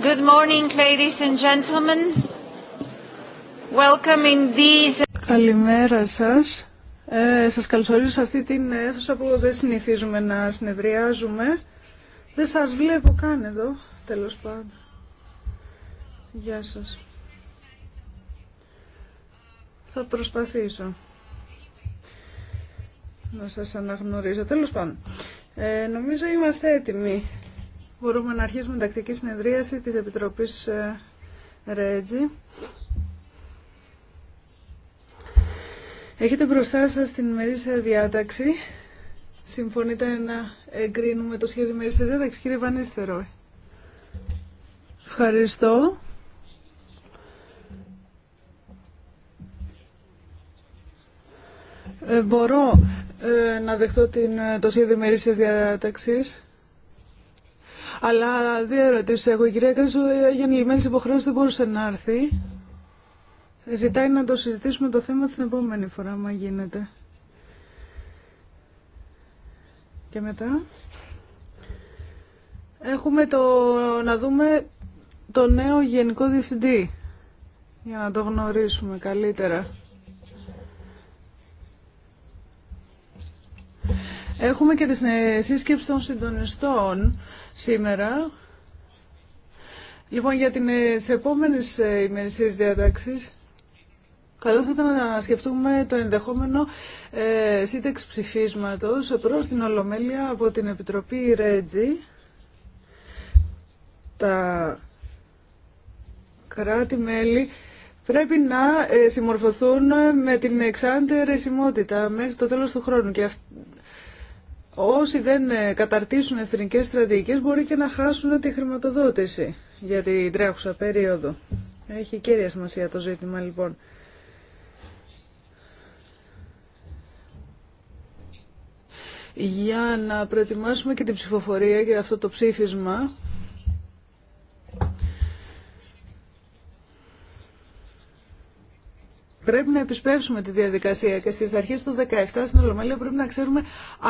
Good morning, ladies and gentlemen. Welcome in Καλημέρα σας. Ε, σας καλωσορίζω σε αυτή την αίθουσα που δεν συνηθίζουμε να συνεδριάζουμε. Δεν σας βλέπω καν εδώ, τέλος πάντων. Γεια σας. Θα προσπαθήσω να σας αναγνωρίζω. Τέλος πάντων, ε, νομίζω είμαστε έτοιμοι. Μπορούμε να αρχίσουμε την τακτική συνεδρίαση της Επιτροπής ε, ΡΕΤΖΙ. Έχετε μπροστά σας την μερίσια διάταξη. Συμφωνείτε να εγκρίνουμε το σχέδιο μερίσιας διάταξης, κύριε Βανίστερο. Ευχαριστώ. Ε, μπορώ ε, να δεχτώ την, ε, το σχέδιο μερίσης διαταξής. Αλλά δύο ερωτήσει έχω. Η κυρία Κρέσου για λυμμένες υποχρεώσεις δεν μπορούσε να έρθει. Ζητάει να το συζητήσουμε το θέμα την επόμενη φορά, μα γίνεται. Και μετά. Έχουμε το, να δούμε το νέο Γενικό Διευθυντή, για να το γνωρίσουμε καλύτερα. Έχουμε και τη σύσκεψη των συντονιστών σήμερα. Λοιπόν, για τις ε, επόμενες ε, ημερησίες διατάξεις καλό θα ήταν να σκεφτούμε το ενδεχόμενο ε, σύνταξη ψηφίσματος προς την Ολομέλεια από την Επιτροπή Ρέτζη. Τα κράτη-μέλη πρέπει να ε, συμμορφωθούν με την εξάντερη σημότητα μέχρι το τέλος του χρόνου. Και όσοι δεν ε, καταρτήσουν εθνικές στρατηγικές μπορεί και να χάσουν τη χρηματοδότηση για την τρέχουσα περίοδο. Έχει κέρια σημασία το ζήτημα λοιπόν. Για να προετοιμάσουμε και την ψηφοφορία για αυτό το ψήφισμα πρέπει να επισπεύσουμε τη διαδικασία και στις αρχές του 17 στην Ολομέλεια πρέπει να ξέρουμε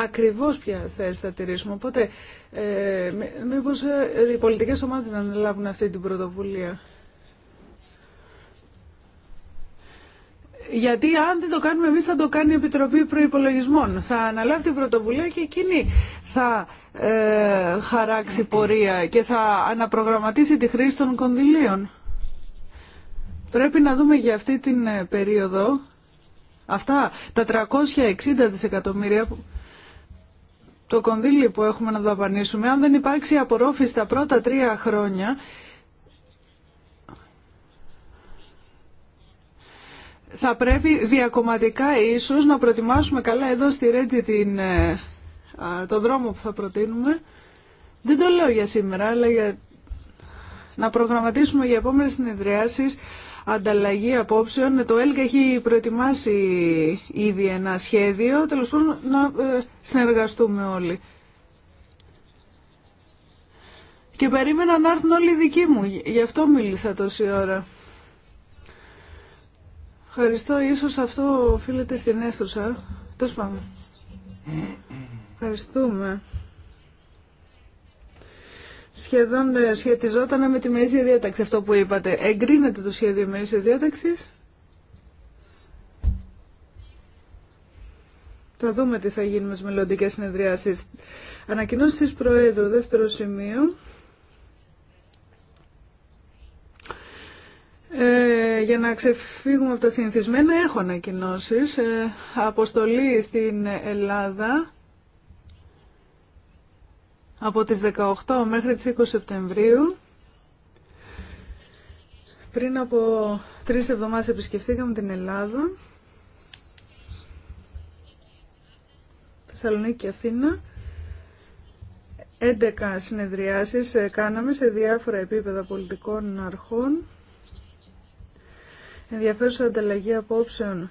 ακριβώς ποια θέση θα τηρήσουμε. Οπότε, ε, μήπως ε, οι πολιτικές ομάδες να αναλάβουν αυτή την πρωτοβουλία. Γιατί αν δεν το κάνουμε εμείς θα το κάνει η Επιτροπή Προϋπολογισμών. Θα αναλάβει την πρωτοβουλία και εκείνη θα ε, χαράξει πορεία και θα αναπρογραμματίσει τη χρήση των κονδυλίων. Πρέπει να δούμε για αυτή την ε, περίοδο αυτά τα 360 δισεκατομμύρια το κονδύλι που έχουμε να δαπανίσουμε, αν δεν υπάρξει απορρόφηση τα πρώτα τρία χρόνια, θα πρέπει διακομματικά ίσως να προετοιμάσουμε καλά εδώ στη Ρέτζη την, ε, το δρόμο που θα προτείνουμε. Δεν το λέω για σήμερα, αλλά για να προγραμματίσουμε για επόμενες συνεδριάσεις ανταλλαγή απόψεων. Το ΕΛΚ έχει προετοιμάσει ήδη ένα σχέδιο, τέλος πάντων να ε, συνεργαστούμε όλοι. Και περίμενα να έρθουν όλοι οι δικοί μου, γι' αυτό μίλησα τόση ώρα. Ευχαριστώ, ίσως αυτό οφείλεται στην αίθουσα. Τέλος πάντων. Ευχαριστούμε σχεδόν ε, σχετιζόταν με τη μερίσια διάταξη αυτό που είπατε. Εγκρίνεται το σχέδιο μερίσιας διάταξης. Θα δούμε τι θα γίνει με τις μελλοντικές συνεδριάσεις. Ανακοινώσεις της Προέδρου, δεύτερο σημείο. Ε, για να ξεφύγουμε από τα συνηθισμένα έχω ανακοινώσει ε, αποστολή στην Ελλάδα από τις 18 μέχρι τις 20 Σεπτεμβρίου. Πριν από τρεις εβδομάδες επισκεφθήκαμε την Ελλάδα, Θεσσαλονίκη και Αθήνα. 11 συνεδριάσεις ε, κάναμε σε διάφορα επίπεδα πολιτικών αρχών. Ενδιαφέρουσα ανταλλαγή απόψεων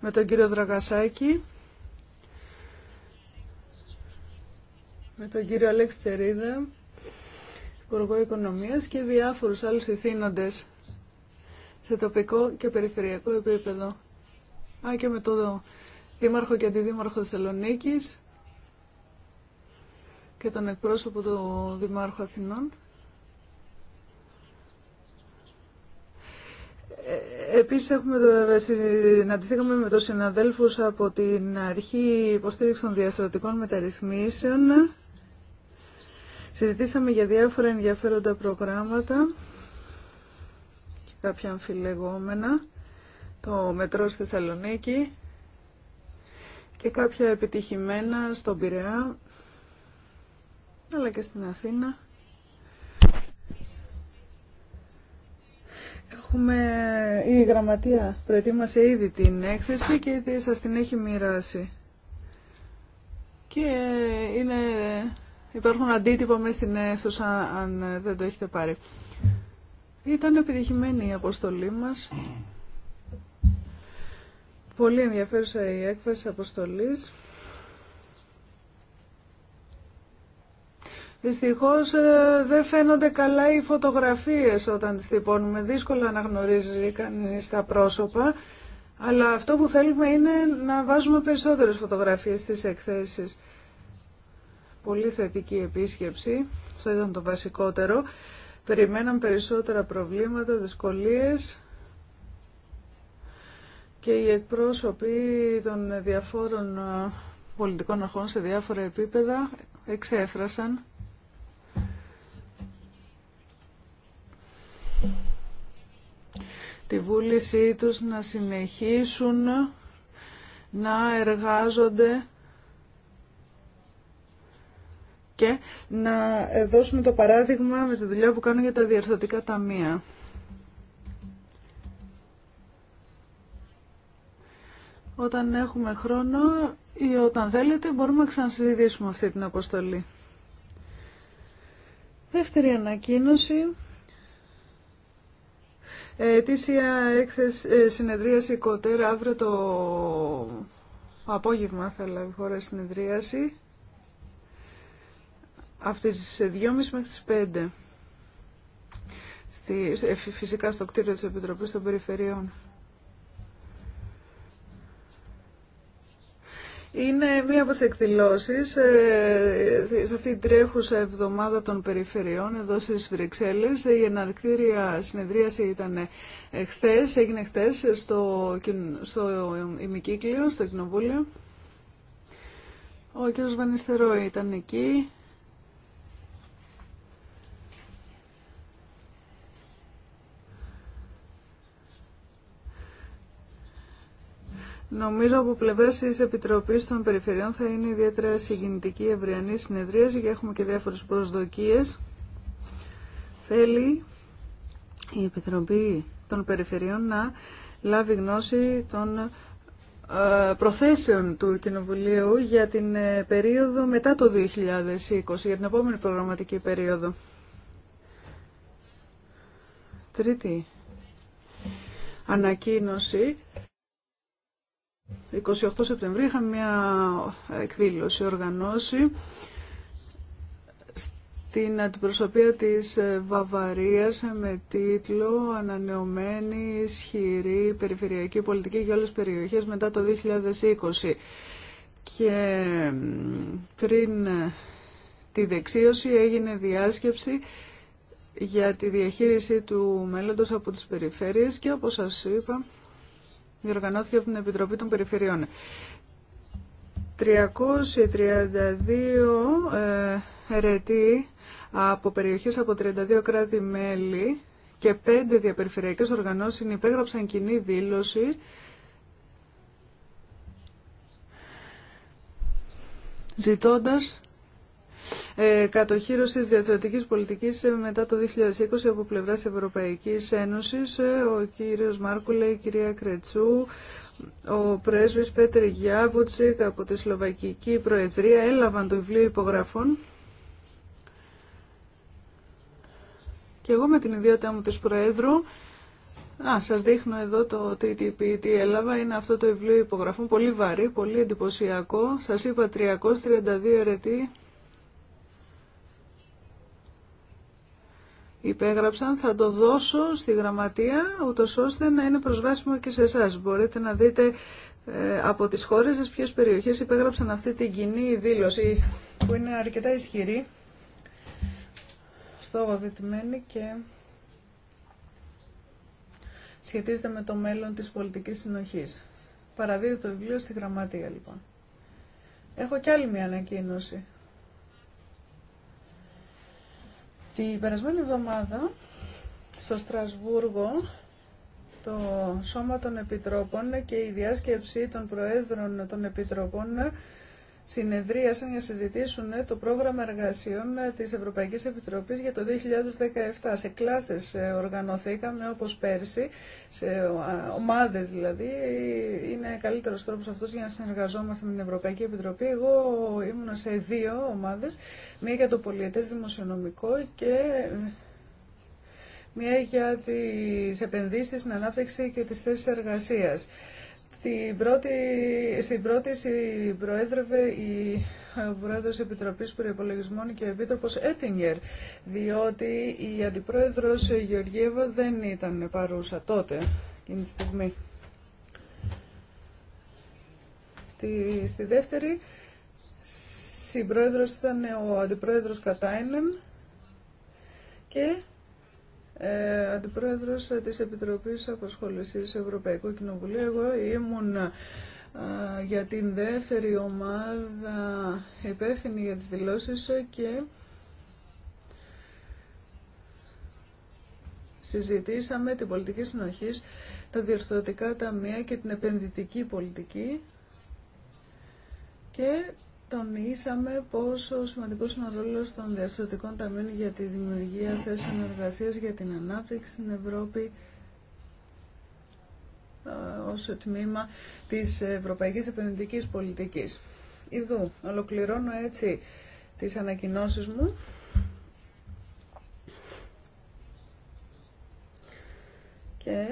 με τον κύριο Δραγασάκη, με τον κύριο Αλέξη Τσερίδα, Υπουργό Οικονομίας και διάφορους άλλους ηθήνοντες σε τοπικό και περιφερειακό επίπεδο. Α, και με το Δήμαρχο και Αντιδήμαρχο Θεσσαλονίκη και τον εκπρόσωπο του Δημάρχου Αθηνών. Ε, επίσης έχουμε, ε, συναντηθήκαμε με τον συναδέλφους από την αρχή υποστήριξη των διαθροτικών μεταρρυθμίσεων Συζητήσαμε για διάφορα ενδιαφέροντα προγράμματα, και κάποια αμφιλεγόμενα, το μετρό στη Θεσσαλονίκη και κάποια επιτυχημένα στον Πειραιά, αλλά και στην Αθήνα. Έχουμε, η γραμματεία προετοίμασε ήδη την έκθεση και σας την έχει μοιράσει. Και είναι Υπάρχουν αντίτυπα μέσα στην αίθουσα αν ε, δεν το έχετε πάρει. Ήταν επιτυχημένη η αποστολή μας. Πολύ ενδιαφέρουσα η έκφραση αποστολής. Δυστυχώς ε, δεν φαίνονται καλά οι φωτογραφίες όταν τις τυπώνουμε. Δύσκολα να γνωρίζει κανείς τα πρόσωπα. Αλλά αυτό που θέλουμε είναι να βάζουμε περισσότερες φωτογραφίες στις εκθέσεις πολύ θετική επίσκεψη. Αυτό ήταν το βασικότερο. Περιμέναν περισσότερα προβλήματα, δυσκολίες και οι εκπρόσωποι των διαφόρων ε, πολιτικών αρχών σε διάφορα επίπεδα εξέφρασαν τη βούλησή τους να συνεχίσουν να εργάζονται και να ε, δώσουμε το παράδειγμα με τη δουλειά που κάνω για τα διαρθωτικά ταμεία. Όταν έχουμε χρόνο ή όταν θέλετε μπορούμε να ξανασυζητήσουμε αυτή την αποστολή. Δεύτερη ανακοίνωση. Ετήσια έκθεση ε, συνεδρίαση Κοτέρα αύριο το απόγευμα θα λάβει χώρα συνεδρίαση από τις 2.30 μέχρι τις 5. Στη, φυσικά στο κτίριο της Επιτροπής των Περιφερειών. Είναι μία από τις εκδηλώσεις ε, σε αυτή την τρέχουσα εβδομάδα των περιφερειών εδώ στις Βρυξέλλες. Η εναρκτήρια συνεδρίαση ήταν ε, χθες, έγινε χθες στο, στο ε, ημικύκλιο, στο κοινοβούλιο. Ο κ. Βανιστερό ήταν εκεί. Νομίζω από πλευρά τη Επιτροπή των Περιφερειών θα είναι ιδιαίτερα συγκινητική η ευριανή συνεδρίαση και έχουμε και διάφορε προσδοκίε. Θέλει η Επιτροπή των Περιφερειών να λάβει γνώση των ε, προθέσεων του Κοινοβουλίου για την ε, περίοδο μετά το 2020, για την επόμενη προγραμματική περίοδο. Τρίτη ανακοίνωση 28 Σεπτεμβρίου είχαμε μια εκδήλωση οργανώσει στην αντιπροσωπεία της Βαβαρίας με τίτλο «Ανανεωμένη ισχυρή περιφερειακή πολιτική για όλες τις περιοχές μετά το 2020». Και πριν τη δεξίωση έγινε διάσκεψη για τη διαχείριση του μέλλοντος από τις περιφέρειες και όπως σας είπα διοργανώθηκε από την Επιτροπή των Περιφερειών. 332 ερετοί από περιοχές από 32 κράτη-μέλη και 5 διαπεριφερειακές οργανώσεις υπέγραψαν κοινή δήλωση ζητώντας ε, κατοχήρωση της διατροτικής πολιτικής ε, μετά το 2020 από πλευράς Ευρωπαϊκής Ένωσης, ε, ο κύριος Μάρκουλε, η κυρία Κρετσού, ο πρέσβης Πέτρη Γιάβουτσικ από τη Σλοβακική Προεδρία έλαβαν το βιβλίο υπογραφών και εγώ με την ιδιότητα μου της Προέδρου Α, σας δείχνω εδώ το TTP, τι έλαβα. Είναι αυτό το βιβλίο υπογραφών, πολύ βαρύ, πολύ εντυπωσιακό. Σας είπα 332 ερετή υπέγραψαν θα το δώσω στη γραμματεία ούτως ώστε να είναι προσβάσιμο και σε εσά. Μπορείτε να δείτε ε, από τις χώρες σας ποιες περιοχές υπέγραψαν αυτή την κοινή δήλωση που είναι αρκετά ισχυρή στόχοδετημένη και σχετίζεται με το μέλλον της πολιτικής συνοχής. Παραδίδει το βιβλίο στη γραμματεία λοιπόν. Έχω κι άλλη μια ανακοίνωση. Την περασμένη εβδομάδα στο Στρασβούργο το Σώμα των Επιτρόπων και η διάσκεψη των Προέδρων των Επιτροπών συνεδρίασαν για να συζητήσουν ε, το πρόγραμμα εργασιών ε, της Ευρωπαϊκής Επιτροπής για το 2017. Σε κλάστες ε, οργανωθήκαμε όπως πέρσι, σε ομάδες δηλαδή. Είναι καλύτερος τρόπος αυτός για να συνεργαζόμαστε με την Ευρωπαϊκή Επιτροπή. Εγώ ήμουν σε δύο ομάδες, μία για το πολιετές δημοσιονομικό και μία για τις επενδύσεις στην ανάπτυξη και τις θέσεις εργασίας. Στην πρώτη, συμπροέδρευε πρώτη η Πρόεδρος Επιτροπής και και Επίτροπος Έτιγκερ, διότι η Αντιπρόεδρος Γεωργίευα δεν ήταν παρούσα τότε, εκείνη τη στιγμή. Στη, στη δεύτερη συμπρόεδρος ήταν ο Αντιπρόεδρος Κατάινεν και ε, αντιπρόεδρος της Επιτροπής Απασχόλησης Ευρωπαϊκού Κοινοβουλίου. Εγώ ήμουν ε, για την δεύτερη ομάδα υπεύθυνη για τις δηλώσεις και συζητήσαμε την πολιτική συνοχή, τα διορθωτικά ταμεία και την επενδυτική πολιτική και τονίσαμε πόσο σημαντικός είναι ο ρόλος των διαστατικών ταμείων για τη δημιουργία θέσεων εργασίας για την ανάπτυξη στην Ευρώπη ε, ως τμήμα της Ευρωπαϊκής Επενδυτικής Πολιτικής. Ιδού, ολοκληρώνω έτσι τις ανακοινώσεις μου. Και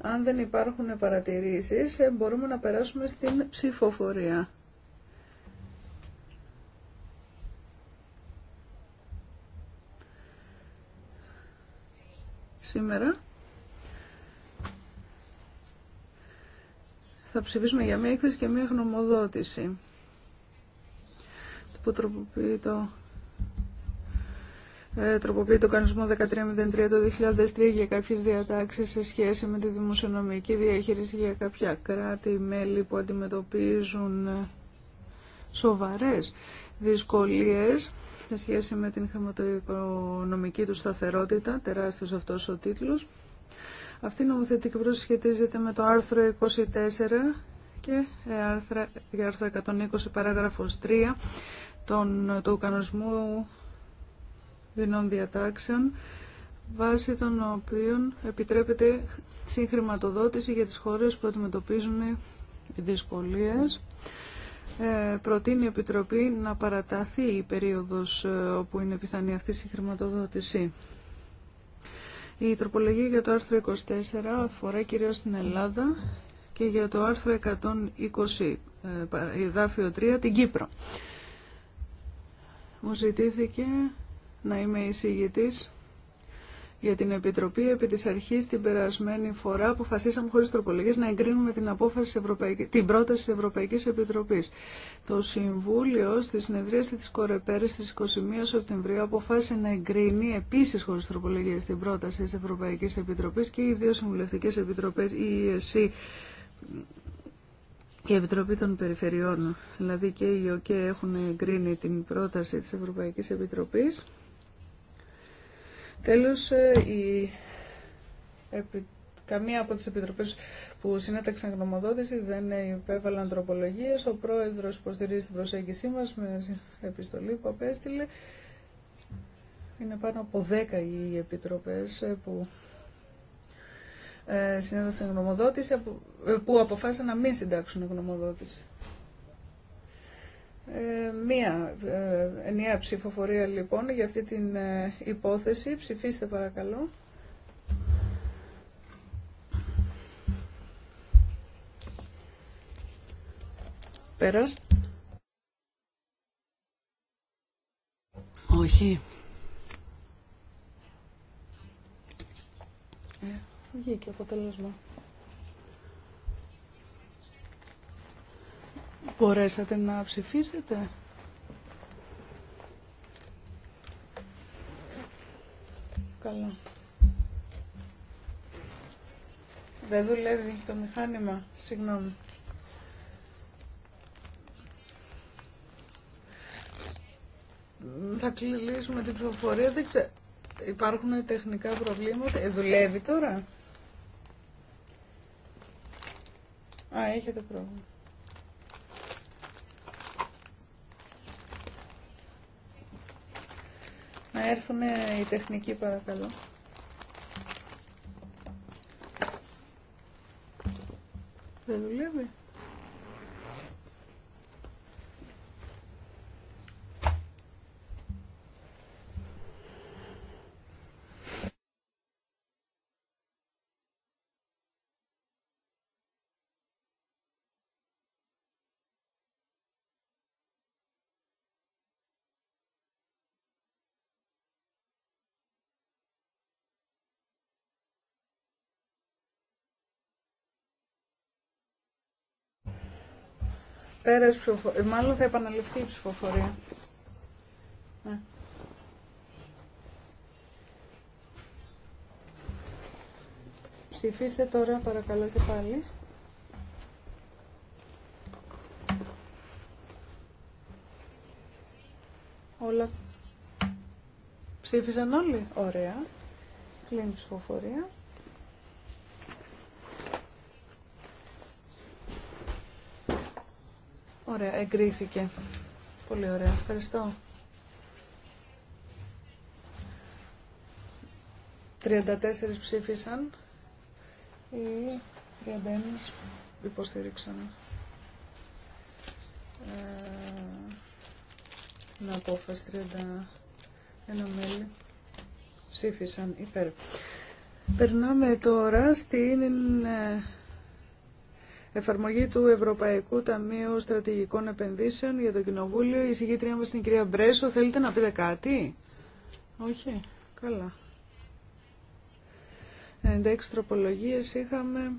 αν δεν υπάρχουν παρατηρήσεις, ε, μπορούμε να περάσουμε στην ψηφοφορία. σήμερα θα ψηφίσουμε για μία έκθεση και μία γνωμοδότηση που τροποποιεί το, ε, τροποποιεί το κανονισμό 1303 το 2003 για κάποιες διατάξεις σε σχέση με τη δημοσιονομική διαχείριση για κάποια κράτη-μέλη που αντιμετωπίζουν σοβαρές δυσκολίες σε σχέση με την χρηματοοικονομική του σταθερότητα, τεράστιος αυτός ο τίτλος. Αυτή η νομοθετική πρόσφαση σχετίζεται με το άρθρο 24 και για ε, άρθρο 120 παράγραφος 3 των, του κανονισμού δινών διατάξεων βάσει των οποίων επιτρέπεται συγχρηματοδότηση για τις χώρες που αντιμετωπίζουν δυσκολίες. Ε, προτείνει η Επιτροπή να παραταθεί η περίοδος ε, όπου είναι πιθανή αυτή η χρηματοδότηση. Η τροπολογία για το άρθρο 24 αφορά κυρίως την Ελλάδα και για το άρθρο 120, ε, εδάφιο 3, την Κύπρο. Μου ζητήθηκε να είμαι εισηγητής για την Επιτροπή. Επί της αρχής την περασμένη φορά αποφασίσαμε χωρίς τροπολογίες να εγκρίνουμε την, απόφαση την πρόταση της Ευρωπαϊκής Επιτροπής. Το Συμβούλιο στη συνεδρίαση της Κορεπέρης στις 21 Σεπτεμβρίου αποφάσισε να εγκρίνει επίσης χωρίς τροπολογίες την πρόταση της Ευρωπαϊκής Επιτροπής και οι δύο συμβουλευτικές επιτροπές, η ΕΣΥ, η Επιτροπή των Περιφερειών, δηλαδή και οι ΟΚΕ έχουν εγκρίνει την πρόταση της Ευρωπαϊκής Επιτροπής. Τέλος, ε, η... καμία από τις επιτροπές που συνέταξαν γνωμοδότηση δεν υπέβαλαν τροπολογίες. Ο πρόεδρος υποστηρίζει την προσέγγισή μας με επιστολή που απέστειλε. Είναι πάνω από 10 οι επιτροπές ε, που ε, γνωμοδότηση, που αποφάσισαν να μην συντάξουν γνωμοδότηση. Ε, μία ε, ενιαία ψηφοφορία λοιπόν για αυτή την ε, υπόθεση. Ψηφίστε παρακαλώ. Πέρας. Όχι. Ε, βγήκε αποτέλεσμα. Μπορέσατε να ψηφίσετε. καλό. Δεν δουλεύει το μηχάνημα. Συγγνώμη. Θα κλείσουμε την ψηφοφορία. Δεν ξέρω. Υπάρχουν τεχνικά προβλήματα. Ε, δουλεύει τώρα. Α, έχετε πρόβλημα. Να έρθουν οι τεχνικοί παρακαλώ. Δεν δουλεύει. Ε, μάλλον θα επαναληφθεί η ψηφοφορία. Ναι. Ψηφίστε τώρα παρακαλώ και πάλι. Όλα ψήφισαν όλοι. Ωραία. Κλείνει η ψηφοφορία. Ωραία, εγκρίθηκε. Πολύ ωραία, ευχαριστώ. 34 ψήφισαν ή 31 υποστήριξαν. Ε, να απόφαση 31 μέλη ψήφισαν υπέρ. Περνάμε τώρα στην ε, Εφαρμογή του Ευρωπαϊκού Ταμείου Στρατηγικών Επενδύσεων για το Κοινοβούλιο. Η συγκήτριά μας είναι η κυρία Μπρέσο. Θέλετε να πείτε κάτι? Όχι. Καλά. 96 τροπολογίες είχαμε.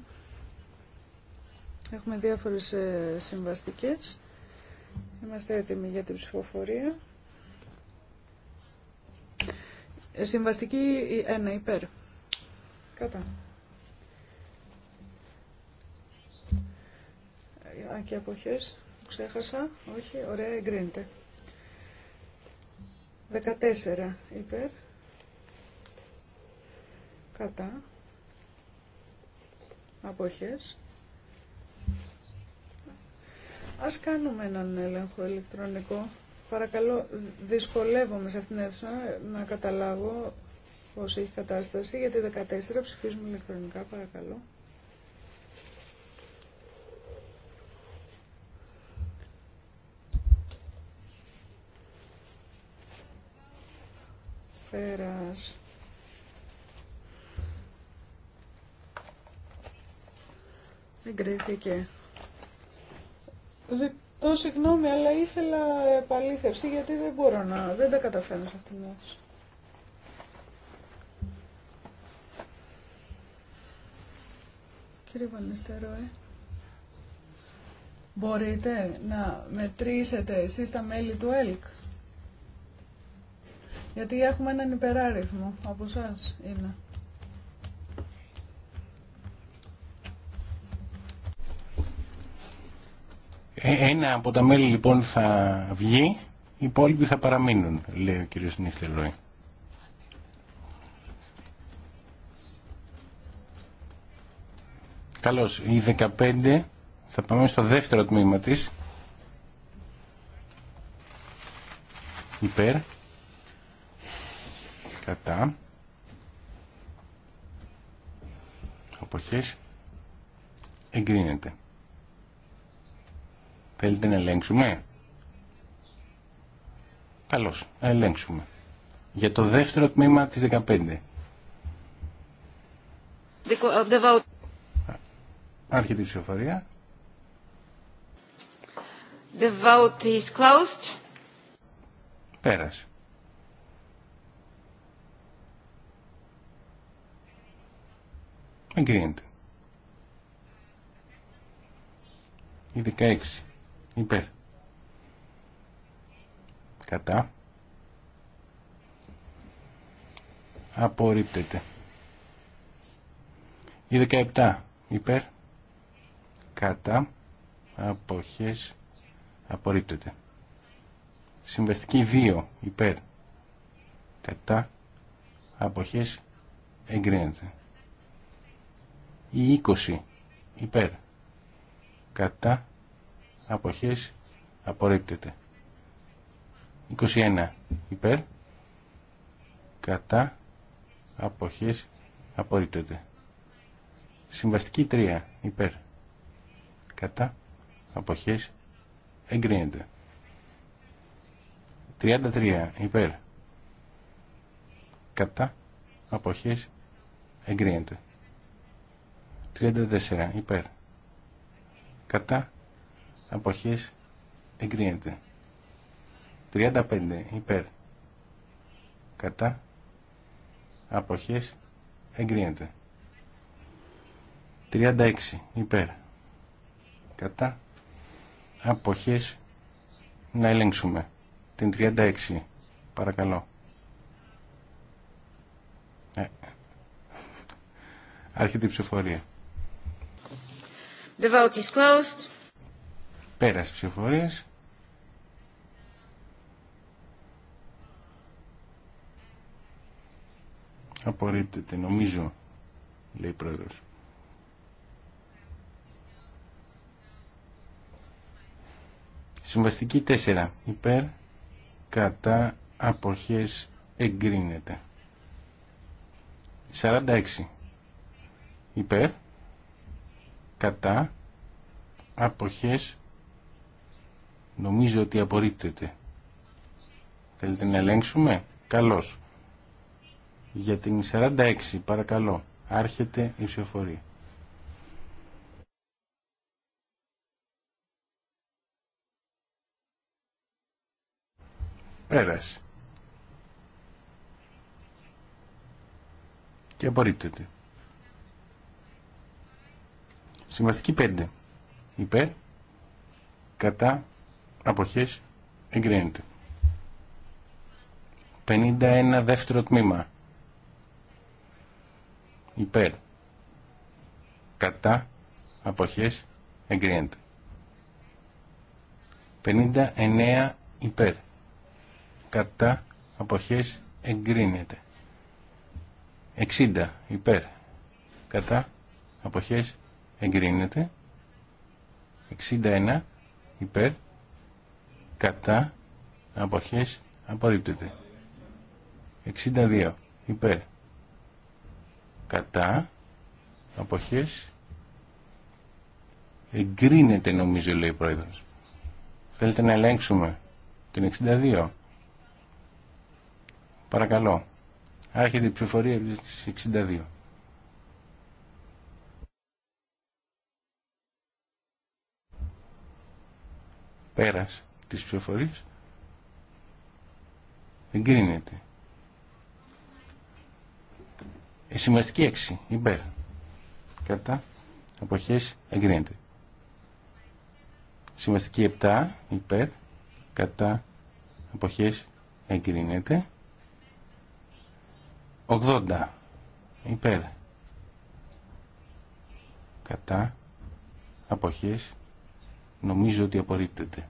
Έχουμε διάφορες ε, συμβαστικές. Είμαστε έτοιμοι για την ψηφοφορία. Ε, συμβαστική 1 ε, υπέρ. Κατά. Αν και αποχές, ξέχασα. Όχι, ωραία, εγκρίνεται. 14 υπέρ. Κατά. Αποχές. Ας κάνουμε έναν έλεγχο ηλεκτρονικό. Παρακαλώ, δυσκολεύομαι σε αυτήν την αίθουσα να καταλάβω πώς έχει κατάσταση, γιατί 14 ψηφίζουμε ηλεκτρονικά, παρακαλώ. Πέρας. Εγκρίθηκε. Ζητώ συγγνώμη, αλλά ήθελα επαλήθευση γιατί δεν μπορώ να... δεν τα καταφέρνω σε αυτήν την αίθουσα. Κύριε ε. μπορείτε να μετρήσετε εσείς τα μέλη του ΕΛΚ. Γιατί έχουμε έναν υπεράριθμο από εσά είναι. Ε, ένα από τα μέλη λοιπόν θα βγει, οι υπόλοιποι θα παραμείνουν, λέει ο κύριος Νίστελόι. Καλώς, η 15 θα πάμε στο δεύτερο τμήμα της. Υπέρ κατά αποχές εγκρίνεται. Θέλετε να ελέγξουμε. Καλώς, να ελέγξουμε. Για το δεύτερο τμήμα της 15. Άρχεται η ψηφοφορία. The vote is closed. Πέρασε. Εγκρίνεται. Η 16. Υπέρ. Κατά. Απορρίπτεται. Η 17. Υπέρ. Κατά. Αποχές. Απορρίπτεται. Συμβαστική 2. Υπέρ. Κατά. Αποχές. Εγκρίνεται ή 20 υπέρ κατά αποχές απορρίπτεται 21 υπέρ κατά αποχές απορρίπτεται συμβαστική 3 υπέρ κατά αποχές εγκρίνεται 33 υπέρ κατά αποχές εγκρίνεται 34 υπέρ κατά αποχές εγκρίνεται 35 υπέρ κατά αποχές εγκρίνεται 36 υπέρ κατά αποχές να ελέγξουμε την 36 παρακαλώ ε. άρχεται η ψηφορία The vote is closed. Πέρασε ψηφοφορίες. Απορρίπτεται, νομίζω, λέει η πρόεδρος. Συμβαστική 4. Υπέρ, κατά, αποχές, εγκρίνεται. 46. Υπέρ, κατά αποχές νομίζω ότι απορρίπτεται θέλετε να ελέγξουμε καλώς για την 46 παρακαλώ άρχεται η ψηφοφορία πέρασε και απορρίπτεται Συμβαστική 5. Υπέρ. Κατά. Αποχές. Εγκρίνεται. 51 δεύτερο τμήμα. Υπέρ. Κατά. Αποχές. Εγκρίνεται. 59 υπέρ. Κατά. Αποχές. Εγκρίνεται. 60 υπέρ. Κατά. Αποχές εγκρίνεται 61 υπέρ κατά αποχές απορρίπτεται 62 υπέρ κατά αποχές εγκρίνεται νομίζω λέει ο πρόεδρος θέλετε να ελέγξουμε την 62 παρακαλώ άρχεται η ψηφορία της 62 πέρας της ψηφοφορίας εγκρίνεται. Η ε, 6 υπέρ κατά αποχές εγκρίνεται. Συμβαστική 7 υπέρ κατά αποχές εγκρίνεται. 80 υπέρ κατά αποχές Νομίζω ότι απορρίπτεται.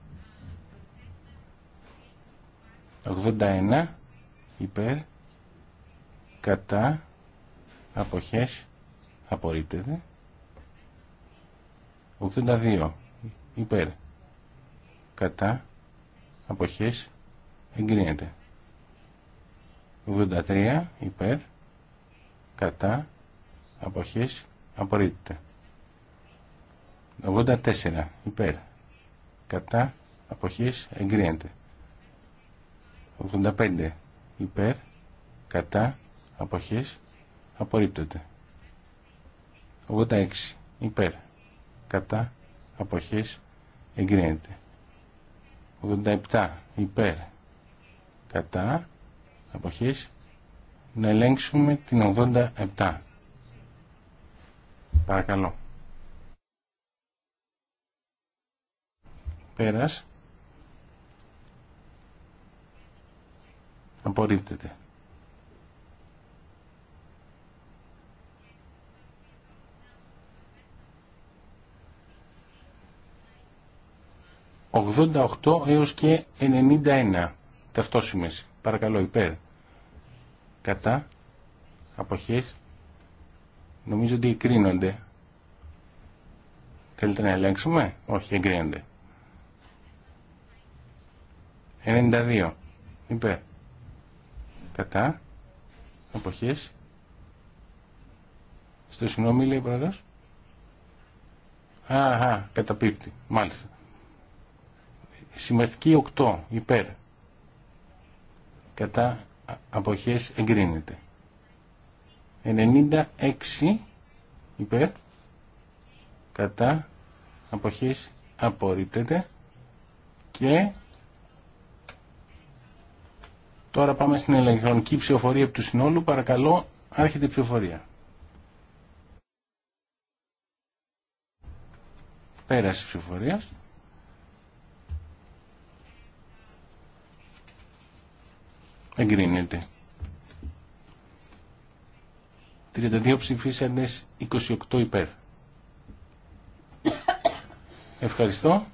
81 υπέρ κατά αποχές απορρίπτεται. 82 υπέρ κατά αποχές εγκρίνεται. 83 υπέρ κατά αποχές απορρίπτεται. 84 υπέρ κατά αποχές εγκρίνεται 85 υπέρ κατά αποχές απορρίπτεται 86 υπέρ κατά αποχές εγκρίνεται 87 υπέρ κατά αποχές να ελέγξουμε την 87 παρακαλώ Πέρας. Απορρίπτεται. «88 έως και 91 ταυτόσημες. Παρακαλώ, υπέρ. Κατά. Αποχές. Νομίζω ότι εγκρίνονται. Θέλετε να ελέγξουμε. Όχι, εγκρίνονται. 92. Υπέρ. Κατά. Αποχές. Στο συγγνώμη λέει Α, Αχα, καταπίπτει. Μάλιστα. Σημαστική 8. Υπέρ. Κατά. Αποχές εγκρίνεται. 96 υπέρ κατά Αποχέ απορρίπτεται και Τώρα πάμε στην ηλεκτρονική ψηφοφορία του συνόλου. Παρακαλώ, άρχεται η ψηφοφορία. Πέραση ψηφοφορίας. Εγκρίνεται. 32 ψηφίσαντες, 28 υπέρ. Ευχαριστώ.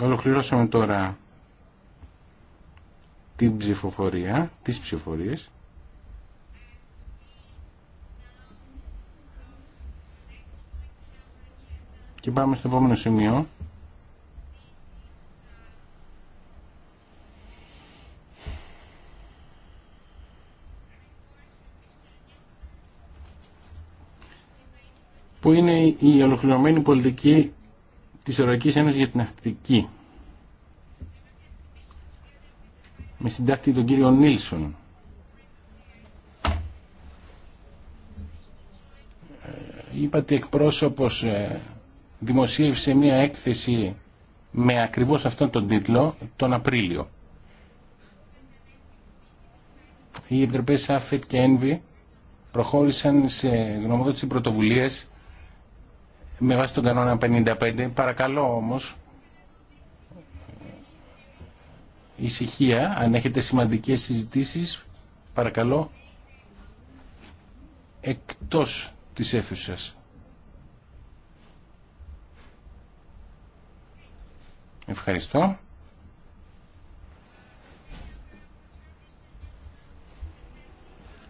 Ολοκληρώσαμε τώρα την ψηφοφορία, τις ψηφοφορίες. Και πάμε στο επόμενο σημείο. που είναι η ολοκληρωμένη πολιτική της Ευρωπαϊκής Ένωσης για την Αρκτική με συντάκτη τον κύριο Νίλσον ε, είπατε εκπρόσωπος ε, δημοσίευσε μια έκθεση με ακριβώς αυτόν τον τίτλο τον Απρίλιο οι επιτροπές ΑΦΕΤ και ΕΝΒΙ προχώρησαν σε γνωμοδότηση πρωτοβουλίες με βάση τον κανόνα 55. Παρακαλώ όμως ησυχία, αν έχετε σημαντικές συζητήσεις, παρακαλώ εκτός της αίθουσας. Ευχαριστώ.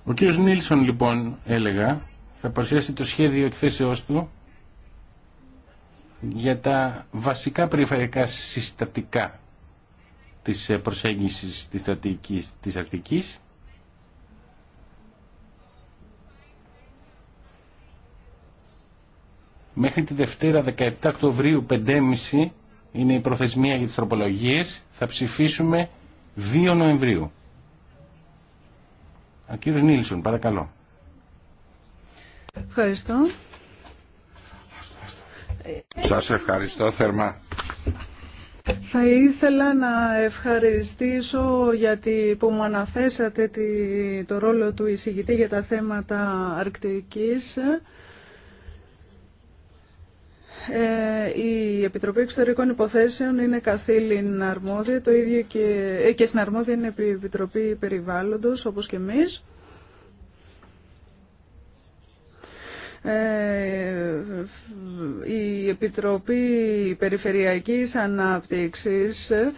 Ο κύριος Νίλσον λοιπόν έλεγα θα παρουσιάσει το σχέδιο εκθέσεώς του για τα βασικά περιφερειακά συστατικά της ε, προσέγγισης της στρατηγικής της Αρκτικής. Μέχρι τη Δευτέρα 17 Οκτωβρίου 5.30 είναι η προθεσμία για τις τροπολογίες. Θα ψηφίσουμε 2 Νοεμβρίου. Ο κύριος Νίλσον, παρακαλώ. Ευχαριστώ. Σας ευχαριστώ θερμά. Θα ήθελα να ευχαριστήσω γιατί που μου αναθέσατε το ρόλο του εισηγητή για τα θέματα Αρκτικής. Ε, η Επιτροπή Εξωτερικών Υποθέσεων είναι καθήλυν αρμόδια, το ίδιο και, ε, και στην αρμόδια είναι η Επιτροπή Περιβάλλοντος όπως και εμείς. Ε, η Επιτροπή Περιφερειακής Ανάπτυξης ε,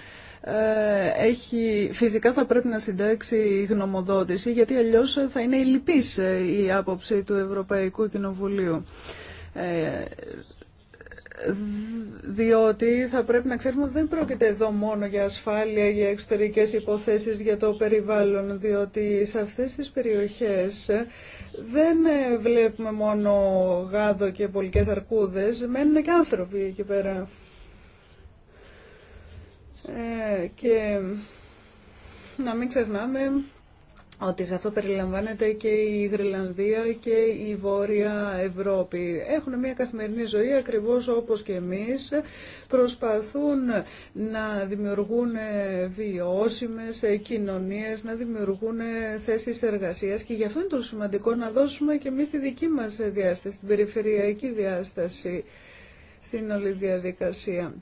έχει, φυσικά θα πρέπει να συντάξει γνωμοδότηση γιατί αλλιώς θα είναι λυπής ε, η άποψη του Ευρωπαϊκού Κοινοβουλίου διότι θα πρέπει να ξέρουμε ότι δεν πρόκειται εδώ μόνο για ασφάλεια, για εξωτερικές υποθέσεις, για το περιβάλλον, διότι σε αυτές τις περιοχές δεν βλέπουμε μόνο γάδο και πολικές αρκούδες, μένουν και άνθρωποι εκεί πέρα. Ε, και να μην ξεχνάμε ότι σε αυτό περιλαμβάνεται και η Γρυλανδία και η Βόρεια Ευρώπη. Έχουν μια καθημερινή ζωή ακριβώς όπως και εμείς. Προσπαθούν να δημιουργούν βιώσιμες κοινωνίες, να δημιουργούν θέσεις εργασίας και γι' αυτό είναι το σημαντικό να δώσουμε και εμείς τη δική μας διάσταση, την περιφερειακή διάσταση στην όλη διαδικασία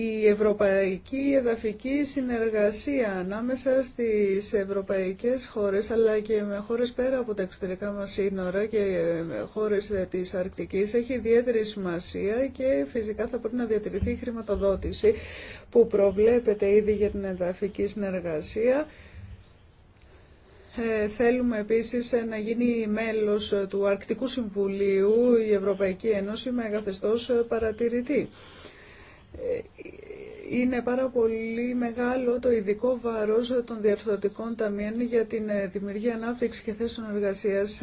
η ευρωπαϊκή εδαφική συνεργασία ανάμεσα στις ευρωπαϊκές χώρες αλλά και με χώρες πέρα από τα εξωτερικά μας σύνορα και χώρες της Αρκτικής έχει ιδιαίτερη σημασία και φυσικά θα πρέπει να διατηρηθεί η χρηματοδότηση που προβλέπεται ήδη για την εδαφική συνεργασία. Ε, θέλουμε επίσης να γίνει μέλος του Αρκτικού Συμβουλίου η Ευρωπαϊκή Ένωση με παρατηρητή είναι πάρα πολύ μεγάλο το ειδικό βάρος των διαρθρωτικών ταμείων για την ε, δημιουργία ανάπτυξη και θέσεων εργασίας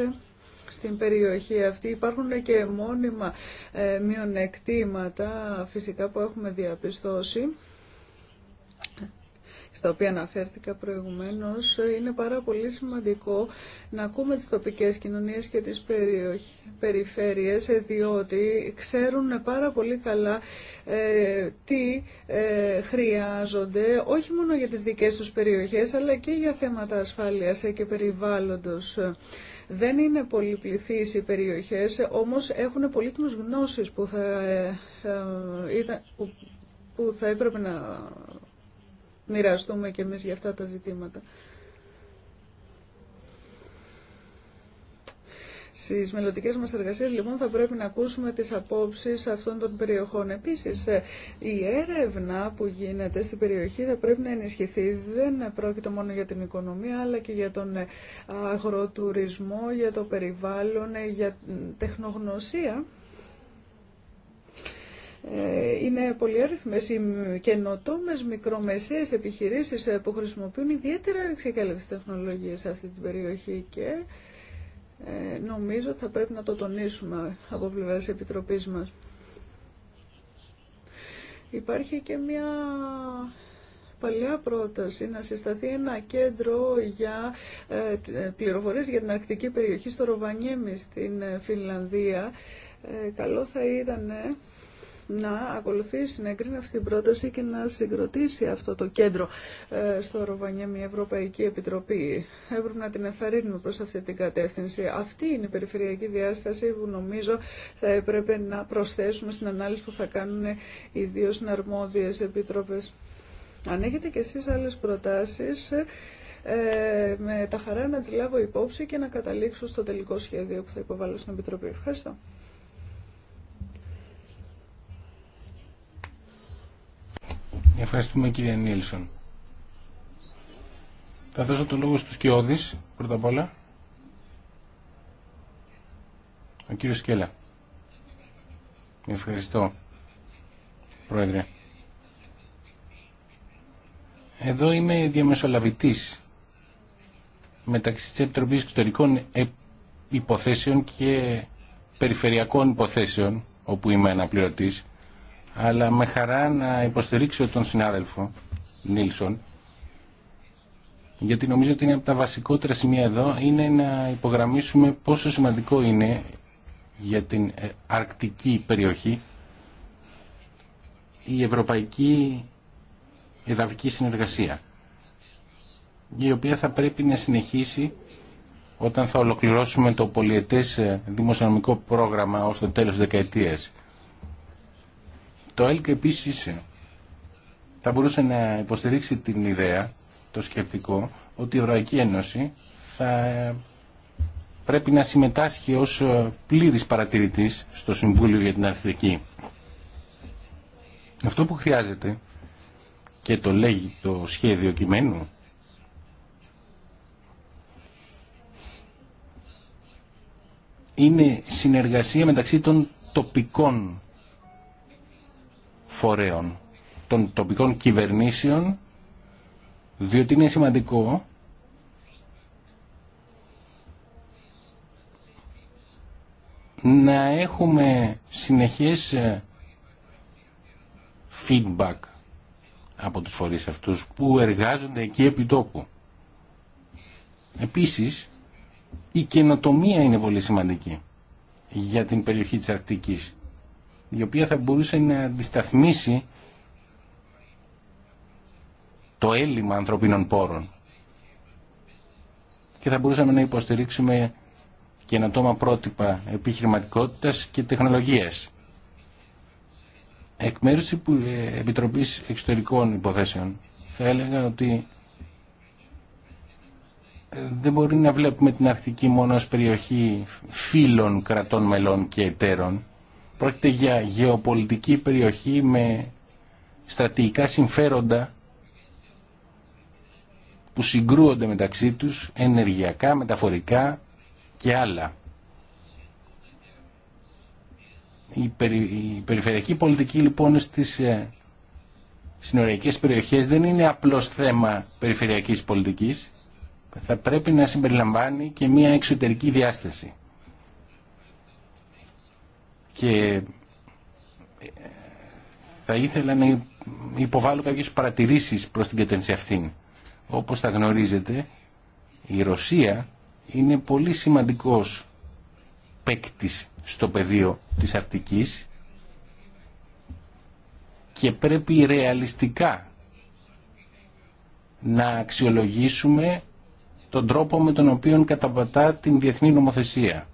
στην περιοχή αυτή. Υπάρχουν και μόνιμα ε, μειονεκτήματα φυσικά που έχουμε διαπιστώσει στα οποία αναφέρθηκα προηγουμένως, είναι πάρα πολύ σημαντικό να ακούμε τις τοπικές κοινωνίες και τις περιφέρειες, διότι ξέρουν πάρα πολύ καλά ε, τι ε, χρειάζονται, όχι μόνο για τις δικές τους περιοχές, αλλά και για θέματα ασφάλειας και περιβάλλοντος. Δεν είναι πολυπληθείς οι περιοχές, όμως έχουν πολύτιμες γνώσεις που θα, ε, που θα έπρεπε να μοιραστούμε και εμείς για αυτά τα ζητήματα. Στι μελλοντικέ μα εργασίε, λοιπόν, θα πρέπει να ακούσουμε τι απόψει αυτών των περιοχών. Επίση, ε, η έρευνα που γίνεται στην περιοχή θα πρέπει να ενισχυθεί. Δεν πρόκειται μόνο για την οικονομία, αλλά και για τον ε, αγροτουρισμό, για το περιβάλλον, ε, για τεχνογνωσία. Ε, είναι πολυάριθμες οι καινοτόμες μικρομεσαίες επιχειρήσεις ε, που χρησιμοποιούν ιδιαίτερα εξεκέλευση τεχνολογίες σε αυτή την περιοχή και ε, νομίζω θα πρέπει να το τονίσουμε από πλευρά της Επιτροπής μας. Υπάρχει και μια παλιά πρόταση να συσταθεί ένα κέντρο για πληροφορίες για την αρκτική περιοχή στο Ροβανιέμι στην Φινλανδία. καλό θα ήταν να ακολουθήσει, να εγκρίνει αυτή την πρόταση και να συγκροτήσει αυτό το κέντρο ε, στο με μια Ευρωπαϊκή Επιτροπή. Έπρεπε να την ενθαρρύνουμε προ αυτή την κατεύθυνση. Αυτή είναι η περιφερειακή διάσταση που νομίζω θα έπρεπε να προσθέσουμε στην ανάλυση που θα κάνουν οι δύο συναρμόδιε επιτροπές. Αν έχετε κι εσεί άλλε προτάσει ε, με τα χαρά να τη λάβω υπόψη και να καταλήξω στο τελικό σχέδιο που θα υποβάλω στην Επιτροπή. Ευχαριστώ. Ευχαριστούμε κύριε Νίλσον. Θα δώσω το λόγο στους Κιώδης, πρώτα απ' όλα. Ο κύριος Σκέλα. Ευχαριστώ, Πρόεδρε. Εδώ είμαι διαμεσολαβητής μεταξύ της Επιτροπής Εξωτερικών ε, Υποθέσεων και Περιφερειακών Υποθέσεων, όπου είμαι αναπληρωτής αλλά με χαρά να υποστηρίξω τον συνάδελφο Νίλσον γιατί νομίζω ότι είναι από τα βασικότερα σημεία εδώ είναι να υπογραμμίσουμε πόσο σημαντικό είναι για την ε, αρκτική περιοχή η ευρωπαϊκή εδαφική συνεργασία η οποία θα πρέπει να συνεχίσει όταν θα ολοκληρώσουμε το πολιετές ε, δημοσιονομικό πρόγραμμα ως το τέλος της δεκαετίας. Το ΕΛΚ επίση θα μπορούσε να υποστηρίξει την ιδέα, το σκεπτικό, ότι η Ευρωπαϊκή Ένωση θα πρέπει να συμμετάσχει ως πλήρης παρατηρητής στο Συμβούλιο για την αρχιτεκτονική. Αυτό που χρειάζεται και το λέγει το σχέδιο κειμένου είναι συνεργασία μεταξύ των τοπικών φορέων, των τοπικών κυβερνήσεων, διότι είναι σημαντικό να έχουμε συνεχές ε, feedback από τους φορείς αυτούς που εργάζονται εκεί επί τόπου. Επίσης, η καινοτομία είναι πολύ σημαντική για την περιοχή της Αρκτικής η οποία θα μπορούσε να αντισταθμίσει το έλλειμμα ανθρωπίνων πόρων και θα μπορούσαμε να υποστηρίξουμε και τόμα πρότυπα επιχειρηματικότητας και τεχνολογίας. Εκ μέρους της ε, Επιτροπής Εξωτερικών Υποθέσεων θα έλεγα ότι ε, δεν μπορεί να βλέπουμε την Αρκτική μόνο ως περιοχή φίλων κρατών μελών και εταίρων. Πρόκειται για γεωπολιτική περιοχή με στρατηγικά συμφέροντα που συγκρούονται μεταξύ τους ενεργειακά, μεταφορικά και άλλα. Η, περιφερειακή πολιτική λοιπόν στις ε, συνοριακές περιοχές δεν είναι απλώς θέμα περιφερειακής πολιτικής. Θα πρέπει να συμπεριλαμβάνει και μια εξωτερική διάσταση. Και ε, θα ήθελα να υποβάλω κάποιες παρατηρήσεις προς την κατένση αυτήν. Όπως τα γνωρίζετε, η Ρωσία είναι πολύ σημαντικός παίκτη στο πεδίο της αρτικής και πρέπει ρεαλιστικά να αξιολογήσουμε τον τρόπο με τον οποίο καταπατά την διεθνή νομοθεσία.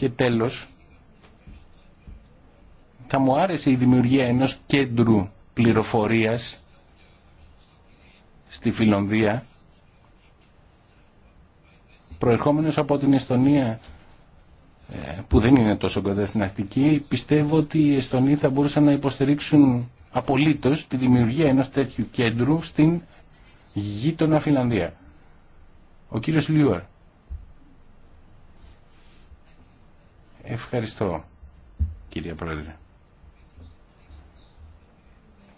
Και τέλος, θα μου άρεσε η δημιουργία ενός κέντρου πληροφορίας στη Φιλονδία, προερχόμενος από την Εστονία, ε, που δεν είναι τόσο κοντά στην πιστεύω ότι οι Εστονοί θα μπορούσαν να υποστηρίξουν απολύτως τη δημιουργία ενός τέτοιου κέντρου στην γείτονα Φιλανδία. Ο κύριος Λιούαρ. Ευχαριστώ, κύριε Πρόεδρε.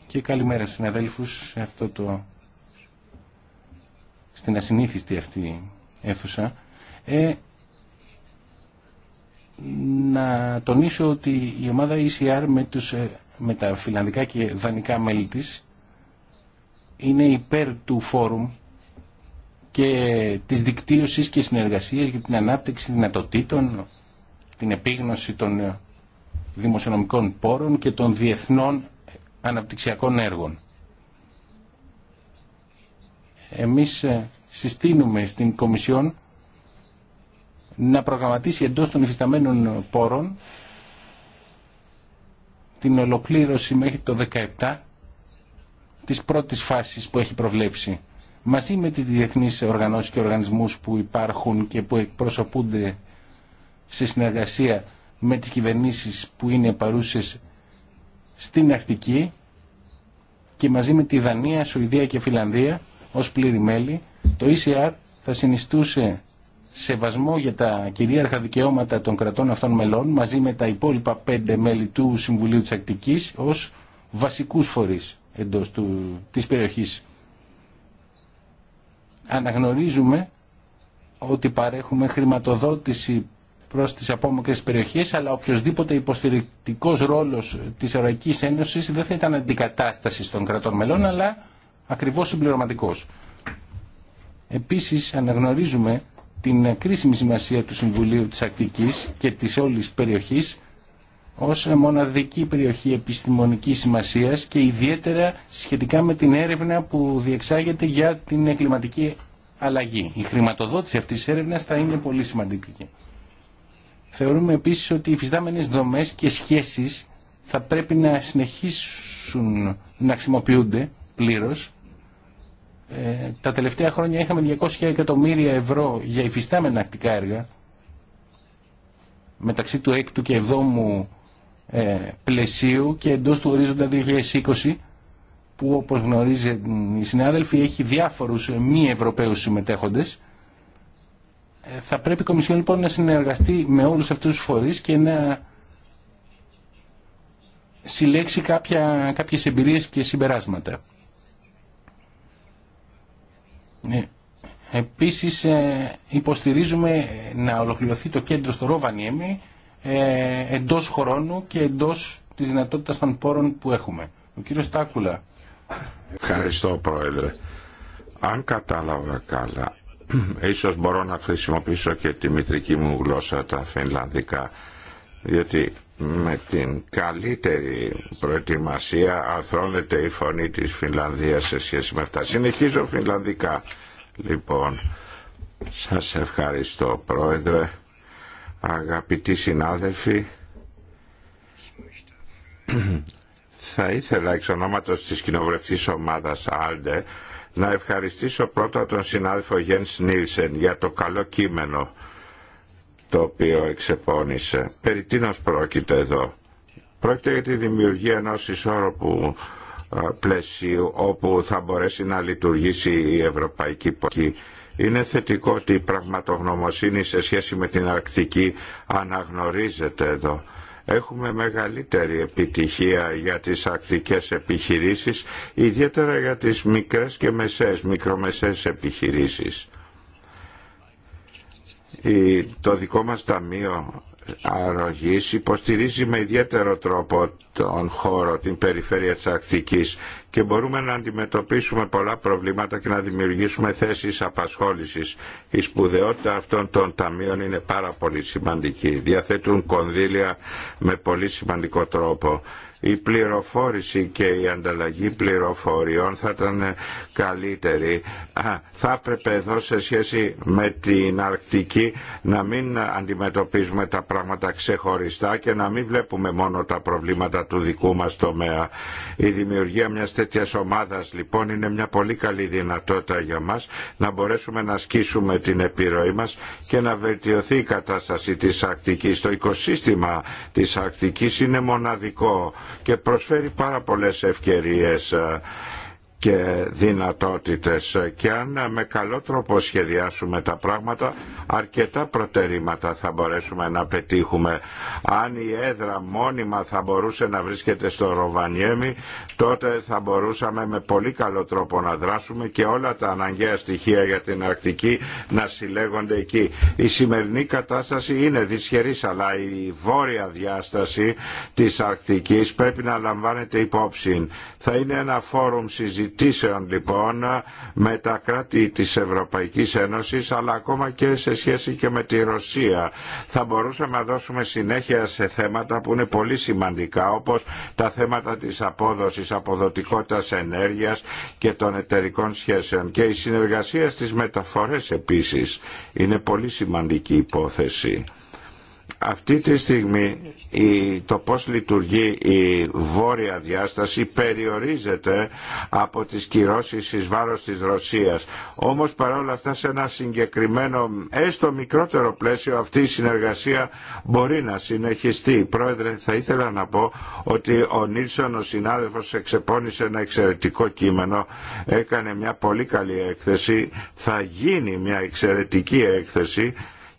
Και καλημέρα στους συναδέλφους αυτό το... στην ασυνήθιστη αυτή αίθουσα. Ε, να τονίσω ότι η ομάδα ECR με, τους, ε, με τα φιλανδικά και δανικά μέλη της είναι υπέρ του φόρουμ και της δικτύωσης και συνεργασίας για την ανάπτυξη δυνατοτήτων την επίγνωση των ε, δημοσιονομικών πόρων και των διεθνών αναπτυξιακών έργων. Εμείς ε, συστήνουμε στην Κομισιόν να προγραμματίσει εντός των υφισταμένων πόρων την ολοκλήρωση μέχρι το 17 της πρώτης φάσης που έχει προβλέψει μαζί με τις διεθνείς οργανώσεις και οργανισμούς που υπάρχουν και που εκπροσωπούνται σε συνεργασία με τις κυβερνήσεις που είναι παρούσες στην Αρκτική και μαζί με τη Δανία, Σουηδία και Φιλανδία ως πλήρη μέλη, το ECR θα συνιστούσε σεβασμό για τα κυρίαρχα δικαιώματα των κρατών αυτών μελών μαζί με τα υπόλοιπα πέντε μέλη του Συμβουλίου της Ακτικής ως βασικούς φορείς εντός του, της περιοχής. Αναγνωρίζουμε ότι παρέχουμε χρηματοδότηση προς τις απόμακρες περιοχές, αλλά οποιοδήποτε υποστηρικτικός ρόλος της Ευρωπαϊκής Ένωσης δεν θα ήταν αντικατάσταση των κρατών μελών, αλλά ακριβώς συμπληρωματικός. Επίσης αναγνωρίζουμε την κρίσιμη σημασία του Συμβουλίου της Ακτικής και της όλης περιοχής ως μοναδική περιοχή επιστημονικής σημασίας και ιδιαίτερα σχετικά με την έρευνα που διεξάγεται για την κλιματική αλλαγή. Η χρηματοδότηση αυτής της έρευνας θα είναι πολύ σημαντική. Θεωρούμε επίσης ότι οι φυστάμενες δομές και σχέσεις θα πρέπει να συνεχίσουν να χρησιμοποιούνται πλήρως. Ε, τα τελευταία χρόνια είχαμε 200 εκατομμύρια ευρώ για υφιστάμενα ακτικά έργα μεταξύ του 6ου και 7ου ε, πλαισίου και εντός του ορίζοντα 2020 που όπως γνωρίζει η συνάδελφοι έχει διάφορους μη Ευρωπαίους συμμετέχοντες ε, θα πρέπει η Κομισιόν λοιπόν να συνεργαστεί με όλους αυτούς τους φορείς και να συλλέξει κάποια, κάποιες εμπειρίες και συμπεράσματα. Ε, επίσης ε, υποστηρίζουμε να ολοκληρωθεί το κέντρο στο Ρόβανιέμι εντός χρόνου και εντός της δυνατότητας των πόρων που έχουμε. Ο κύριος Τάκουλα. Ευχαριστώ Πρόεδρε. Αν κατάλαβα καλά, ίσως μπορώ να χρησιμοποιήσω και τη μητρική μου γλώσσα τα φινλανδικά διότι με την καλύτερη προετοιμασία αρθρώνεται η φωνή της Φινλανδίας σε σχέση με αυτά. Συνεχίζω φινλανδικά. Λοιπόν, σας ευχαριστώ πρόεδρε, αγαπητοί συνάδελφοι. Θα ήθελα εξ ονόματος της κοινοβουλευτής ομάδας ALDE να ευχαριστήσω πρώτα τον συνάδελφο Γιένς Νίλσεν για το καλό κείμενο το οποίο εξεπώνησε. Περί τίνος πρόκειται εδώ. Πρόκειται για τη δημιουργία ενός ισόρροπου πλαισίου όπου θα μπορέσει να λειτουργήσει η ευρωπαϊκή πολιτική. Είναι θετικό ότι η πραγματογνωμοσύνη σε σχέση με την Αρκτική αναγνωρίζεται εδώ έχουμε μεγαλύτερη επιτυχία για τις ακτικές επιχειρήσεις, ιδιαίτερα για τις μικρές και μεσές, μικρομεσές επιχειρήσεις. Το δικό μας ταμείο αρρωγής υποστηρίζει με ιδιαίτερο τρόπο τον χώρο, την περιφέρεια της Ακτικής και μπορούμε να αντιμετωπίσουμε πολλά προβλήματα και να δημιουργήσουμε θέσεις απασχόλησης. Η σπουδαιότητα αυτών των ταμείων είναι πάρα πολύ σημαντική. Διαθέτουν κονδύλια με πολύ σημαντικό τρόπο η πληροφόρηση και η ανταλλαγή πληροφοριών θα ήταν καλύτερη. Θα έπρεπε εδώ σε σχέση με την Αρκτική να μην αντιμετωπίζουμε τα πράγματα ξεχωριστά και να μην βλέπουμε μόνο τα προβλήματα του δικού μας τομέα. Η δημιουργία μιας τέτοιας ομάδας λοιπόν είναι μια πολύ καλή δυνατότητα για μας να μπορέσουμε να ασκήσουμε την επιρροή μας και να βελτιωθεί η κατάσταση της Αρκτικής. Το οικοσύστημα της Αρκτικής είναι μοναδικό και προσφέρει πάρα πολλές ευκαιρίες ε, και δυνατότητες και αν με καλό τρόπο σχεδιάσουμε τα πράγματα αρκετά προτερήματα θα μπορέσουμε να πετύχουμε αν η έδρα μόνιμα θα μπορούσε να βρίσκεται στο Ροβανιέμι τότε θα μπορούσαμε με πολύ καλό τρόπο να δράσουμε και όλα τα αναγκαία στοιχεία για την Αρκτική να συλλέγονται εκεί. Η σημερινή κατάσταση είναι δυσχερής αλλά η βόρεια διάσταση της Αρκτικής πρέπει να λαμβάνεται υπόψη. Θα είναι ένα φόρουμ συζητήσεων συζητήσεων λοιπόν με τα κράτη της Ευρωπαϊκής Ένωσης αλλά ακόμα και σε σχέση και με τη Ρωσία. Θα μπορούσαμε να δώσουμε συνέχεια σε θέματα που είναι πολύ σημαντικά όπως τα θέματα της απόδοσης, αποδοτικότητας ενέργειας και των εταιρικών σχέσεων και η συνεργασία στις μεταφορές επίσης είναι πολύ σημαντική υπόθεση αυτή τη στιγμή το πώς λειτουργεί η βόρεια διάσταση περιορίζεται από τις κυρώσεις εις βάρος της Ρωσίας. Όμως παρόλα αυτά σε ένα συγκεκριμένο έστω μικρότερο πλαίσιο αυτή η συνεργασία μπορεί να συνεχιστεί. Πρόεδρε θα ήθελα να πω ότι ο Νίλσον ο συνάδελφος εξεπώνησε ένα εξαιρετικό κείμενο έκανε μια πολύ καλή έκθεση θα γίνει μια εξαιρετική έκθεση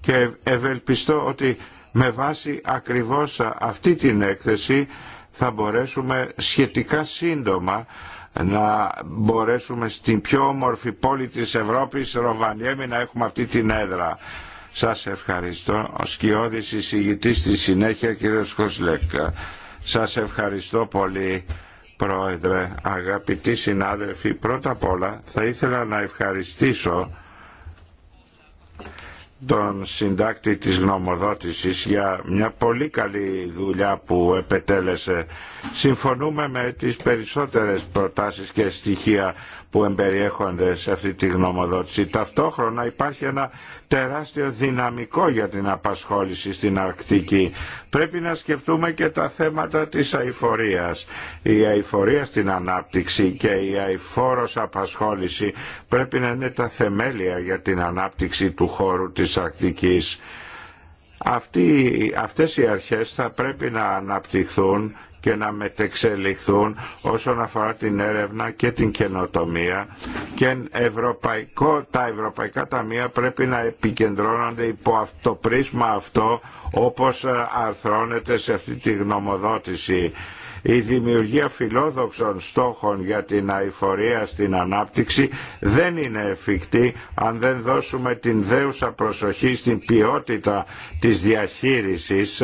και ευελπιστώ ότι με βάση ακριβώς αυτή την έκθεση θα μπορέσουμε σχετικά σύντομα να μπορέσουμε στην πιο όμορφη πόλη της Ευρώπης Ροβανιέμι να έχουμε αυτή την έδρα. Σας ευχαριστώ. Ο Σκιώδης εισηγητής στη συνέχεια κύριος Κοσλέκα. Σας ευχαριστώ πολύ Πρόεδρε, αγαπητοί συνάδελφοι. Πρώτα απ' όλα θα ήθελα να ευχαριστήσω τον συντάκτη της γνωμοδότησης για μια πολύ καλή δουλειά που επετέλεσε. Συμφωνούμε με τις περισσότερες προτάσεις και στοιχεία που εμπεριέχονται σε αυτή τη γνωμοδότηση. Ταυτόχρονα υπάρχει ένα τεράστιο δυναμικό για την απασχόληση στην Αρκτική. Πρέπει να σκεφτούμε και τα θέματα της αηφορίας. Η αηφορία στην ανάπτυξη και η αηφόρος απασχόληση πρέπει να είναι τα θεμέλια για την ανάπτυξη του χώρου της Αρκτικής. Αυτοί, αυτές οι αρχές θα πρέπει να αναπτυχθούν και να μετεξελιχθούν όσον αφορά την έρευνα και την καινοτομία και ευρωπαϊκό, τα ευρωπαϊκά ταμεία πρέπει να επικεντρώνονται υπό το πρίσμα αυτό όπως ε, αρθρώνεται σε αυτή τη γνωμοδότηση η δημιουργία φιλόδοξων στόχων για την αηφορία στην ανάπτυξη δεν είναι εφικτή αν δεν δώσουμε την δέουσα προσοχή στην ποιότητα της διαχείρισης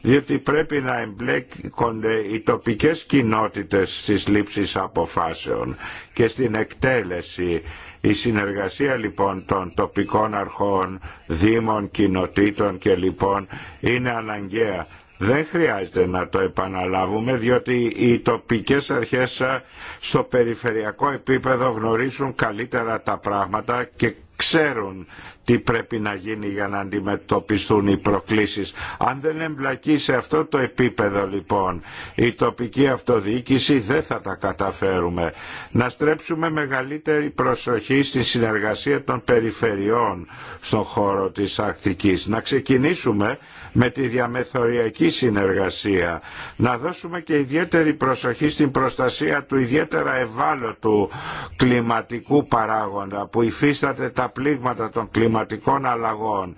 διότι πρέπει να εμπλέκονται οι τοπικές κοινότητες στις λήψεις αποφάσεων και στην εκτέλεση. Η συνεργασία λοιπόν των τοπικών αρχών, δήμων, κοινοτήτων και λοιπόν είναι αναγκαία δεν χρειάζεται να το επαναλάβουμε διότι οι τοπικές αρχές στο περιφερειακό επίπεδο γνωρίζουν καλύτερα τα πράγματα και ξέρουν τι πρέπει να γίνει για να αντιμετωπιστούν οι προκλήσεις. Αν δεν εμπλακεί σε αυτό το επίπεδο λοιπόν η τοπική αυτοδιοίκηση δεν θα τα καταφέρουμε. Να στρέψουμε μεγαλύτερη προσοχή στη συνεργασία των περιφερειών στον χώρο της Αρκτικής. Να ξεκινήσουμε με τη διαμεθοριακή συνεργασία. Να δώσουμε και ιδιαίτερη προσοχή στην προστασία του ιδιαίτερα ευάλωτου κλιματικού παράγοντα που υφίσταται τα πλήγματα των κλιματικών κλιματικών αλλαγών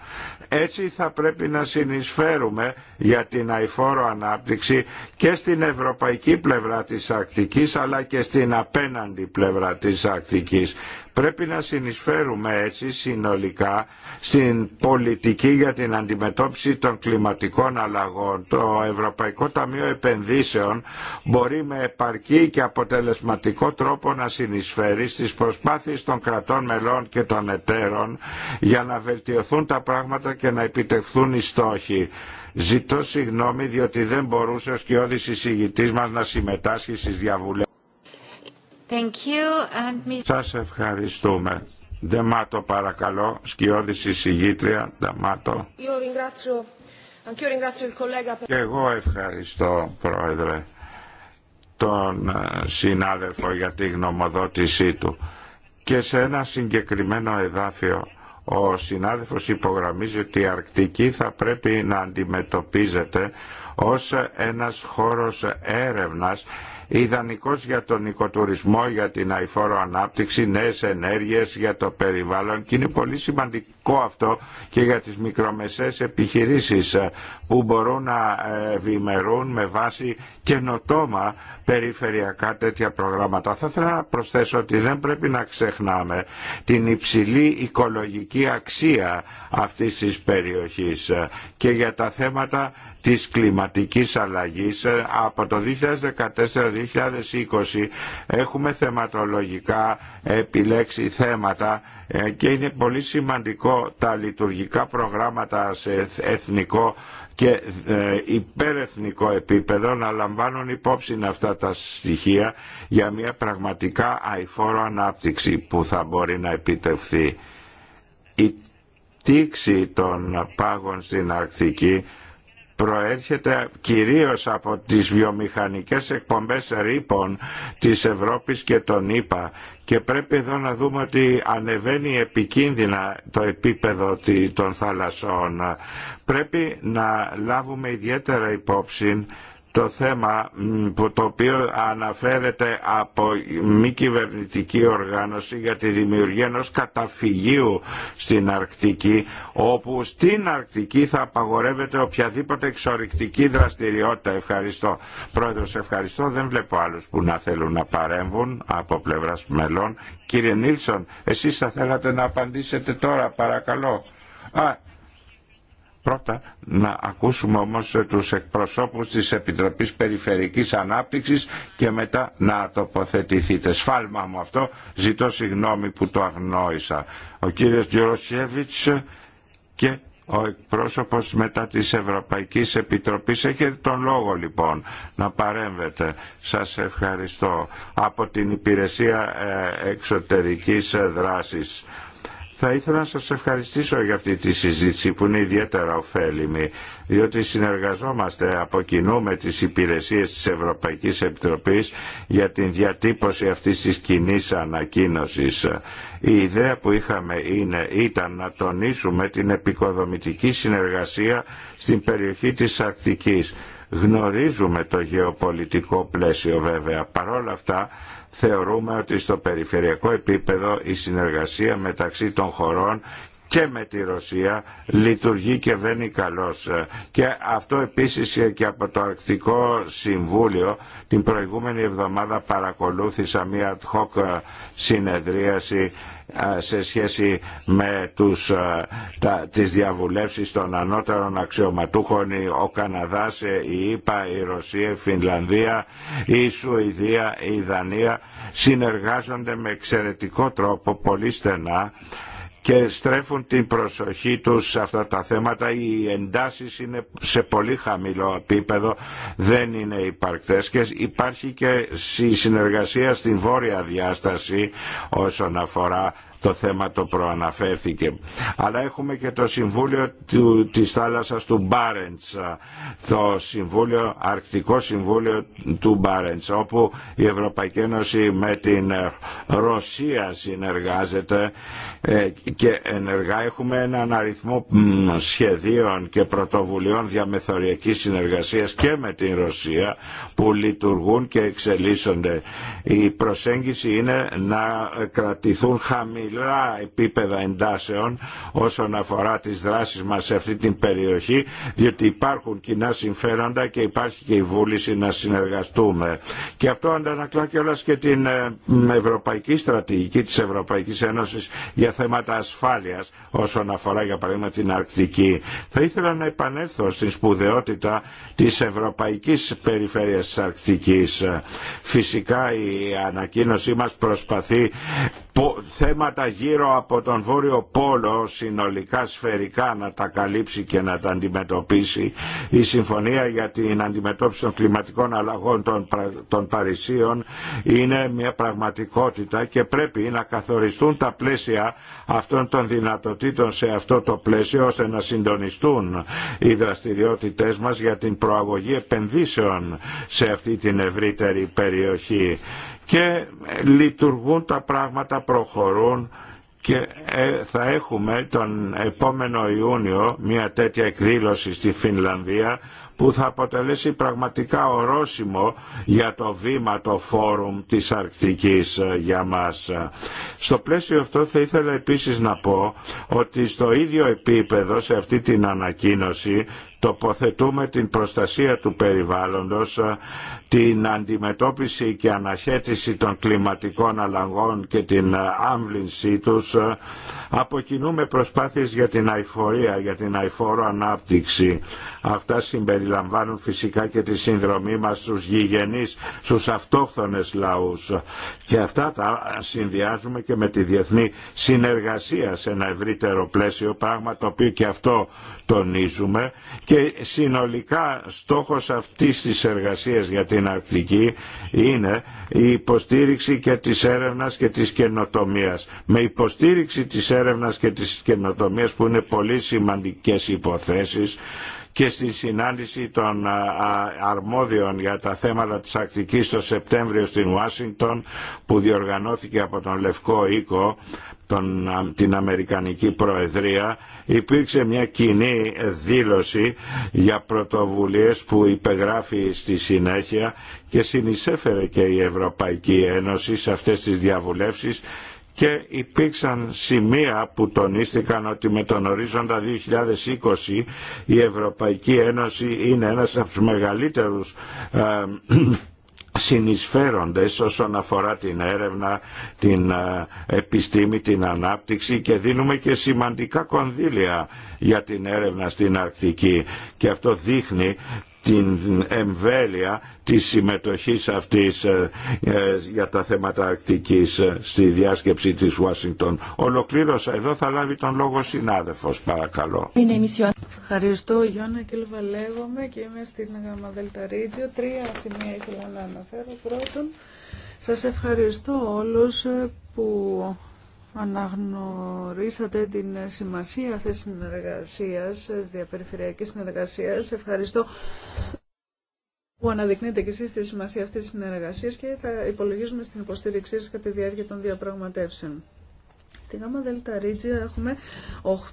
έτσι θα πρέπει να συνεισφέρουμε για την αηφόρο ανάπτυξη και στην ευρωπαϊκή πλευρά της Ακτικής αλλά και στην απέναντι πλευρά της Ακτικής. Πρέπει να συνεισφέρουμε έτσι συνολικά στην πολιτική για την αντιμετώπιση των κλιματικών αλλαγών. Το Ευρωπαϊκό Ταμείο Επενδύσεων μπορεί με επαρκή και αποτελεσματικό τρόπο να συνεισφέρει στις προσπάθειες των κρατών μελών και των εταίρων για να βελτιωθούν τα πράγματα και να επιτευχθούν οι στόχοι. Ζητώ συγγνώμη διότι δεν μπορούσε ο σκιώδης εισηγητής μας να συμμετάσχει στις διαβουλές. Σας ευχαριστούμε. Δεμάτο παρακαλώ, σκιώδης εισηγήτρια, Δεμάτο. Και εγώ ευχαριστώ πρόεδρε τον ε, συνάδελφο για τη γνωμοδότησή του και σε ένα συγκεκριμένο εδάφιο ο συνάδελφος υπογραμμίζει ότι η Αρκτική θα πρέπει να αντιμετωπίζεται ως ένας χώρος έρευνας ιδανικός για τον οικοτουρισμό, για την αηφόρο ανάπτυξη, νέες ενέργειες για το περιβάλλον και είναι πολύ σημαντικό αυτό και για τις μικρομεσαίες επιχειρήσεις ε, που μπορούν να ε, ευημερούν με βάση καινοτόμα περιφερειακά τέτοια προγράμματα. Θα ήθελα να προσθέσω ότι δεν πρέπει να ξεχνάμε την υψηλή οικολογική αξία αυτής της περιοχής ε, και για τα θέματα της κλιματικής αλλαγής ε, από το 2014-2020 έχουμε θεματολογικά επιλέξει θέματα ε, και είναι πολύ σημαντικό τα λειτουργικά προγράμματα σε εθνικό και ε, υπερεθνικό επίπεδο να λαμβάνουν υπόψη αυτά τα στοιχεία για μια πραγματικά αηφόρο ανάπτυξη που θα μπορεί να επιτευχθεί. Η τήξη των πάγων στην Αρκτική προέρχεται κυρίως από τις βιομηχανικές εκπομπές ρήπων της Ευρώπης και των ΗΠΑ και πρέπει εδώ να δούμε ότι ανεβαίνει επικίνδυνα το επίπεδο των θαλασσών. Πρέπει να λάβουμε ιδιαίτερα υπόψη το θέμα που το οποίο αναφέρεται από μη κυβερνητική οργάνωση για τη δημιουργία ενός καταφυγίου στην Αρκτική όπου στην Αρκτική θα απαγορεύεται οποιαδήποτε εξορρυκτική δραστηριότητα. Ευχαριστώ. Πρόεδρος ευχαριστώ. Δεν βλέπω άλλους που να θέλουν να παρέμβουν από πλευράς μελών. Κύριε Νίλσον, εσείς θα θέλατε να απαντήσετε τώρα παρακαλώ. Α, Πρώτα να ακούσουμε όμως τους εκπροσώπους της Επιτροπής Περιφερικής Ανάπτυξης και μετά να τοποθετηθείτε. Σφάλμα μου αυτό, ζητώ συγγνώμη που το αγνόησα. Ο κύριος Γιωροσιέβιτς και ο εκπρόσωπος μετά της Ευρωπαϊκής Επιτροπής έχει τον λόγο λοιπόν να παρέμβετε. Σας ευχαριστώ από την Υπηρεσία ε, Εξωτερικής Δράσης θα ήθελα να σας ευχαριστήσω για αυτή τη συζήτηση που είναι ιδιαίτερα ωφέλιμη, διότι συνεργαζόμαστε από κοινού με τις υπηρεσίες της Ευρωπαϊκής Επιτροπής για την διατύπωση αυτής της κοινή ανακοίνωσης. Η ιδέα που είχαμε είναι, ήταν να τονίσουμε την επικοδομητική συνεργασία στην περιοχή της Αρκτικής. Γνωρίζουμε το γεωπολιτικό πλαίσιο βέβαια. Παρόλα αυτά θεωρούμε ότι στο περιφερειακό επίπεδο η συνεργασία μεταξύ των χωρών και με τη Ρωσία λειτουργεί και βαίνει καλώς. Και αυτό επίσης και από το Αρκτικό Συμβούλιο την προηγούμενη εβδομάδα παρακολούθησα μια ad hoc συνεδρίαση σε σχέση με τους, τα, τις διαβουλεύσεις των ανώτερων αξιωματούχων ο Καναδάς, ε, η ΙΠΑ, η Ρωσία, η Φινλανδία, η Σουηδία, η Δανία συνεργάζονται με εξαιρετικό τρόπο πολύ στενά και στρέφουν την προσοχή τους σε αυτά τα θέματα. Οι εντάσεις είναι σε πολύ χαμηλό επίπεδο, δεν είναι υπαρκτές και υπάρχει και συνεργασία στην βόρεια διάσταση όσον αφορά το θέμα το προαναφέρθηκε. Αλλά έχουμε και το Συμβούλιο του, της θάλασσας του Μπάρεντς, το Συμβούλιο, Αρκτικό Συμβούλιο του Μπάρεντς, όπου η Ευρωπαϊκή Ένωση με την Ρωσία συνεργάζεται ε, και ενεργά έχουμε έναν αριθμό σχεδίων και πρωτοβουλειών διαμεθοριακής συνεργασίας και με την Ρωσία που λειτουργούν και εξελίσσονται. Η προσέγγιση είναι να κρατηθούν χαμηλή επίπεδα εντάσεων όσον αφορά τις δράσεις μας σε αυτή την περιοχή διότι υπάρχουν κοινά συμφέροντα και υπάρχει και η βούληση να συνεργαστούμε. Και αυτό αντανακλά κιόλας και την ε, ευρωπαϊκή στρατηγική της Ευρωπαϊκής Ένωσης για θέματα ασφάλειας όσον αφορά για παράδειγμα την Αρκτική. Θα ήθελα να επανέλθω στην σπουδαιότητα της ευρωπαϊκής περιφέρειας της Αρκτικής. Φυσικά η ανακοίνωσή μας προσπαθεί θέματα γύρω από τον Βόρειο Πόλο συνολικά σφαιρικά να τα καλύψει και να τα αντιμετωπίσει. Η Συμφωνία για την Αντιμετώπιση των Κλιματικών Αλλαγών των, των Παρισίων είναι μια πραγματικότητα και πρέπει να καθοριστούν τα πλαίσια αυτών των δυνατοτήτων σε αυτό το πλαίσιο ώστε να συντονιστούν οι δραστηριότητές μας για την προαγωγή επενδύσεων σε αυτή την ευρύτερη περιοχή και ε, λειτουργούν τα πράγματα, προχωρούν και ε, θα έχουμε τον επόμενο Ιούνιο μια τέτοια εκδήλωση στη Φινλανδία που θα αποτελέσει πραγματικά ορόσημο για το βήμα το φόρουμ της Αρκτικής ε, για μας. Στο πλαίσιο αυτό θα ήθελα επίσης να πω ότι στο ίδιο επίπεδο σε αυτή την ανακοίνωση τοποθετούμε την προστασία του περιβάλλοντος, την αντιμετώπιση και αναχέτηση των κλιματικών αλλαγών και την άμβλυνσή τους, αποκινούμε προσπάθειες για την αηφορία, για την αηφόρο ανάπτυξη. Αυτά συμπεριλαμβάνουν φυσικά και τη συνδρομή μας στους γηγενείς, στους αυτόχθονες λαούς. Και αυτά τα συνδυάζουμε και με τη διεθνή συνεργασία σε ένα ευρύτερο πλαίσιο, πράγμα το οποίο και αυτό τονίζουμε και συνολικά στόχος αυτής της εργασίας για την Αρκτική είναι η υποστήριξη και της έρευνας και της καινοτομίας. Με υποστήριξη της έρευνας και της καινοτομίας που είναι πολύ σημαντικές υποθέσεις και στη συνάντηση των αρμόδιων για τα θέματα της Αρκτικής το Σεπτέμβριο στην Ουάσιγκτον που διοργανώθηκε από τον Λευκό Οίκο τον, την Αμερικανική Προεδρία υπήρξε μια κοινή δήλωση για πρωτοβουλίες που υπεγράφει στη συνέχεια και συνεισέφερε και η Ευρωπαϊκή Ένωση σε αυτές τις διαβουλεύσεις και υπήρξαν σημεία που τονίστηκαν ότι με τον ορίζοντα 2020 η Ευρωπαϊκή Ένωση είναι ένας από τους μεγαλύτερους ε, συνεισφέροντες όσον αφορά την έρευνα, την ε, επιστήμη, την ανάπτυξη και δίνουμε και σημαντικά κονδύλια για την έρευνα στην Αρκτική και αυτό δείχνει την εμβέλεια της συμμετοχής αυτής ε, ε, για τα θέματα Αρκτικής ε, στη διάσκεψη της Ουάσιγκτον. Ολοκλήρωσα εδώ, θα λάβει τον λόγο συνάδελφος, παρακαλώ. Ευχαριστώ, Γιώνα Κίλβα λέγομαι και είμαι στην Γαμαδέλτα Ρίτζιο. Τρία σημεία ήθελα να αναφέρω. Πρώτον, σας ευχαριστώ όλους που αναγνωρίσατε την σημασία αυτής της συνεργασίας, της διαπεριφερειακής συνεργασίας. Ευχαριστώ που αναδεικνύετε και εσείς τη σημασία αυτής της συνεργασίας και θα υπολογίζουμε στην υποστήριξή σας κατά τη διάρκεια των διαπραγματεύσεων. Στη ΓΑΜΑ ΔΕΛΤΑ Ρίτζια έχουμε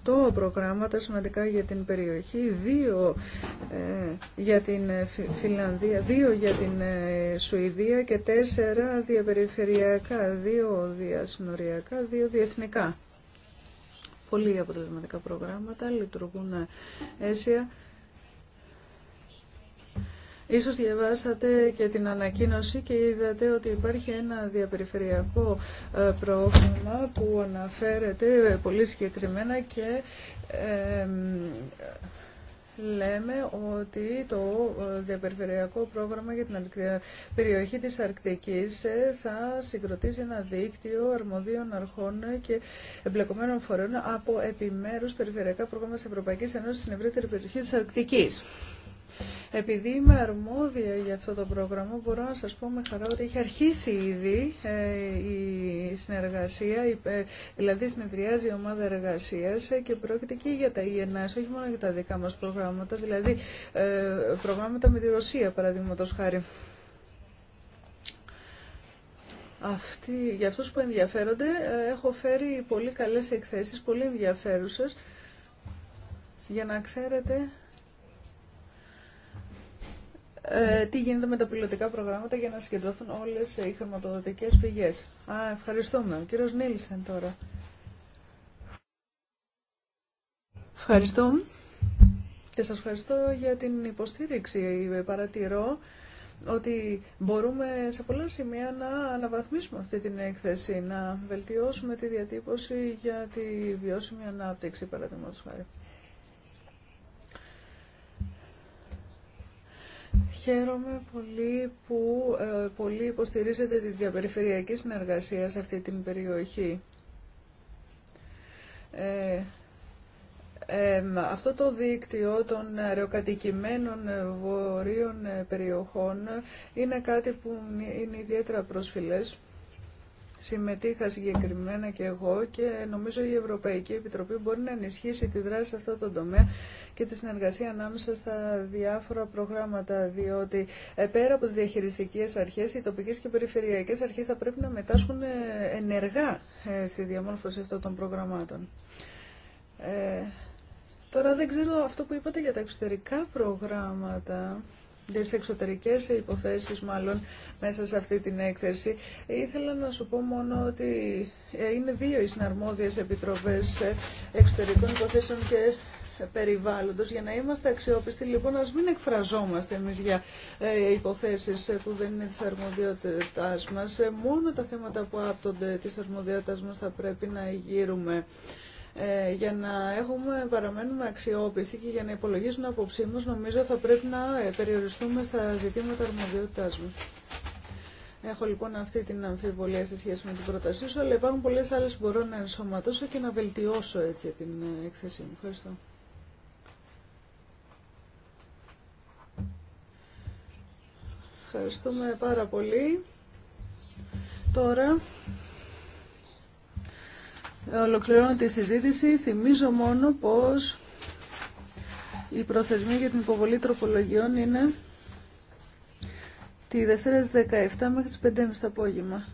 8 προγράμματα σημαντικά για την περιοχή, 2 ε, για την ε, Φιλανδία, 2 για την ε, Σουηδία και 4 διαπεριφερειακά, 2 διασυνοριακά, 2 διεθνικά. Πολύ αποτελεσματικά προγράμματα, λειτουργούν αίσια Ίσως διαβάσατε και την ανακοίνωση και είδατε ότι υπάρχει ένα διαπεριφερειακό ε, πρόγραμμα που αναφέρεται πολύ συγκεκριμένα και λέμε ότι το ε, διαπεριφερειακό πρόγραμμα για την περιοχή της Αρκτικής ε, θα συγκροτήσει ένα δίκτυο αρμοδίων αρχών και εμπλεκομένων φορέων από επιμέρους περιφερειακά πρόγραμμα της Ευρωπαϊκής Ένωσης στην ευρύτερη περιοχή της Αρκτικής. Επειδή είμαι αρμόδια για αυτό το πρόγραμμα, μπορώ να σας πω με χαρά ότι έχει αρχίσει ήδη ε, η συνεργασία, ε, δηλαδή συνεδριάζει η ομάδα εργασίας ε, και πρόκειται και για τα ΙΕΝΑΣ, e όχι μόνο για τα δικά μας προγράμματα, δηλαδή προγράμματα με τη Ρωσία, παραδείγματο χάρη. Αυτή, για αυτούς που ενδιαφέρονται έχω φέρει πολύ καλές εκθέσεις, πολύ ενδιαφέρουσες για να ξέρετε ε, τι γίνεται με τα πιλωτικά προγράμματα για να συγκεντρωθούν όλες οι χρηματοδοτικέ πηγές. Α, ευχαριστούμε. Ο κύριο Νίλσεν τώρα. Ευχαριστώ. Και σας ευχαριστώ για την υποστήριξη. Παρατηρώ ότι μπορούμε σε πολλά σημεία να αναβαθμίσουμε αυτή την έκθεση, να βελτιώσουμε τη διατύπωση για τη βιώσιμη ανάπτυξη, παραδείγματος χάρη. Χαίρομαι πολύ που ε, πολύ υποστηρίζετε τη διαπεριφερειακή συνεργασία σε αυτή την περιοχή. Ε, αυτό το δίκτυο των αεροκατοικημένων βορείων ε, περιοχών είναι κάτι που είναι ιδιαίτερα προσφυλές συμμετείχα συγκεκριμένα και εγώ και νομίζω η Ευρωπαϊκή Επιτροπή μπορεί να ενισχύσει τη δράση σε αυτό το τομέα και τη συνεργασία ανάμεσα στα διάφορα προγράμματα, διότι ε, πέρα από τις διαχειριστικές αρχές, οι τοπικές και περιφερειακές αρχές θα πρέπει να μετάσχουν ε, ενεργά ε, στη διαμόρφωση αυτών των προγραμμάτων. Ε, τώρα δεν ξέρω αυτό που είπατε για τα εξωτερικά προγράμματα τις εξωτερικές υποθέσεις μάλλον μέσα σε αυτή την έκθεση. Ήθελα να σου πω μόνο ότι ε, είναι δύο οι συναρμόδιες επιτροπές ε, εξωτερικών υποθέσεων και περιβάλλοντος για να είμαστε αξιόπιστοι λοιπόν ας μην εκφραζόμαστε εμείς για ε, υποθέσεις ε, που δεν είναι της αρμοδιότητάς μας μόνο τα θέματα που άπτονται της αρμοδιότητάς μας θα πρέπει να γύρουμε ε, για να έχουμε, παραμένουμε αξιόπιστοι και για να υπολογίζουν απόψή μας, νομίζω θα πρέπει να ε, περιοριστούμε στα ζητήματα αρμοδιότητάς μας. Έχω λοιπόν αυτή την αμφιβολία σε σχέση με την πρότασή σου, αλλά υπάρχουν πολλέ άλλε που μπορώ να ενσωματώσω και να βελτιώσω έτσι την ε, έκθεσή μου. Ευχαριστώ. Ευχαριστούμε πάρα πολύ. Τώρα Ολοκληρώνω τη συζήτηση. Θυμίζω μόνο πως η προθεσμία για την υποβολή τροπολογιών είναι τη Δευτέρα 17 μέχρι τις 5.30 το απόγευμα.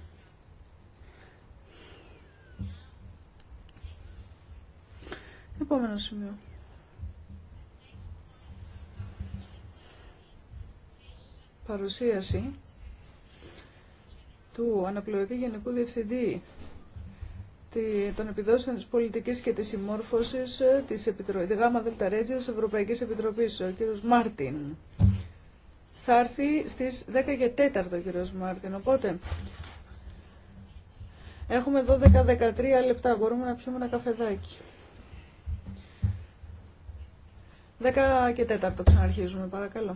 Επόμενο σημείο. Παρουσίαση του αναπληρωτή Γενικού Διευθυντή των επιδόσεων ε, τη πολιτική και τη συμμόρφωσης της ΓΑΜΑ ΔΕΛΤΑΡΕΤΖΙΑ της Ευρωπαϊκής Επιτροπής, ο κύριος Μάρτιν. Θα έρθει στις 10 και 4 ο κύριος Μάρτιν, οπότε έχουμε 12-13 λεπτά, μπορούμε να πιούμε ένα καφεδάκι. 10 και 4 ξαναρχίζουμε, παρακαλώ.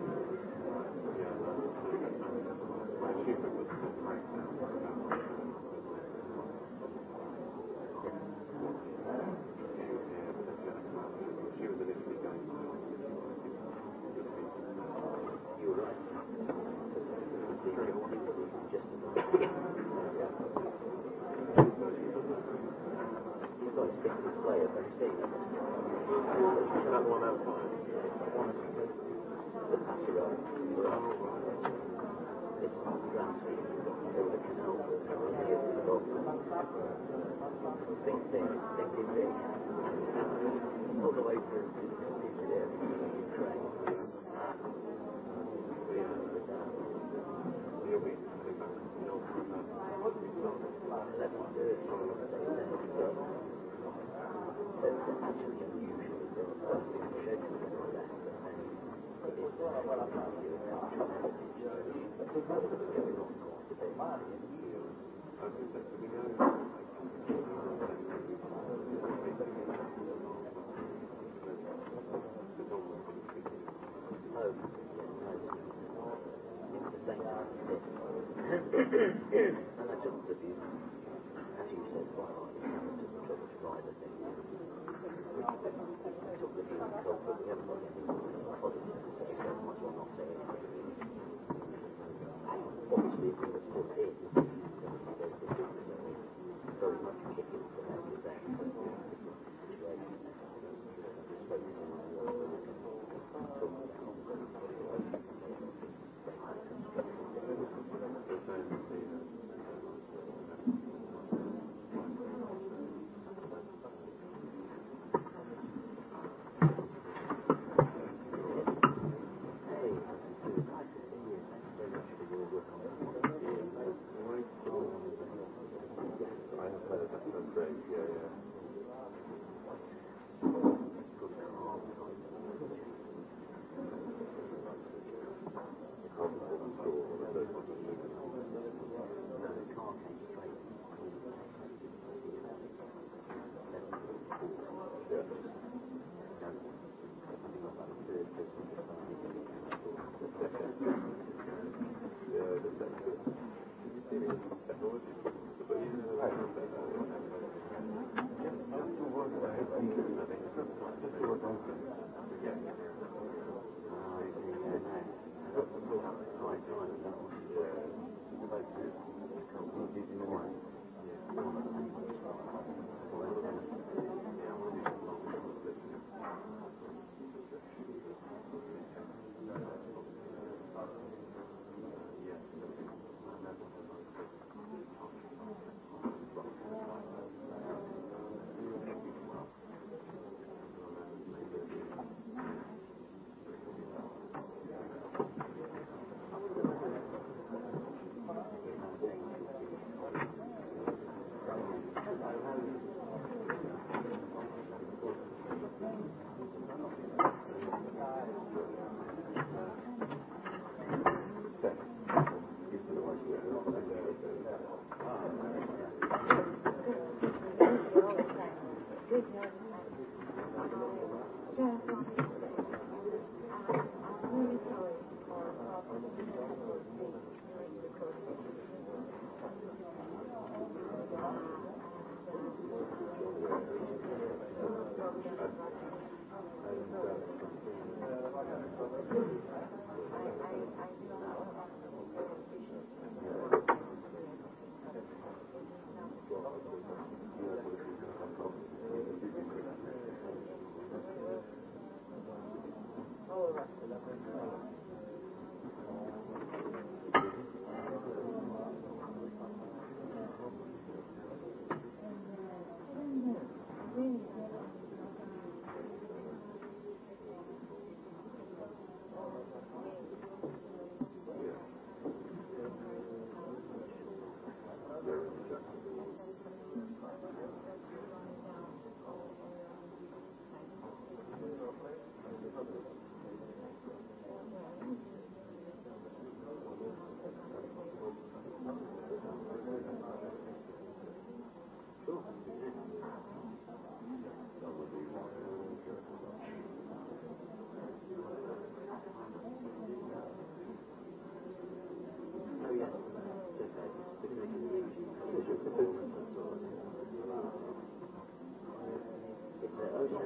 and I took the view, as you said, why not? It's trouble to ride it. Gracias.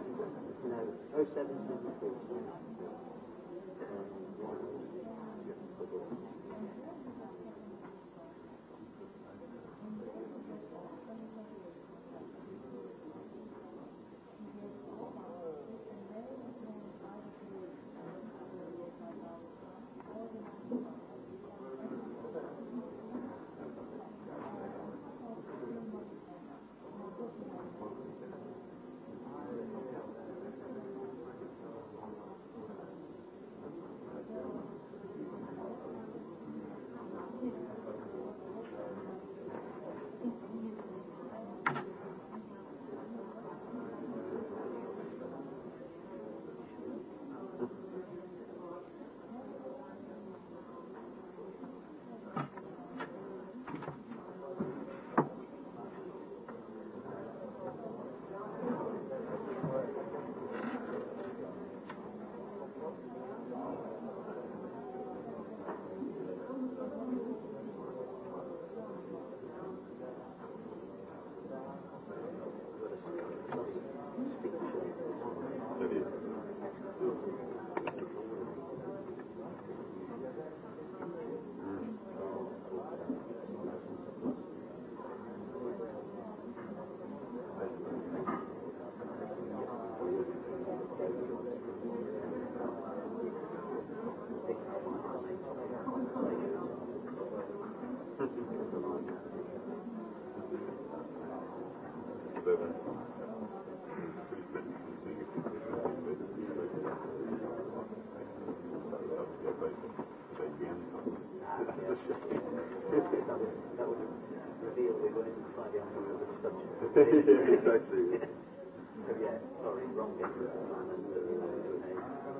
No,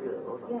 Okay.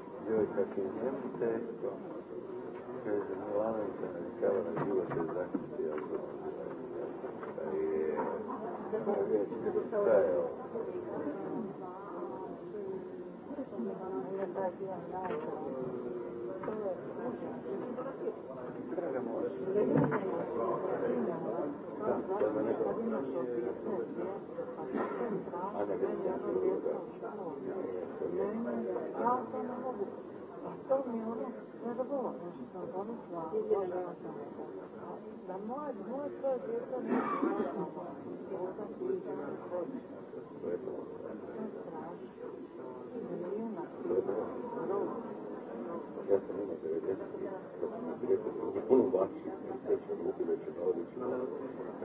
djevojka ki kaže na život to και Αυτό μειώνει, Είναι το πω, να πόνεσμα, όλα αυτά. La mort, moi, ça, je Thank you.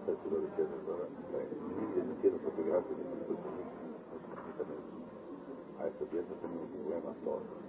questa è quello che c'è ancora. Mi chiedo fotografie di questo Adesso dietro c'è un problema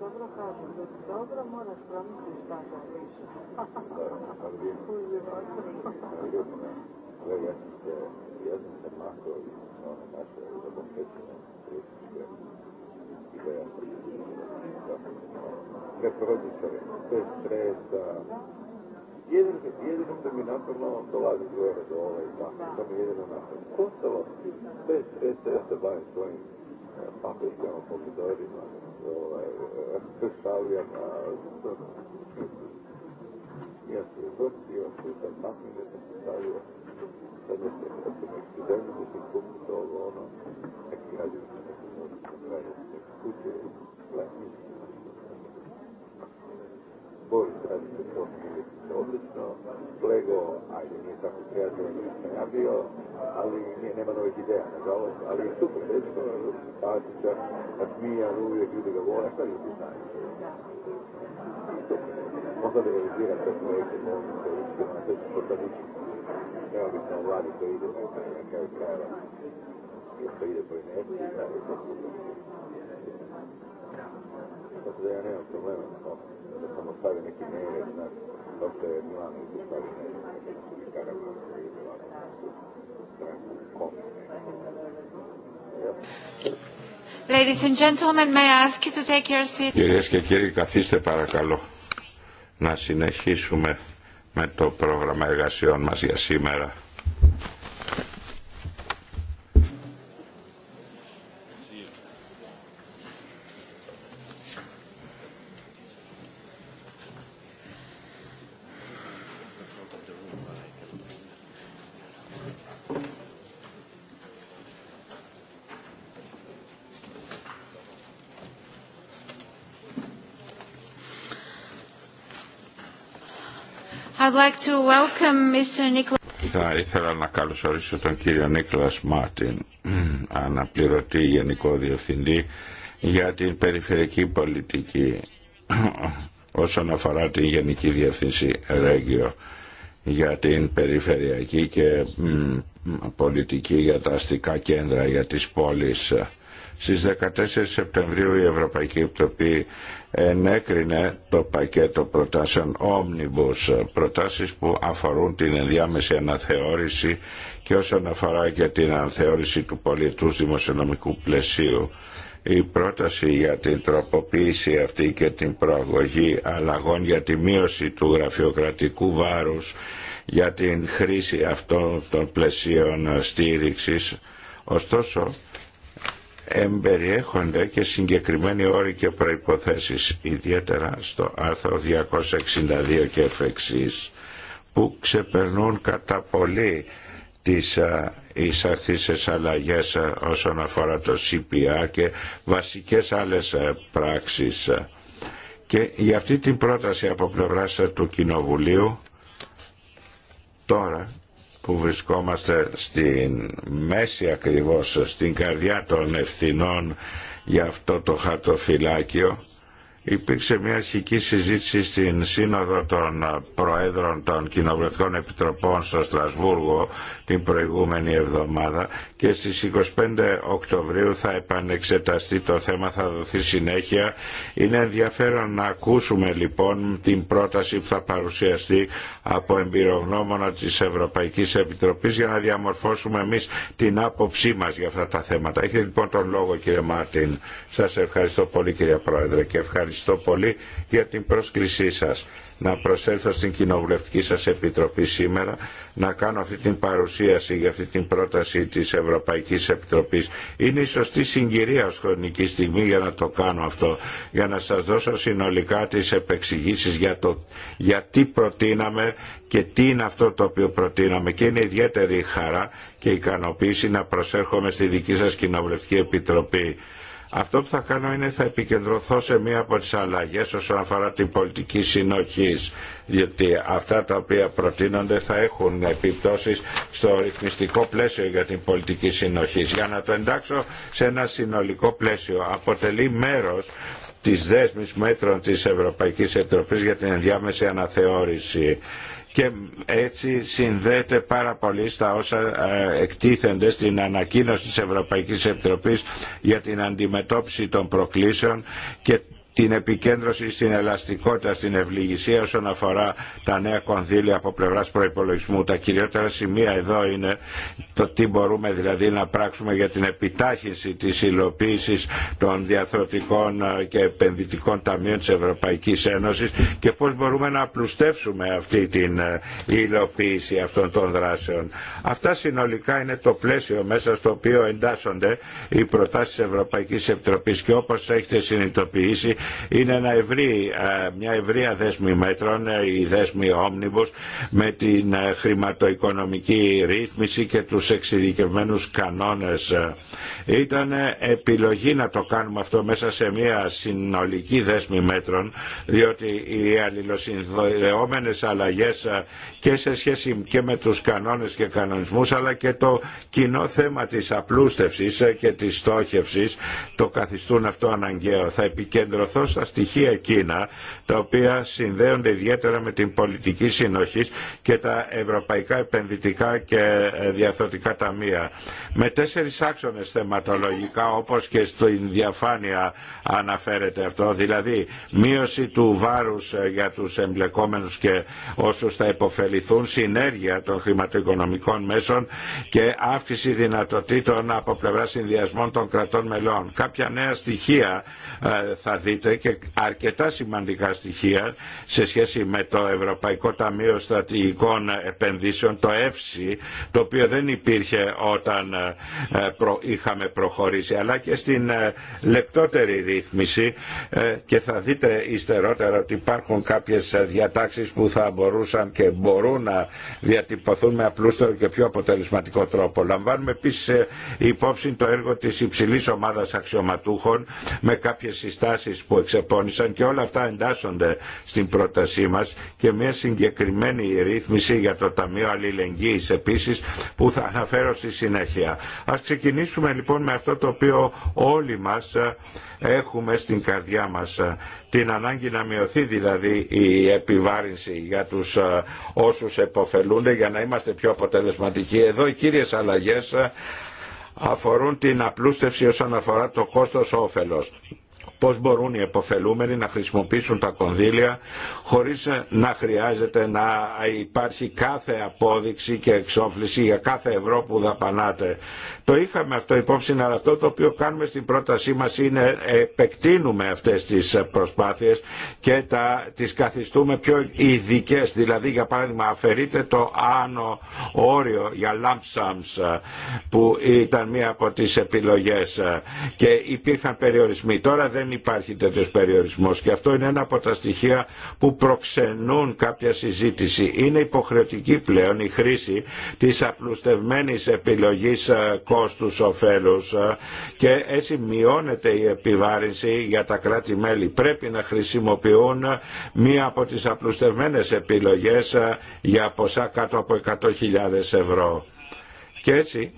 Dobro kažem, dok dobro moraš promisliti šta da više. Kolega, ja sam se makao iz one naše zabompečene turističke i da ja sam sve prođe sve, sve stresa, jedino, jedino dominantno malo dolazi u euro do ovaj mi se bavim svojim pomidorima, ovaj, šavljama, ja se uvrstio, sam sam se stavio, sad se, to ovo, ono, neki radim, kuće, Boris se to, odlično, Flego, ajde, nije tako kreativno ja bio, ali nije, nema novih Κυρίες και κύριοι, καθίστε παρακαλώ να συνεχίσουμε με το πρόγραμμα εργασιών μας για σήμερα. Θα ήθελα να καλωσορίσω τον κύριο Νίκλας Μάρτιν, αναπληρωτή Γενικό Διευθυντή για την περιφερειακή πολιτική όσον αφορά την Γενική Διευθύνση Ρέγγιο για την περιφερειακή και πολιτική για τα αστικά κέντρα για τις πόλεις στις 14 Σεπτεμβρίου η Ευρωπαϊκή Επιτροπή ενέκρινε το πακέτο προτάσεων Omnibus, προτάσεις που αφορούν την ενδιάμεση αναθεώρηση και όσον αφορά και την αναθεώρηση του πολιτού δημοσιονομικού πλαισίου. Η πρόταση για την τροποποίηση αυτή και την προαγωγή αλλαγών για τη μείωση του γραφειοκρατικού βάρους για την χρήση αυτών των πλαισίων στήριξης. Ωστόσο, εμπεριέχονται και συγκεκριμένοι όροι και προϋποθέσεις, ιδιαίτερα στο άρθρο 262 και εφεξής, που ξεπερνούν κατά πολύ τις εισαρθήσεις αλλαγές όσον αφορά το CPA και βασικές άλλες πράξεις. Και για αυτή την πρόταση από πλευράς του Κοινοβουλίου τώρα που βρισκόμαστε στην μέση ακριβώς, στην καρδιά των ευθυνών για αυτό το χαρτοφυλάκιο Υπήρξε μια αρχική συζήτηση στην Σύνοδο των Προέδρων των Κοινοβουλευτικών Επιτροπών στο Στρασβούργο την προηγούμενη εβδομάδα και στις 25 Οκτωβρίου θα επανεξεταστεί το θέμα, θα δοθεί συνέχεια. Είναι ενδιαφέρον να ακούσουμε λοιπόν την πρόταση που θα παρουσιαστεί από εμπειρογνώμονα της Ευρωπαϊκής Επιτροπής για να διαμορφώσουμε εμείς την άποψή μας για αυτά τα θέματα. Έχετε λοιπόν τον λόγο κύριε Μάρτιν. Σας ευχαριστώ πολύ κύριε Πρόεδρε και ευχαριστώ ευχαριστώ πολύ για την πρόσκλησή σας να προσέλθω στην Κοινοβουλευτική σας Επιτροπή σήμερα, να κάνω αυτή την παρουσίαση για αυτή την πρόταση της Ευρωπαϊκής Επιτροπής. Είναι η σωστή συγκυρία ως χρονική στιγμή για να το κάνω αυτό, για να σας δώσω συνολικά τις επεξηγήσεις για το γιατί προτείναμε και τι είναι αυτό το οποίο προτείναμε. Και είναι ιδιαίτερη χαρά και ικανοποίηση να προσέρχομαι στη δική σας Κοινοβουλευτική Επιτροπή. Αυτό που θα κάνω είναι θα επικεντρωθώ σε μία από τις αλλαγές όσον αφορά την πολιτική συνοχής, γιατί αυτά τα οποία προτείνονται θα έχουν επιπτώσεις στο ρυθμιστικό πλαίσιο για την πολιτική συνοχής. Για να το εντάξω σε ένα συνολικό πλαίσιο, αποτελεί μέρος της δέσμης μέτρων της Ευρωπαϊκής Επιτροπής για την ενδιάμεση αναθεώρηση και έτσι συνδέεται πάρα πολύ στα όσα ε, εκτίθενται στην ανακοίνωση της Ευρωπαϊκής Επιτροπής για την αντιμετώπιση των προκλήσεων και την επικέντρωση στην ελαστικότητα, στην ευληγησία όσον αφορά τα νέα κονδύλια από πλευράς προϋπολογισμού. Τα κυριότερα σημεία εδώ είναι το τι μπορούμε δηλαδή να πράξουμε για την επιτάχυνση της υλοποίησης των διαθροτικών ε, και επενδυτικών ταμείων της Ευρωπαϊκής Ένωσης και πώς μπορούμε να απλουστεύσουμε αυτή την ε, υλοποίηση αυτών των δράσεων. Αυτά συνολικά είναι το πλαίσιο μέσα στο οποίο εντάσσονται οι προτάσεις Ευρωπαϊκής Επιτροπής και όπως έχετε συνειδητοποιήσει είναι μια ευρεία δέσμη μέτρων, ε, η δέσμη Omnibus, με την ε, χρηματοοικονομική ρύθμιση και τους εξειδικευμένους κανόνες. Ήταν ε, επιλογή να το κάνουμε αυτό μέσα σε μια συνολική δέσμη μέτρων, διότι οι αλληλοσυνδεόμενες αλλαγές και σε σχέση και με τους κανόνες και κανονισμούς, αλλά και το κοινό θέμα της απλούστευσης και της στόχευσης, το καθιστούν αυτό αναγκαίο. Θα επικέντρω καθώς τα στοιχεία εκείνα τα οποία συνδέονται ιδιαίτερα με την πολιτική συνοχή και τα ευρωπαϊκά επενδυτικά και ε, διαθωτικά ταμεία. Με τέσσερις άξονες θεματολογικά όπως και στην διαφάνεια αναφέρεται αυτό, δηλαδή μείωση του βάρους ε, για τους εμπλεκόμενους και όσους θα υποφεληθούν, συνέργεια των χρηματοοικονομικών μέσων και αύξηση δυνατοτήτων από πλευρά συνδυασμών των κρατών μελών. Κάποια νέα στοιχεία ε, θα δείτε και αρκετά σημαντικά στοιχεία σε σχέση με το Ευρωπαϊκό Ταμείο Στρατηγικών Επενδύσεων, το ΕΦΣΥ, το οποίο δεν υπήρχε όταν ε, είχαμε προχωρήσει, αλλά και στην ε, λεπτότερη ρύθμιση ε, και θα δείτε ύστερότερα ότι υπάρχουν κάποιες διατάξεις που θα μπορούσαν και μπορούν να διατυπωθούν με απλούστερο και πιο αποτελεσματικό τρόπο. Λαμβάνουμε επίσης υπόψη το έργο της υψηλής ομάδας αξιωματούχων με κάποιες συστάσεις που εξεπώνησαν και όλα αυτά εντάσσονται στην πρότασή μας και μια συγκεκριμένη ρύθμιση για το Ταμείο Αλληλεγγύης επίσης που θα αναφέρω στη συνέχεια. Ας ξεκινήσουμε λοιπόν με αυτό το οποίο όλοι μας ε, έχουμε στην καρδιά μας ε, την ανάγκη να μειωθεί δηλαδή η επιβάρυνση για τους ε, όσους εποφελούνται για να είμαστε πιο αποτελεσματικοί. Εδώ οι κύριες αλλαγές αφορούν την απλούστευση όσον αφορά το κόστος όφελος πώς μπορούν οι εποφελούμενοι να χρησιμοποιήσουν τα κονδύλια χωρίς ε, να χρειάζεται να υπάρχει κάθε απόδειξη και εξόφληση για κάθε ευρώ που δαπανάτε. Το είχαμε αυτό υπόψη, αλλά αυτό το οποίο κάνουμε στην πρότασή μας είναι ε, επεκτείνουμε αυτές τις προσπάθειες και τα, τις καθιστούμε πιο ειδικέ, δηλαδή για παράδειγμα αφαιρείται το άνω όριο για lump ε, που ήταν μία από τις επιλογές και υπήρχαν περιορισμοί. Τώρα δεν υπάρχει τέτοιος περιορισμός και αυτό είναι ένα από τα στοιχεία που προξενούν κάποια συζήτηση. Είναι υποχρεωτική πλέον η χρήση της απλουστευμένης επιλογής ε, κόστους ωφέλους ε, και έτσι μειώνεται η επιβάρυνση για τα κράτη-μέλη. Πρέπει να χρησιμοποιούν μία από τις απλουστευμένες επιλογές ε, για ποσά κάτω από 100.000 ευρώ. Και έτσι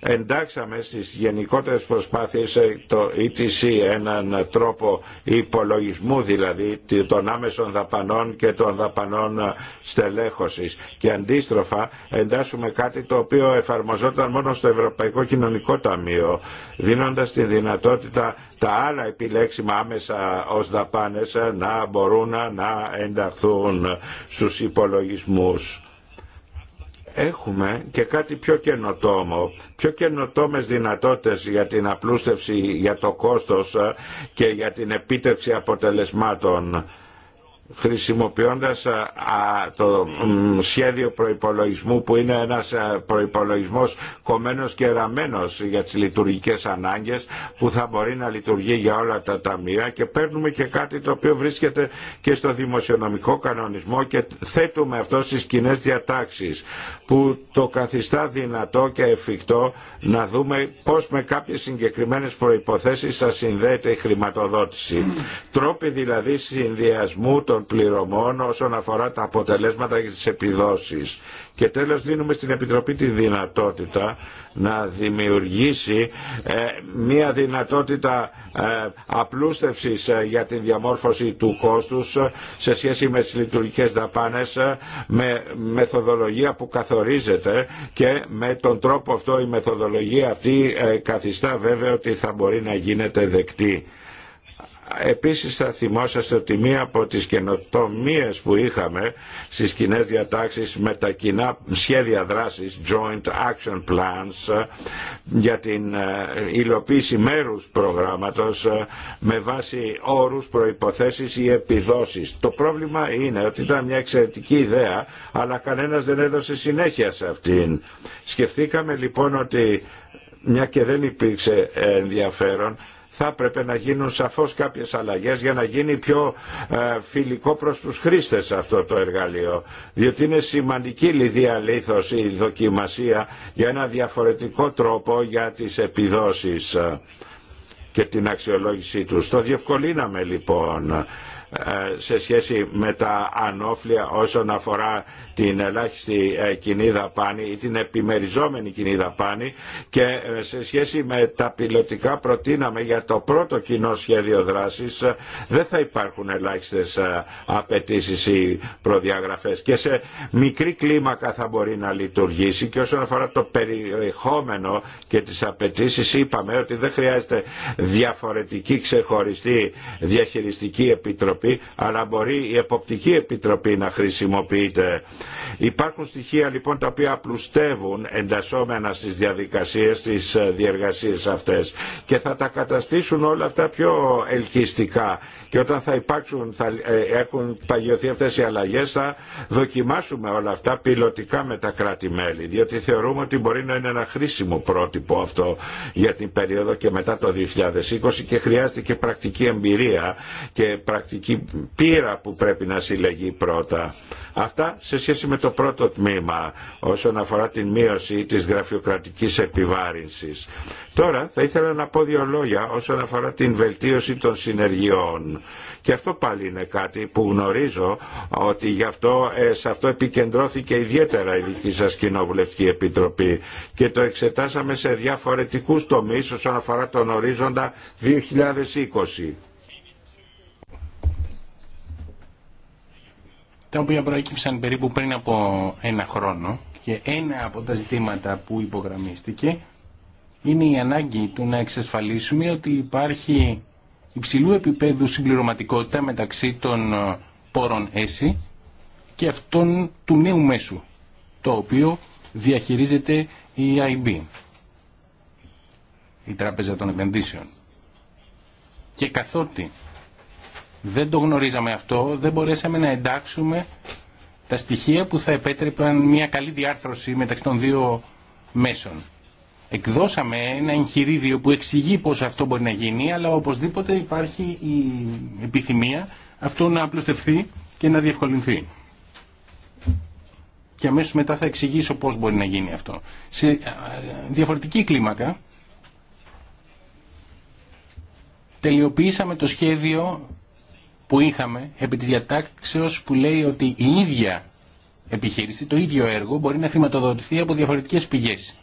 εντάξαμε στις γενικότερες προσπάθειες ε, το ETC έναν τρόπο υπολογισμού δηλαδή των άμεσων δαπανών και των δαπανών ε, στελέχωσης και αντίστροφα εντάσσουμε κάτι το οποίο εφαρμοζόταν μόνο στο Ευρωπαϊκό Κοινωνικό Ταμείο δίνοντας τη δυνατότητα τα άλλα επιλέξιμα άμεσα ως δαπάνες ε, να μπορούν να ενταχθούν στους υπολογισμούς έχουμε και κάτι πιο καινοτόμο, πιο καινοτόμες δυνατότητες για την απλούστευση, για το κόστος ε, και για την επίτευξη αποτελεσμάτων χρησιμοποιώντας το σχέδιο προϋπολογισμού που είναι ένας προϋπολογισμός κομμένος και ραμμένος για τις λειτουργικές ανάγκες που θα μπορεί να λειτουργεί για όλα τα ταμεία και παίρνουμε και κάτι το οποίο βρίσκεται και στο δημοσιονομικό κανονισμό και θέτουμε αυτό στις κοινέ διατάξεις που το καθιστά δυνατό και εφικτό να δούμε πώς με κάποιες συγκεκριμένες προϋποθέσεις θα συνδέεται η χρηματοδότηση. Τρόποι δηλαδή συνδυασμού των πληρωμών όσον αφορά τα αποτελέσματα και τις επιδόσεις. Και τέλος δίνουμε στην Επιτροπή τη δυνατότητα να δημιουργήσει ε, μία δυνατότητα ε, απλούστευσης ε, για τη διαμόρφωση του κόστους σε σχέση με τις λειτουργικές δαπάνες με μεθοδολογία που καθορίζεται και με τον τρόπο αυτό η μεθοδολογία αυτή καθιστά βέβαια ότι θα μπορεί να γίνεται δεκτή Επίσης θα θυμόσαστε ότι μία από τις καινοτομίες που είχαμε στις κοινέ διατάξεις με τα κοινά σχέδια δράσης, joint action plans, για την ε, υλοποίηση μέρους προγράμματος ε, με βάση όρους, προϋποθέσεις ή επιδόσεις. Το πρόβλημα είναι ότι ήταν μια εξαιρετική ιδέα, αλλά κανένας δεν έδωσε συνέχεια σε αυτήν. Σκεφτήκαμε λοιπόν ότι μια και δεν υπήρξε ενδιαφέρον, θα έπρεπε να γίνουν σαφώς κάποιες αλλαγές για να γίνει πιο ε, φιλικό προς τους χρήστες αυτό το εργαλείο. Διότι είναι σημαντική λιθος η δοκιμασία για ένα διαφορετικό τρόπο για τις επιδόσεις ε, και την αξιολόγησή τους. Το διευκολύναμε λοιπόν ε, σε σχέση με τα ανώφλια όσον αφορά την ελάχιστη ε, κοινή δαπάνη ή την επιμεριζόμενη κοινή δαπάνη και ε, σε σχέση με τα πιλωτικά προτείναμε για το πρώτο κοινό σχέδιο δράσης δεν θα υπάρχουν ελάχιστες απαιτήσει ή προδιαγραφές και σε μικρή κλίμακα θα μπορεί να λειτουργήσει και όσον αφορά το περιεχόμενο και τις απαιτήσει είπαμε ότι δεν χρειάζεται διαφορετική ξεχωριστή διαχειριστική επιτροπή Επιτροπή, αλλά μπορεί η Εποπτική Επιτροπή να χρησιμοποιείται. Υπάρχουν στοιχεία λοιπόν τα οποία απλουστεύουν εντασσόμενα στις διαδικασίες, στις ε, διεργασίες αυτές και θα τα καταστήσουν όλα αυτά πιο ελκυστικά και όταν θα υπάρξουν, θα ε, έχουν παγιωθεί αυτές οι αλλαγές θα δοκιμάσουμε όλα αυτά πιλωτικά με τα κράτη-μέλη διότι θεωρούμε ότι μπορεί να είναι ένα χρήσιμο πρότυπο αυτό για την περίοδο και μετά το 2020 και χρειάζεται και πρακτική εμπειρία και πρακτική και πείρα που πρέπει να συλλεγεί πρώτα. Αυτά σε σχέση με το πρώτο τμήμα όσον αφορά την μείωση της γραφειοκρατικής επιβάρυνσης. Τώρα θα ήθελα να πω δύο λόγια όσον αφορά την βελτίωση των συνεργειών. Και αυτό πάλι είναι κάτι που γνωρίζω ότι γι' αυτό, ε, σε αυτό επικεντρώθηκε ιδιαίτερα η δική σας Κοινοβουλευτική Επιτροπή και το εξετάσαμε σε διαφορετικούς τομείς όσον αφορά τον ορίζοντα 2020. τα οποία προέκυψαν περίπου πριν από ένα χρόνο και ένα από τα ζητήματα που υπογραμμίστηκε είναι η ανάγκη του να εξασφαλίσουμε ότι υπάρχει υψηλού επίπεδου συμπληρωματικότητα μεταξύ των ε, πόρων ΕΣΥ και αυτών του νέου μέσου, το οποίο διαχειρίζεται η IB, η Τράπεζα των Επενδύσεων. Και καθότι δεν το γνωρίζαμε αυτό, δεν μπορέσαμε να εντάξουμε τα στοιχεία που θα επέτρεπαν μια καλή διάρθρωση μεταξύ των δύο μέσων. Εκδώσαμε ένα εγχειρίδιο που εξηγεί πώς αυτό μπορεί να γίνει, αλλά οπωσδήποτε υπάρχει η επιθυμία αυτό να απλουστευθεί και να διευκολυνθεί. Και αμέσως μετά θα εξηγήσω πώς μπορεί να γίνει αυτό. Σε διαφορετική κλίμακα, τελειοποιήσαμε το σχέδιο που είχαμε επί της διατάξεως που λέει ότι η ίδια επιχείρηση, το ίδιο έργο μπορεί να χρηματοδοτηθεί από διαφορετικές πηγές.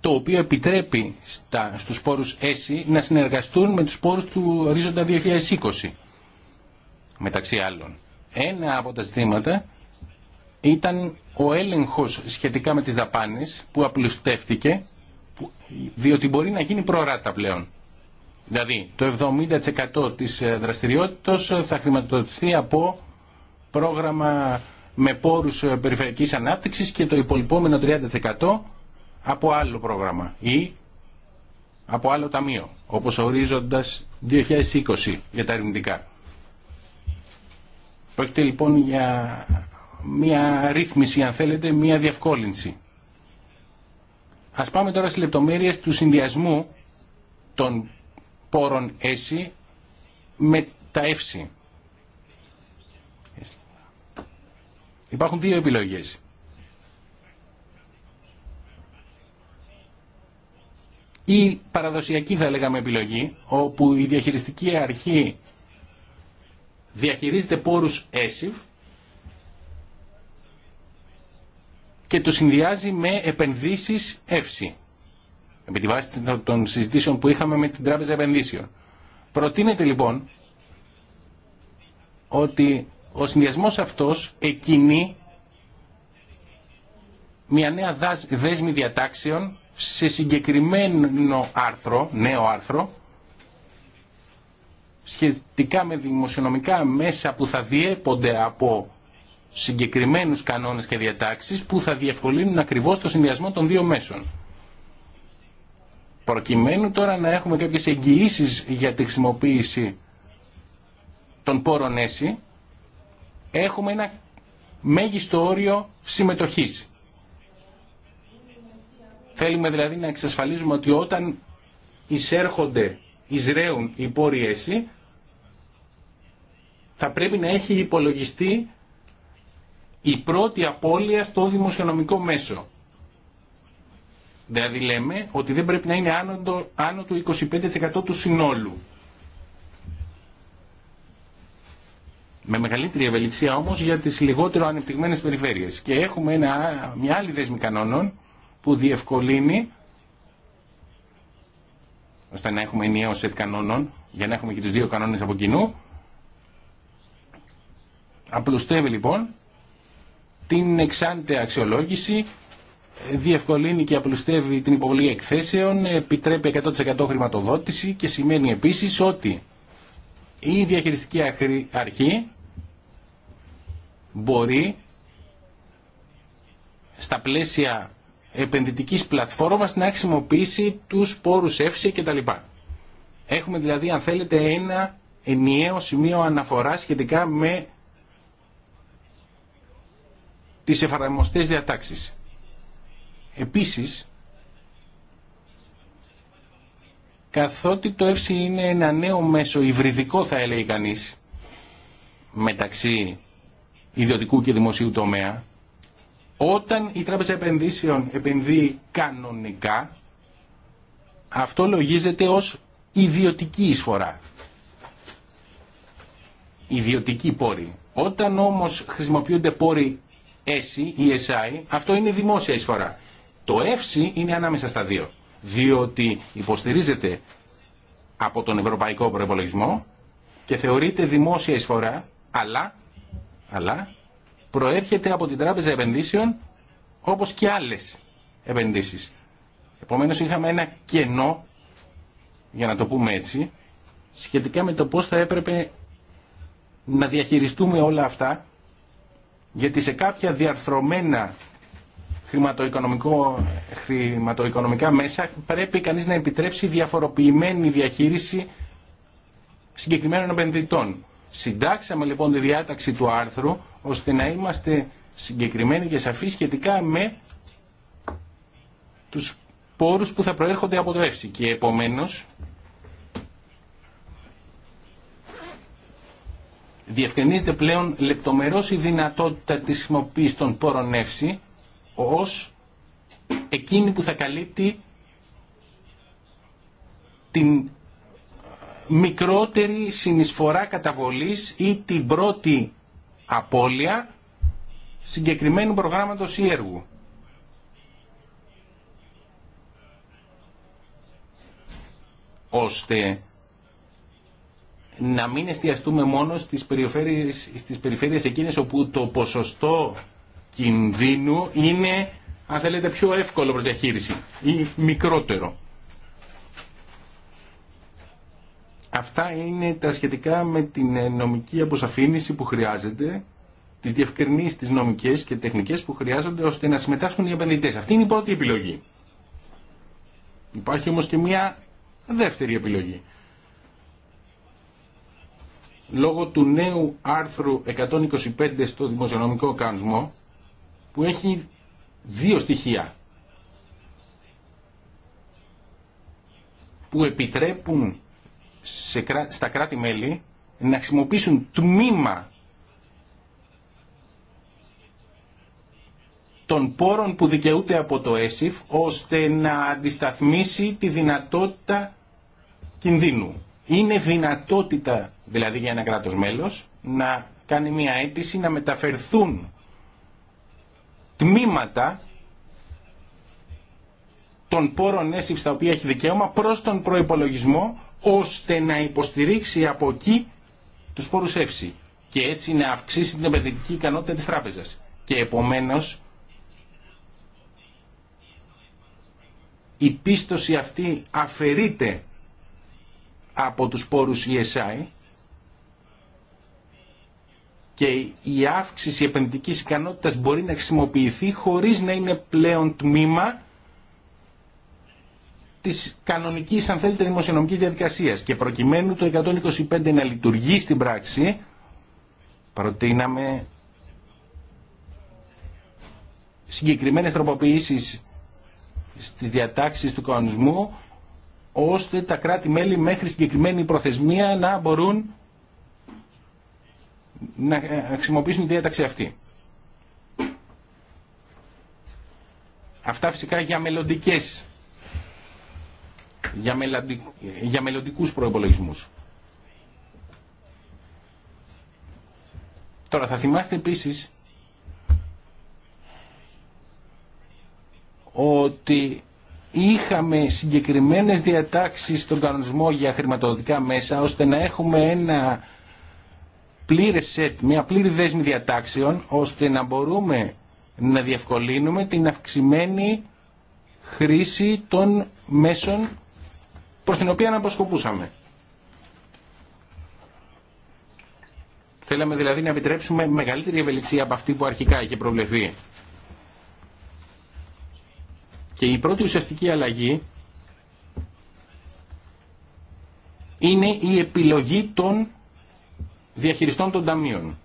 Το οποίο επιτρέπει στα, στους πόρους ΕΣΥ να συνεργαστούν με τους πόρους του ορίζοντα 2020 μεταξύ άλλων. Ένα από τα ζητήματα ήταν ο έλεγχος σχετικά με τις δαπάνες που απλουστεύτηκε διότι μπορεί να γίνει προράτα πλέον. Δηλαδή το 70% της ε, δραστηριότητας ε, θα χρηματοδοτηθεί από πρόγραμμα με πόρους ε, περιφερειακής ανάπτυξης και το υπολοιπόμενο 30% από άλλο πρόγραμμα ή από άλλο ταμείο, όπως ορίζοντας 2020 για τα ερευνητικά. Πρόκειται λοιπόν για μια ρύθμιση, αν θέλετε, μια διευκόλυνση. Ας πάμε τώρα στις λεπτομέρειες του συνδυασμού των με τα έύση. Υπάρχουν δύο επιλογές. Ή παραδοσιακή θα λέγαμε επιλογή, όπου η διαχειριστική αρχή διαχειρίζεται πόρους ESIF και το συνδυάζει με επενδύσεις ΕΦΣΥ επί τη βάση των συζητήσεων που είχαμε με την Τράπεζα Επενδύσεων. Προτείνεται λοιπόν ότι ο συνδυασμό αυτός εκινεί μια νέα δέσμη διατάξεων σε συγκεκριμένο άρθρο, νέο άρθρο, σχετικά με δημοσιονομικά μέσα που θα διέπονται από συγκεκριμένους κανόνες και διατάξεις που θα διευκολύνουν ακριβώς το συνδυασμό των δύο μέσων. Προκειμένου τώρα να έχουμε κάποιες εγγυήσει για τη χρησιμοποίηση των πόρων ΕΣΥ, έχουμε ένα μέγιστο όριο συμμετοχής. Θέλουμε δηλαδή να εξασφαλίζουμε ότι όταν εισέρχονται, εισραίουν οι πόροι ΕΣΥ, θα πρέπει να έχει υπολογιστεί η πρώτη απώλεια στο δημοσιονομικό μέσο. Δηλαδή λέμε ότι δεν πρέπει να είναι άνω, άνω του 25% του συνόλου. Με μεγαλύτερη ευελιξία όμως για τις λιγότερο ανεπτυγμένες περιφέρειες. Και έχουμε ένα, μια άλλη δέσμη κανόνων που διευκολύνει ώστε να έχουμε ενιαίο σετ κανόνων για να έχουμε και τους δύο κανόνες από κοινού. Απλουστεύει λοιπόν την εξάντια αξιολόγηση διευκολύνει και απλουστεύει την υποβολή εκθέσεων, επιτρέπει 100% χρηματοδότηση και σημαίνει επίσης ότι η διαχειριστική αρχή μπορεί στα πλαίσια επενδυτικής πλατφόρμας να χρησιμοποιήσει τους πόρους εύση κτλ. Έχουμε δηλαδή αν θέλετε ένα ενιαίο σημείο αναφορά σχετικά με τις εφαρμοστές διατάξεις. Επίσης, καθότι το ΕΦΣΙ είναι ένα νέο μέσο υβριδικό θα έλεγε κανείς μεταξύ ιδιωτικού και δημοσίου τομέα, όταν η Τράπεζα Επενδύσεων επενδύει κανονικά, αυτό λογίζεται ως ιδιωτική εισφορά. Ιδιωτική πόρη. Όταν όμως χρησιμοποιούνται πόροι ΕΣΥ ή ΕΣΑΙ, αυτό είναι δημόσια εισφορά. Το ΕΦΣΙ είναι ανάμεσα στα δύο. Διότι υποστηρίζεται από τον Ευρωπαϊκό Προπολογισμό και θεωρείται δημόσια εισφορά, αλλά, αλλά προέρχεται από την Τράπεζα Επενδύσεων όπως και άλλες επενδύσεις. Επομένως είχαμε ένα κενό, για να το πούμε έτσι, σχετικά με το πώς θα έπρεπε να διαχειριστούμε όλα αυτά, γιατί σε κάποια διαρθρωμένα χρηματοοικονομικό, χρηματοοικονομικά μέσα πρέπει κανείς να επιτρέψει διαφοροποιημένη διαχείριση συγκεκριμένων επενδυτών. Συντάξαμε λοιπόν τη διάταξη του άρθρου ώστε να είμαστε συγκεκριμένοι και σαφείς σχετικά με τους πόρους που θα προέρχονται από το ΕΦΣΙ και επομένως διευκρινίζεται πλέον λεπτομερώς η δυνατότητα της χρησιμοποιήση των πόρων ΕΦΣΙ ως εκείνη που θα καλύπτει την μικρότερη συνεισφορά καταβολής ή την πρώτη απώλεια συγκεκριμένου προγράμματος ή έργου. ώστε να μην εστιαστούμε μόνο στις περιφέρειες, στις περιφέρειες εκείνες όπου το ποσοστό κινδύνου είναι, αν θέλετε, πιο εύκολο προς διαχείριση ή μικρότερο. Αυτά είναι τα σχετικά με την ε, νομική αποσαφήνιση που χρειάζεται, τις διευκρινίσεις τις νομικές και τεχνικές που χρειάζονται ώστε να συμμετάσχουν οι επενδυτές. Αυτή είναι η πρώτη επιλογή. Υπάρχει όμως και μια δεύτερη επιλογή. Λόγω του νέου άρθρου 125 στο δημοσιονομικό κανονισμό, που έχει δύο στοιχεία που επιτρέπουν στα κράτη-μέλη να χρησιμοποιήσουν τμήμα των πόρων που δικαιούται από το ΕΣΥΦ ώστε να αντισταθμίσει τη δυνατότητα κινδύνου. Είναι δυνατότητα δηλαδή για ένα κράτος μέλος να κάνει μια αίτηση να μεταφερθούν τμήματα των πόρων έσυφ στα οποία έχει δικαίωμα προς τον προϋπολογισμό ώστε να υποστηρίξει από εκεί τους πόρους εύση και έτσι να αυξήσει την επενδυτική ικανότητα της τράπεζας. Και επομένως η πίστοση αυτή αφαιρείται από τους πόρους ESI και η αύξηση επενδυτική ικανότητα μπορεί να χρησιμοποιηθεί χωρίς να είναι πλέον τμήμα τη κανονική αν θέλετε δημοσιονομική διαδικασία. και προκειμένου το 125 να λειτουργεί στην πράξη προτείναμε συγκεκριμένες τροποποιήσεις στις διατάξεις του κανονισμού ώστε τα κράτη-μέλη μέχρι συγκεκριμένη προθεσμία να μπορούν να ε, χρησιμοποιήσουν τη διάταξη αυτή. Αυτά φυσικά για μελλοντικέ για, μελλοντικ, για μελλοντικούς προϋπολογισμούς. Τώρα θα θυμάστε επίσης ότι είχαμε συγκεκριμένες διατάξεις στον κανονισμό για χρηματοδοτικά μέσα ώστε να έχουμε ένα μια πλήρη δέσμη διατάξεων ώστε να μπορούμε να διευκολύνουμε την αυξημένη χρήση των μέσων προς την οποία να αποσκοπούσαμε. Θέλαμε δηλαδή να επιτρέψουμε μεγαλύτερη ευελιξία από αυτή που αρχικά είχε προβλεφθεί. Και η πρώτη ουσιαστική αλλαγή είναι η επιλογή των διαχειριστών των ταμείων.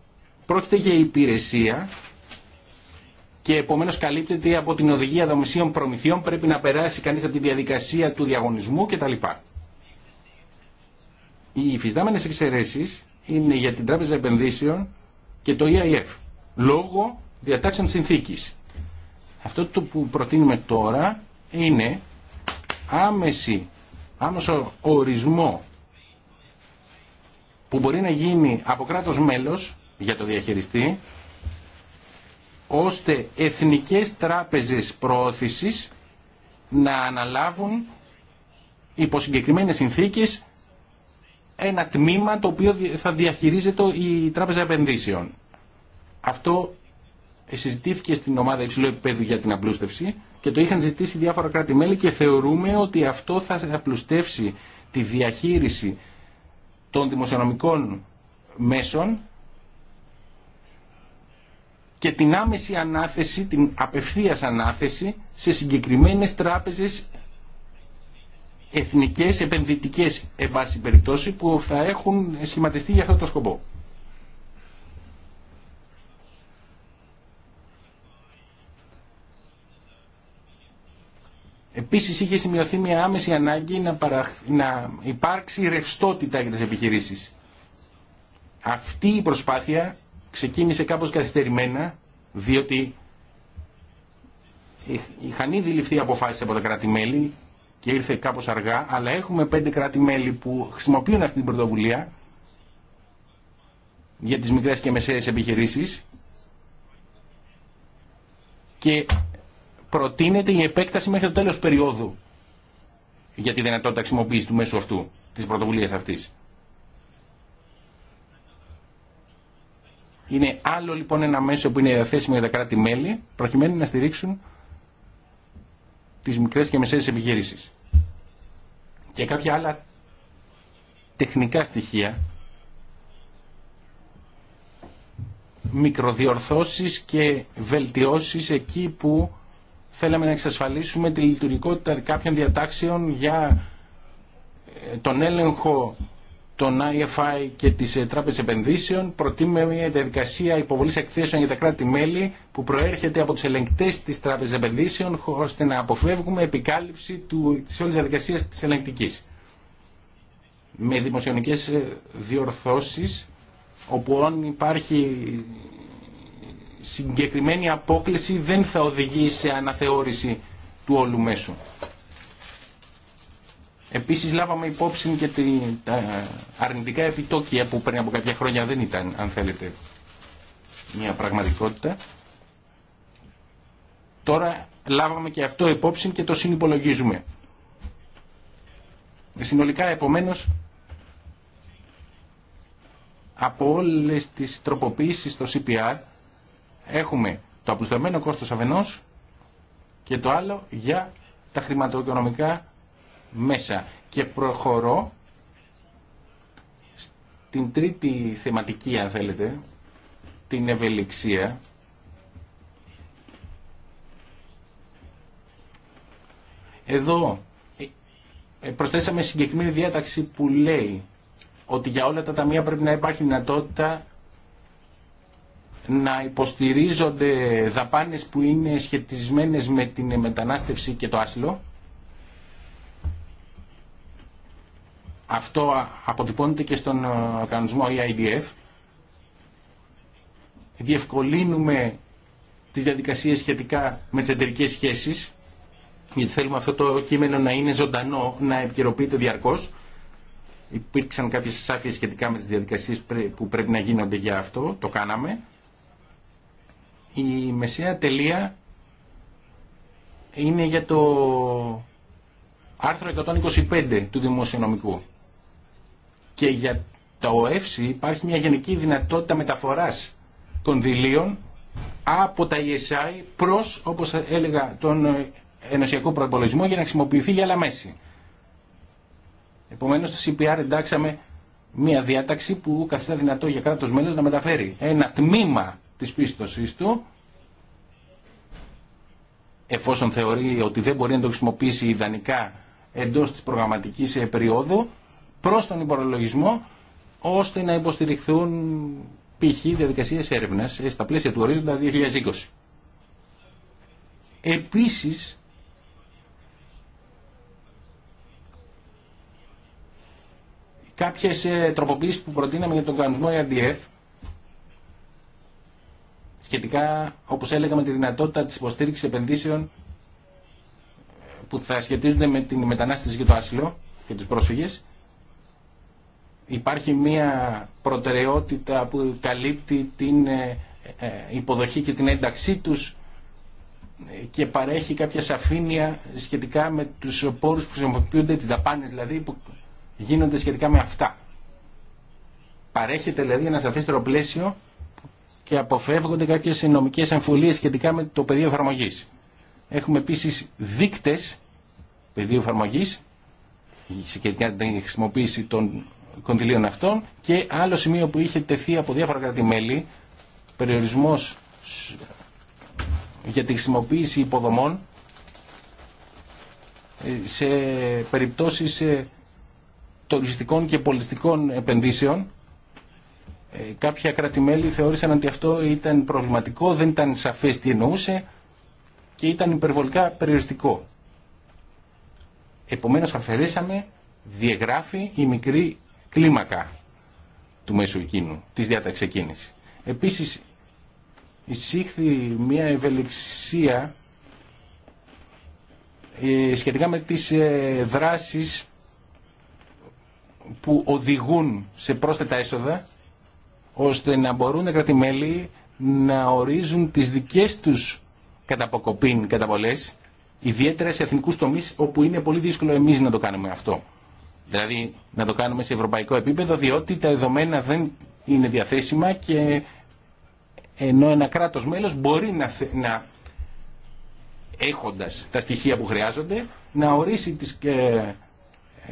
Πρόκειται για υπηρεσία και επομένως καλύπτεται από την οδηγία δομησίων προμηθειών, πρέπει να περάσει κανείς από τη διαδικασία του διαγωνισμού κτλ. Οι υφιστάμενες εξαιρέσεις είναι για την Τράπεζα Επενδύσεων και το EIF, λόγω διατάξεων συνθήκης. Αυτό το που προτείνουμε τώρα είναι άμεση, άμεσο ορισμό που μπορεί να γίνει από κράτος μέλος για το διαχειριστή, ώστε εθνικές τράπεζες προώθησης να αναλάβουν υπό συγκεκριμένες συνθήκες ένα τμήμα το οποίο θα διαχειρίζεται η Τράπεζα Επενδύσεων. Αυτό συζητήθηκε στην ομάδα υψηλού επίπεδου για την απλούστευση και το είχαν ζητήσει διάφορα κράτη-μέλη και θεωρούμε ότι αυτό θα απλουστεύσει τη διαχείριση των δημοσιονομικών μέσων και την άμεση ανάθεση, την απευθείας ανάθεση σε συγκεκριμένες τράπεζες εθνικές επενδυτικές εν πάση περιπτώσει που θα έχουν σχηματιστεί για αυτό το σκοπό. Επίσης είχε σημειωθεί μια άμεση ανάγκη να, να υπάρξει ρευστότητα για τις επιχειρήσεις. Αυτή η προσπάθεια ξεκίνησε κάπως καθυστερημένα, διότι είχαν ήδη ληφθεί αποφάσεις από τα κράτη-μέλη και ήρθε κάπως αργά, αλλά έχουμε πέντε κράτη-μέλη που χρησιμοποιούν αυτή την πρωτοβουλία για τις μικρές και μεσαίες επιχειρήσεις και προτείνεται η επέκταση μέχρι το τέλος περίοδου για τη δυνατότητα χρησιμοποίηση του μέσου αυτού, της πρωτοβουλίας αυτής. Είναι άλλο λοιπόν ένα μέσο που είναι διαθέσιμο για τα κράτη-μέλη προκειμένου να στηρίξουν τις μικρές και μεσαίες επιχειρήσεις. Και κάποια άλλα τεχνικά στοιχεία, μικροδιορθώσεις και βελτιώσεις εκεί που θέλαμε να εξασφαλίσουμε τη λειτουργικότητα κάποιων διατάξεων για ε, τον έλεγχο των IFI και της ε, Τράπεζας Επενδύσεων προτείνουμε μια διαδικασία υποβολής εκθέσεων για τα κράτη-μέλη που προέρχεται από τους ελεγκτές της Τράπεζας Επενδύσεων ώστε να αποφεύγουμε επικάλυψη του, της όλης διαδικασίας της ελεγκτικής. Με δημοσιονομικές ε, διορθώσεις όπου αν υπάρχει συγκεκριμένη απόκληση δεν θα οδηγεί σε αναθεώρηση του όλου μέσου. Επίσης λάβαμε υπόψη και τα αρνητικά επιτόκια που πριν από κάποια χρόνια δεν ήταν, αν θέλετε, μια πραγματικότητα. Τώρα λάβαμε και αυτό υπόψη και το συνυπολογίζουμε. Συνολικά, επομένως, από όλες τις τροποποιήσεις στο CPR, Έχουμε το αποσταμένο κόστος αφενός και το άλλο για τα χρηματοοικονομικά μέσα. Και προχωρώ στην τρίτη θεματική, αν θέλετε, την ευελιξία. Εδώ ε, ε, προσθέσαμε συγκεκριμένη διάταξη που λέει ότι για όλα τα ταμεία πρέπει να υπάρχει δυνατότητα να υποστηρίζονται δαπάνες που είναι σχετισμένες με την μετανάστευση και το άσυλο. Αυτό αποτυπώνεται και στον ε, κανονισμό EIDF. Διευκολύνουμε τις διαδικασίες σχετικά με τις εταιρικές σχέσεις, γιατί θέλουμε αυτό το κείμενο να είναι ζωντανό, να επικαιροποιείται διαρκώς. Υπήρξαν κάποιες σάφειες σχετικά με τις διαδικασίες που πρέπει να γίνονται για αυτό, το κάναμε η μεσαία τελεία είναι για το άρθρο 125 του Δημοσιονομικού. Και για το ΕΦΣΙ υπάρχει μια γενική δυνατότητα μεταφοράς κονδυλίων από τα ESI προς, όπως έλεγα, τον ενωσιακό προπολογισμό για να χρησιμοποιηθεί για άλλα μέση. Επομένως, στο CPR εντάξαμε μια διάταξη που καθιστά δυνατό για κράτος μέλος να μεταφέρει ένα τμήμα της πίστοσης του εφόσον θεωρεί ότι δεν μπορεί να το χρησιμοποιήσει ιδανικά εντός της προγραμματικής περίοδου προς τον υπολογισμό ώστε να υποστηριχθούν π.χ. διαδικασίες έρευνας στα πλαίσια του ορίζοντα 2020. Επίσης, κάποιες ε, τροποποίησεις που προτείναμε για τον κανονισμό ERDF ε σχετικά, όπως έλεγα, με τη δυνατότητα της υποστήριξης επενδύσεων που θα σχετίζονται με την μετανάστευση και το άσυλο και τις πρόσφυγες. Υπάρχει μία προτεραιότητα που καλύπτει την ε, ε, υποδοχή και την ένταξή τους και παρέχει κάποια σαφήνεια σχετικά με τους πόρους που χρησιμοποιούνται, τις δαπάνες δηλαδή που γίνονται σχετικά με αυτά. Παρέχεται δηλαδή ένα σαφέστερο πλαίσιο και αποφεύγονται κάποιες νομικές αμφιβολίες σχετικά με το πεδίο εφαρμογή. Έχουμε επίσης δείκτες πεδίου εφαρμογή σχετικά με την χρησιμοποίηση των κονδυλίων αυτών και άλλο σημείο που είχε τεθεί από διάφορα κράτη-μέλη, περιορισμός για τη χρησιμοποίηση υποδομών ε, σε περιπτώσεις ε, τουριστικών και πολιτιστικών επενδύσεων ε, κάποια κράτη-μέλη θεώρησαν ότι αυτό ήταν προβληματικό, δεν ήταν σαφές τι εννοούσε και ήταν υπερβολικά περιοριστικό. Επομένως αφαιρέσαμε διαγράφει η μικρή κλίμακα του μέσου εκείνου, της διάταξης εκείνης. Επίσης εισήχθη μια ευελιξία ε, σχετικά με τις ε, δράσεις που οδηγούν σε πρόσθετα έσοδα ώστε να μπορούν τα κρατημέλη να ορίζουν τις δικές τους καταποκοπήν καταβολές, ιδιαίτερα σε εθνικούς τομείς όπου είναι πολύ δύσκολο εμείς να το κάνουμε αυτό. Δηλαδή να το κάνουμε σε ευρωπαϊκό επίπεδο διότι τα δεδομένα δεν είναι διαθέσιμα και ενώ ένα κράτος μέλος μπορεί να, να έχοντας τα στοιχεία που χρειάζονται να ορίσει τις ε,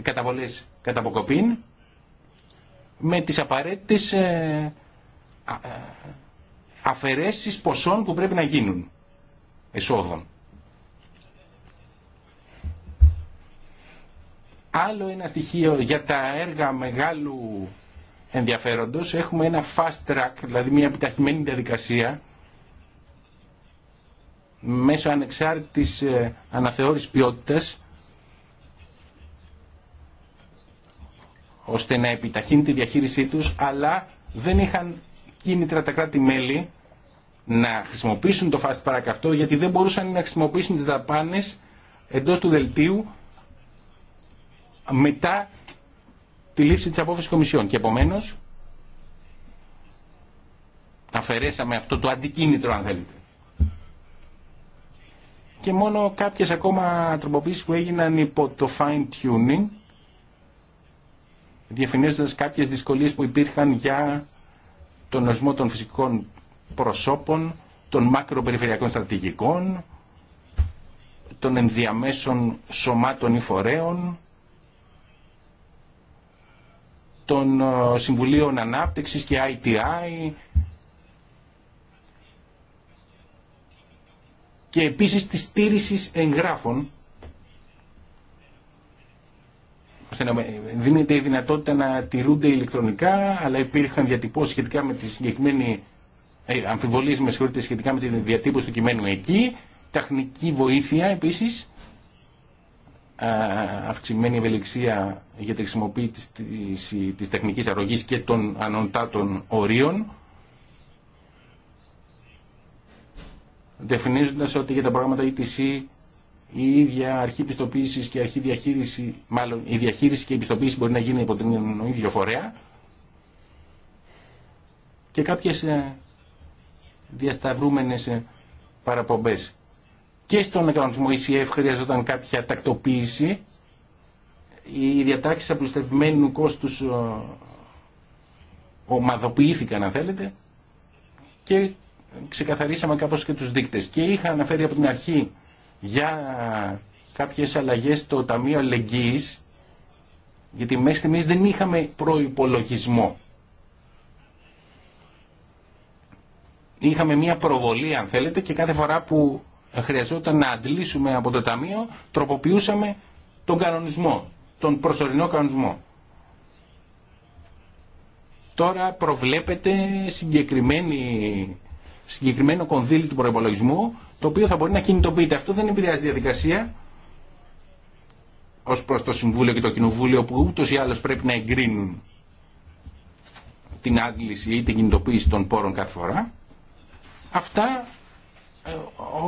καταβολές καταποκοπήν με τις απαραίτητες ε, ε, αφαιρέσεις ποσών που πρέπει να γίνουν εσόδων. Άλλο ένα στοιχείο για τα έργα μεγάλου ενδιαφέροντος. Έχουμε ένα fast track, δηλαδή μια επιταχυμένη διαδικασία μέσω ανεξάρτητης ε, αναθεώρησης ποιότητας ώστε να επιταχύνει τη διαχείρισή τους, αλλά δεν είχαν κίνητρα τα κράτη-μέλη να χρησιμοποιήσουν το fast track αυτό, γιατί δεν μπορούσαν να χρησιμοποιήσουν τις δαπάνες εντός του δελτίου μετά τη λήψη της απόφασης Κομισιόν. Και επομένως, αφαιρέσαμε αυτό το αντικίνητρο, αν θέλετε. Και μόνο κάποιες ακόμα τροποποίησεις που έγιναν υπό το fine tuning, διευθυνίζοντας κάποιες δυσκολίες που υπήρχαν για τον ορισμό των φυσικών προσώπων, των μακροπεριφερειακών στρατηγικών, των ενδιαμέσων σωμάτων ή φορέων, των ε, Συμβουλίων Ανάπτυξης και ITI και επίσης της στήρησης εγγράφων δίνεται η δυνατότητα να τηρούνται ηλεκτρονικά, αλλά υπήρχαν διατυπώσεις σχετικά με τη συγκεκριμένη ε, με συγχωρείτε σχετικά με τη διατύπωση του κειμένου εκεί, τεχνική βοήθεια επίση. αυξημένη ευελιξία για τη χρησιμοποίηση τη τεχνική αρρωγή και των ανωτάτων ορίων, Δεφνίζοντα ότι για τα πράγματα ETC η ίδια αρχή πιστοποίηση και αρχή διαχείριση, μάλλον η διαχείριση και η πιστοποίηση μπορεί να γίνει υπό τον ίδιο φορέα. Και κάποιες ε, διασταυρούμενες ε, παραπομπές. Και στον κανονισμό ECF χρειαζόταν κάποια τακτοποίηση. Οι διατάξει απλουστευμένου κόστου ε, ομαδοποιήθηκαν αν θέλετε και ξεκαθαρίσαμε κάπως και τους δείκτες. Και είχα αναφέρει από την αρχή για κάποιες αλλαγές στο Ταμείο Αλληλεγγύης, γιατί μέχρι στιγμής δεν είχαμε προϋπολογισμό. Είχαμε μία προβολή, αν θέλετε, και κάθε φορά που χρειαζόταν να αντλήσουμε από το Ταμείο, τροποποιούσαμε τον κανονισμό, τον προσωρινό κανονισμό. Τώρα προβλέπεται συγκεκριμένη συγκεκριμένο κονδύλι του προπολογισμού, το οποίο θα μπορεί να κινητοποιείται. Αυτό δεν επηρεάζει διαδικασία ω προ το Συμβούλιο και το Κοινοβούλιο που ούτω ή άλλω πρέπει να εγκρίνουν την άγκληση ή την κινητοποίηση των πόρων κάθε φορά. Αυτά ε,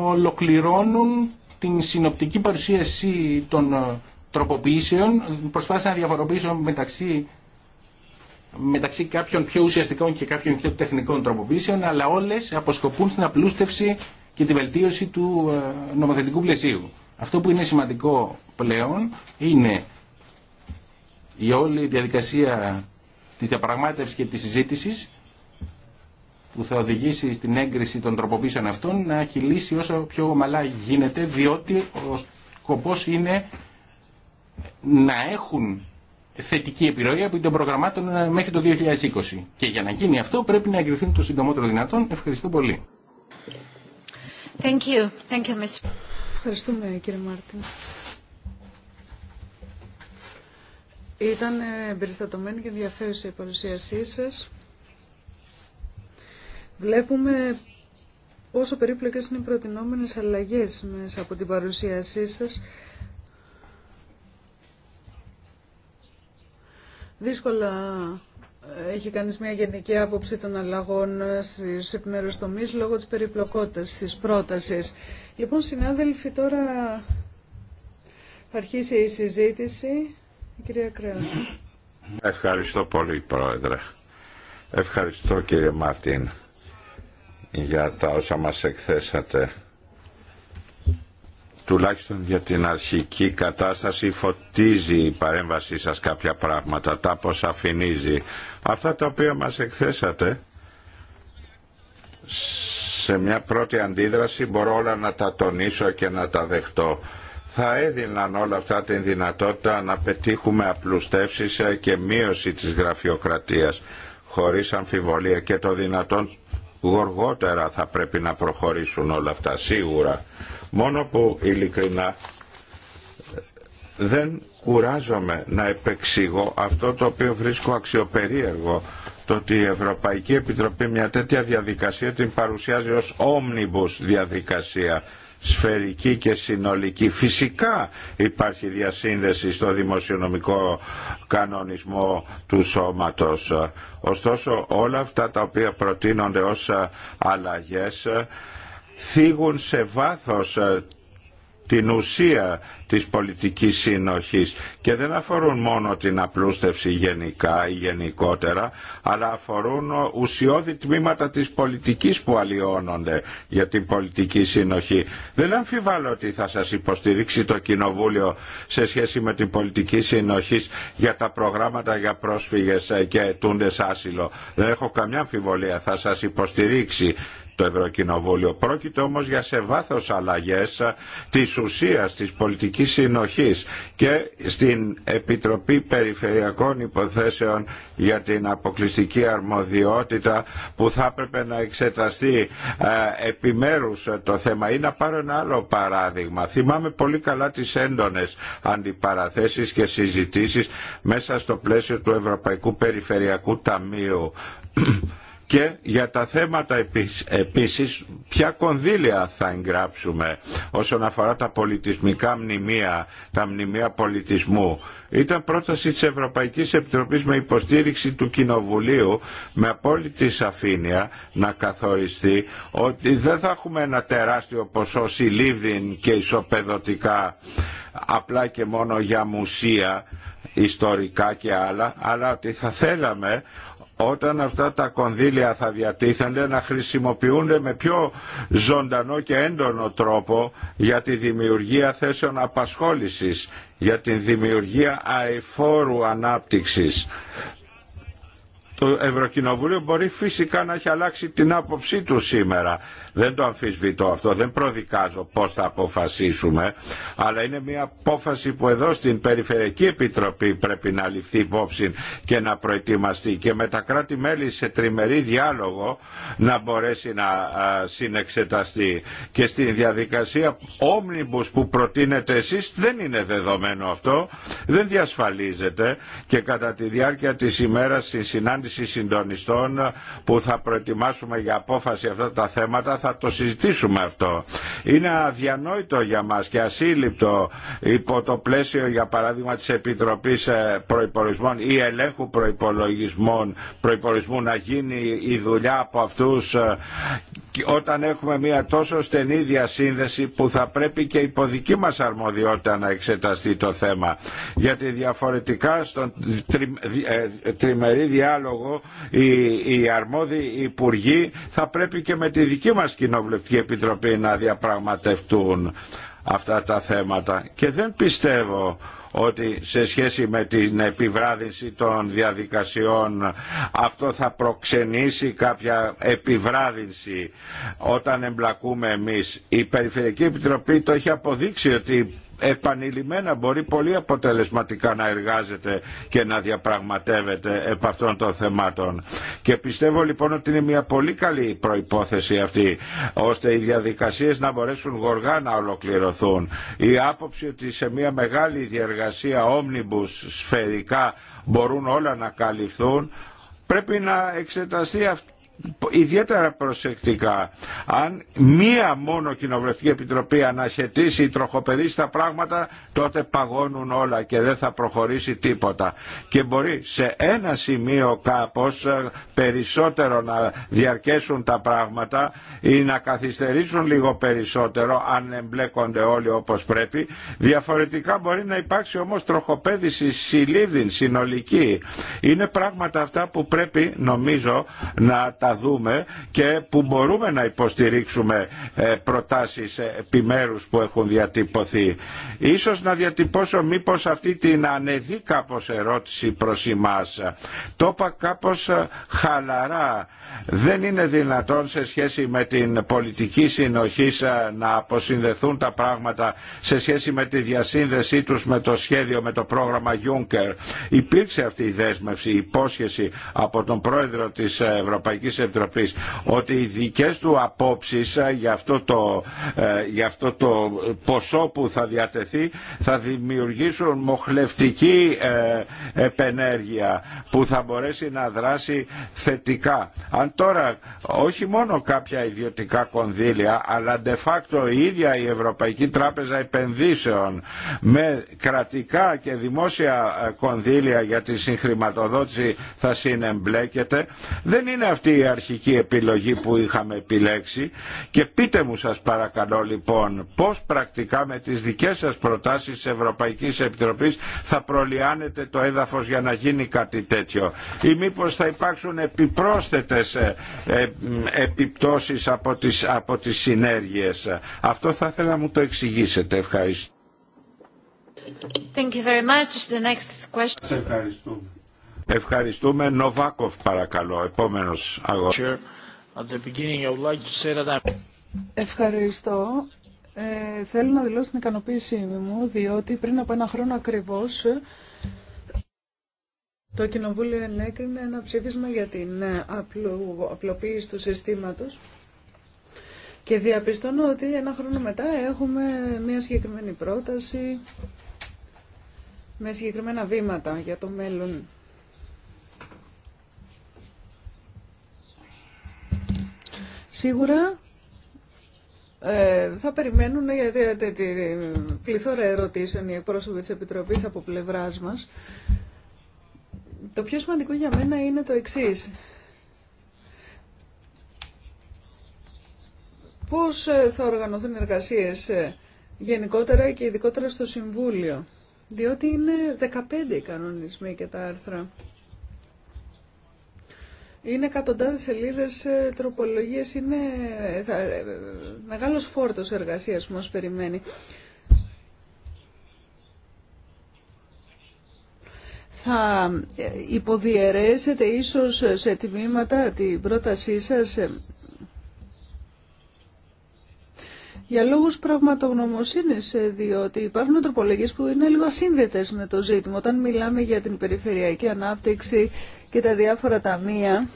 ολοκληρώνουν την συνοπτική παρουσίαση των ε, τροποποιήσεων. Προσπάθησα να διαφοροποιήσω μεταξύ μεταξύ κάποιων πιο ουσιαστικών και κάποιων πιο τεχνικών τροποποίησεων, αλλά όλες αποσκοπούν στην απλούστευση και τη βελτίωση του ε, νομοθετικού πλαισίου. Αυτό που είναι σημαντικό πλέον είναι η όλη διαδικασία της διαπραγμάτευσης και της συζήτησης που θα οδηγήσει στην έγκριση των τροποποίησεων αυτών να λύσει όσο πιο ομαλά γίνεται διότι ο σκοπός είναι να έχουν θετική επιρροή από των προγραμμάτων ε, μέχρι το 2020. Και για να γίνει αυτό πρέπει να εγκριθούν το συντομότερο δυνατόν. Ευχαριστώ πολύ. Thank you. Thank you, Mr. Ευχαριστούμε κύριε Μάρτιν. Ήταν ε, περιστατωμένη και ενδιαφέρουσα η παρουσίασή σας. Βλέπουμε πόσο περίπλοκες είναι οι προτινόμενες αλλαγές μέσα από την παρουσίασή σας. Δύσκολα ε, έχει κανείς μια γενική άποψη των αλλαγών ε, στις επιμέρους λόγω της περιπλοκότητας της πρότασης. Λοιπόν, συνάδελφοι, τώρα θα αρχίσει η συζήτηση. Η κυρία Κρέα. Ευχαριστώ πολύ, Πρόεδρε. Ευχαριστώ, κύριε Μάρτιν, για τα όσα μας εκθέσατε τουλάχιστον για την αρχική κατάσταση φωτίζει η παρέμβασή σας κάποια πράγματα, τα αποσαφηνίζει. Αυτά τα οποία μας εκθέσατε σε μια πρώτη αντίδραση μπορώ όλα να τα τονίσω και να τα δεχτώ. Θα έδιναν όλα αυτά την δυνατότητα να πετύχουμε απλουστεύσεις και μείωση της γραφειοκρατίας χωρίς αμφιβολία και το δυνατόν γοργότερα θα πρέπει να προχωρήσουν όλα αυτά σίγουρα μόνο που ειλικρινά δεν κουράζομαι να επεξηγώ αυτό το οποίο βρίσκω αξιοπερίεργο το ότι η Ευρωπαϊκή Επιτροπή μια τέτοια διαδικασία την παρουσιάζει ως omnibus διαδικασία σφαιρική και συνολική. Φυσικά υπάρχει διασύνδεση στο δημοσιονομικό κανονισμό του σώματος. Ωστόσο όλα αυτά τα οποία προτείνονται ως αλλαγές θίγουν σε βάθος ε, την ουσία της πολιτικής σύνοχης και δεν αφορούν μόνο την απλούστευση γενικά ή γενικότερα, αλλά αφορούν ε, ουσιώδη τμήματα της πολιτικής που αλλοιώνονται για την πολιτική σύνοχη. Δεν αμφιβάλλω ότι θα σας υποστηρίξει το Κοινοβούλιο σε σχέση με την πολιτική σύνοχη για τα προγράμματα για πρόσφυγες ε, και ετούντες άσυλο. Δεν έχω καμιά αμφιβολία, θα σας υποστηρίξει το Ευρωκοινοβούλιο. Πρόκειται όμως για σε βάθος αλλαγές της ουσίας της πολιτικής συνοχής και στην Επιτροπή Περιφερειακών Υποθέσεων για την αποκλειστική αρμοδιότητα που θα έπρεπε να εξεταστεί επιμέρους το θέμα. Ή να πάρω ένα άλλο παράδειγμα. Θυμάμαι πολύ καλά τις έντονες αντιπαραθέσεις και συζητήσεις μέσα στο πλαίσιο του Ευρωπαϊκού Περιφερειακού Ταμείου και για τα θέματα επίσης ποια κονδύλια θα εγγράψουμε όσον αφορά τα πολιτισμικά μνημεία, τα μνημεία πολιτισμού. Ήταν πρόταση της Ευρωπαϊκής Επιτροπής με υποστήριξη του Κοινοβουλίου με απόλυτη σαφήνεια να καθοριστεί ότι δεν θα έχουμε ένα τεράστιο ποσό συλλήβδιν και ισοπεδωτικά απλά και μόνο για μουσεία ιστορικά και άλλα, αλλά ότι θα θέλαμε όταν αυτά τα κονδύλια θα διατίθενται να χρησιμοποιούνται με πιο ζωντανό και έντονο τρόπο για τη δημιουργία θέσεων απασχόλησης, για τη δημιουργία αεφόρου ανάπτυξης. Το Ευρωκοινοβούλιο μπορεί φυσικά να έχει αλλάξει την άποψή του σήμερα. Δεν το αμφισβητώ αυτό, δεν προδικάζω πώς θα αποφασίσουμε, αλλά είναι μια απόφαση που εδώ στην Περιφερειακή Επιτροπή πρέπει να ληφθεί υπόψη και να προετοιμαστεί και με τα κράτη-μέλη σε τριμερή διάλογο να μπορέσει να συνεξεταστεί. Και στην διαδικασία όμνιμπους που προτείνετε εσείς δεν είναι δεδομένο αυτό, δεν διασφαλίζεται και κατά τη διάρκεια της ημέρας στη συνάντηση συνάντηση συντονιστών που θα προετοιμάσουμε για απόφαση αυτά τα θέματα θα το συζητήσουμε αυτό. Είναι αδιανόητο για μας και ασύλληπτο υπό το πλαίσιο για παράδειγμα της Επιτροπής ε, Προϋπολογισμών ή Ελέγχου Προϋπολογισμών προϋπολογισμού να γίνει η δουλειά από αυτούς ε, όταν έχουμε μια τόσο στενή διασύνδεση που θα πρέπει και υπό δική μας αρμοδιότητα να εξεταστεί το θέμα. Γιατί διαφορετικά στον ε, τριμερή διάλογο λόγο οι, αρμόδιοι υπουργοί θα πρέπει και με τη δική μας Κοινοβουλευτική Επιτροπή να διαπραγματευτούν αυτά τα θέματα. Και δεν πιστεύω ότι σε σχέση με την επιβράδυνση των διαδικασιών αυτό θα προξενήσει κάποια επιβράδυνση όταν εμπλακούμε εμείς. Η Περιφερειακή Επιτροπή το έχει αποδείξει ότι επανειλημμένα μπορεί πολύ αποτελεσματικά να εργάζεται και να διαπραγματεύεται επ' αυτών των θεμάτων. Και πιστεύω λοιπόν ότι είναι μια πολύ καλή προϋπόθεση αυτή, ώστε οι διαδικασίες να μπορέσουν γοργά να ολοκληρωθούν. Η άποψη ότι σε μια μεγάλη διεργασία όμνιμπους σφαιρικά μπορούν όλα να καλυφθούν, πρέπει να εξεταστεί αυτό ιδιαίτερα προσεκτικά. Αν μία μόνο κοινοβουλευτική επιτροπή αναχαιτήσει ή τροχοπεδίσει τα πράγματα, τότε παγώνουν όλα και δεν θα προχωρήσει τίποτα. Και μπορεί σε ένα σημείο κάπως ε, περισσότερο να διαρκέσουν τα πράγματα ή να καθυστερήσουν λίγο περισσότερο αν εμπλέκονται όλοι όπως πρέπει. Διαφορετικά μπορεί να υπάρξει όμως τροχοπαίδηση συλλήβδιν, συνολική. Είναι πράγματα αυτά που πρέπει νομίζω να τα θα δούμε και που μπορούμε να υποστηρίξουμε ε, προτάσεις ε, επιμέρους που έχουν διατυπωθεί. Ίσως να διατυπώσω μήπως αυτή την ανεδή κάπως ερώτηση προς εμάς. Το είπα κάπως ε, χαλαρά. Δεν είναι δυνατόν σε σχέση με την πολιτική συνοχή να αποσυνδεθούν τα πράγματα σε σχέση με τη διασύνδεσή τους με το σχέδιο, με το πρόγραμμα Juncker. Υπήρξε αυτή η δέσμευση, η υπόσχεση από τον πρόεδρο της Ευρωπαϊκής Επιτροπής ότι οι δικές του απόψεις ε, για αυτό το, ε, για αυτό το ποσό που θα διατεθεί θα δημιουργήσουν μοχλευτική ε, επενέργεια που θα μπορέσει να δράσει θετικά. Αν τώρα όχι μόνο κάποια ιδιωτικά κονδύλια αλλά de facto η ίδια η Ευρωπαϊκή Τράπεζα Επενδύσεων με κρατικά και δημόσια κονδύλια για τη συγχρηματοδότηση θα συνεμπλέκεται δεν είναι αυτή η αρχική επιλογή που είχαμε επιλέξει και πείτε μου σας παρακαλώ λοιπόν πώς πρακτικά με τις δικές σας προτάσεις της Ευρωπαϊκής Επιτροπής θα προλιάνετε το έδαφος για να γίνει κάτι τέτοιο ή μήπως θα υπάρξουν επιπρόσθετες ε, ε, επιπτώσεις από τις, από τις συνέργειες. Αυτό θα ήθελα να μου το εξηγήσετε. Ευχαριστώ. Ευχαριστούμε. Νοβάκοφ παρακαλώ. Επόμενος αγώνα. Ευχαριστώ. Ε, θέλω να δηλώσω την ικανοποίησή μου, διότι πριν από ένα χρόνο ακριβώς το Κοινοβούλιο ενέκρινε ένα ψήφισμα για την ε, απλοποίηση του συστήματος και διαπιστώνω ότι ένα χρόνο μετά έχουμε μια συγκεκριμένη πρόταση με συγκεκριμένα βήματα για το μέλλον. Σίγουρα ε, θα περιμένουν ε, πληθώρα ερωτήσεων οι εκπρόσωποι της Επιτροπής από πλευράς μας. Το πιο σημαντικό για μένα είναι το εξής. Πώς ε, θα οργανωθούν οι εργασίες γενικότερα και ειδικότερα στο Συμβούλιο. Διότι είναι 15 οι κανονισμοί και τα άρθρα. Είναι εκατοντάδες σελίδες ε, τροπολογίες, είναι ε, θα, ε, μεγάλος φόρτος εργασίας που μας περιμένει. Θα υποδιαιρέσετε ίσως σε τμήματα την πρότασή σας για λόγους πραγματογνωμοσύνης, διότι υπάρχουν τροπολογίες που είναι λίγο ασύνδετες με το ζήτημα. Όταν μιλάμε για την περιφερειακή ανάπτυξη, και τα διάφορα ταμεία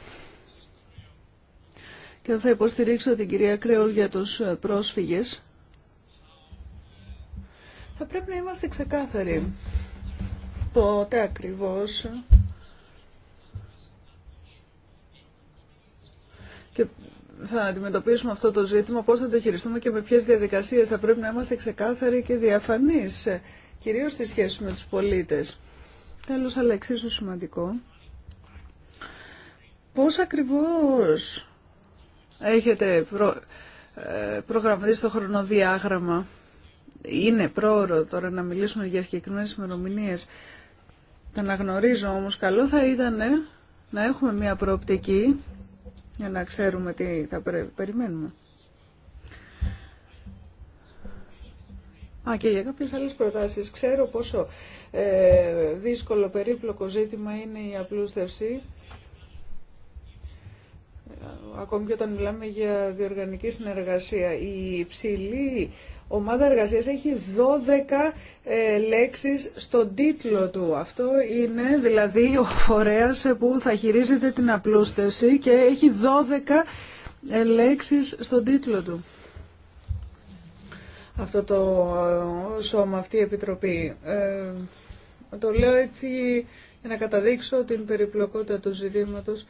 και θα υποστηρίξω την κυρία Κρέολ για τους ε, πρόσφυγες. Θα πρέπει να είμαστε ξεκάθαροι. Πότε ακριβώς και θα αντιμετωπίσουμε αυτό το ζήτημα, πώς θα το χειριστούμε και με ποιες διαδικασίες θα πρέπει να είμαστε ξεκάθαροι και διαφανείς, ε, κυρίως στη σχέση με τους πολίτες. Τέλος, αλλά εξίσου σημαντικό. Πώς ακριβώς έχετε ε, προγραμματίσει το χρονοδιάγραμμα. Είναι πρόωρο τώρα να μιλήσουμε για συγκεκριμένε ημερομηνίε. Τα αναγνωρίζω όμως καλό θα ήταν ε, να έχουμε μια προοπτική για να ξέρουμε τι θα περιμένουμε. Α, και για κάποιες άλλες προτάσεις. Ξέρω πόσο ε, δύσκολο περίπλοκο ζήτημα είναι η απλούστευση ακόμη και όταν μιλάμε για διοργανική συνεργασία. Η υψηλή ομάδα εργασίας έχει 12 ε, λέξεις στον τίτλο του. Αυτό είναι δηλαδή ο φορέας που θα χειρίζεται την απλούστευση και έχει 12 ε, λέξεις στον τίτλο του. Αυτό το ε, σώμα, αυτή η επιτροπή. το λέω έτσι για να καταδείξω την περιπλοκότητα του ζητήματος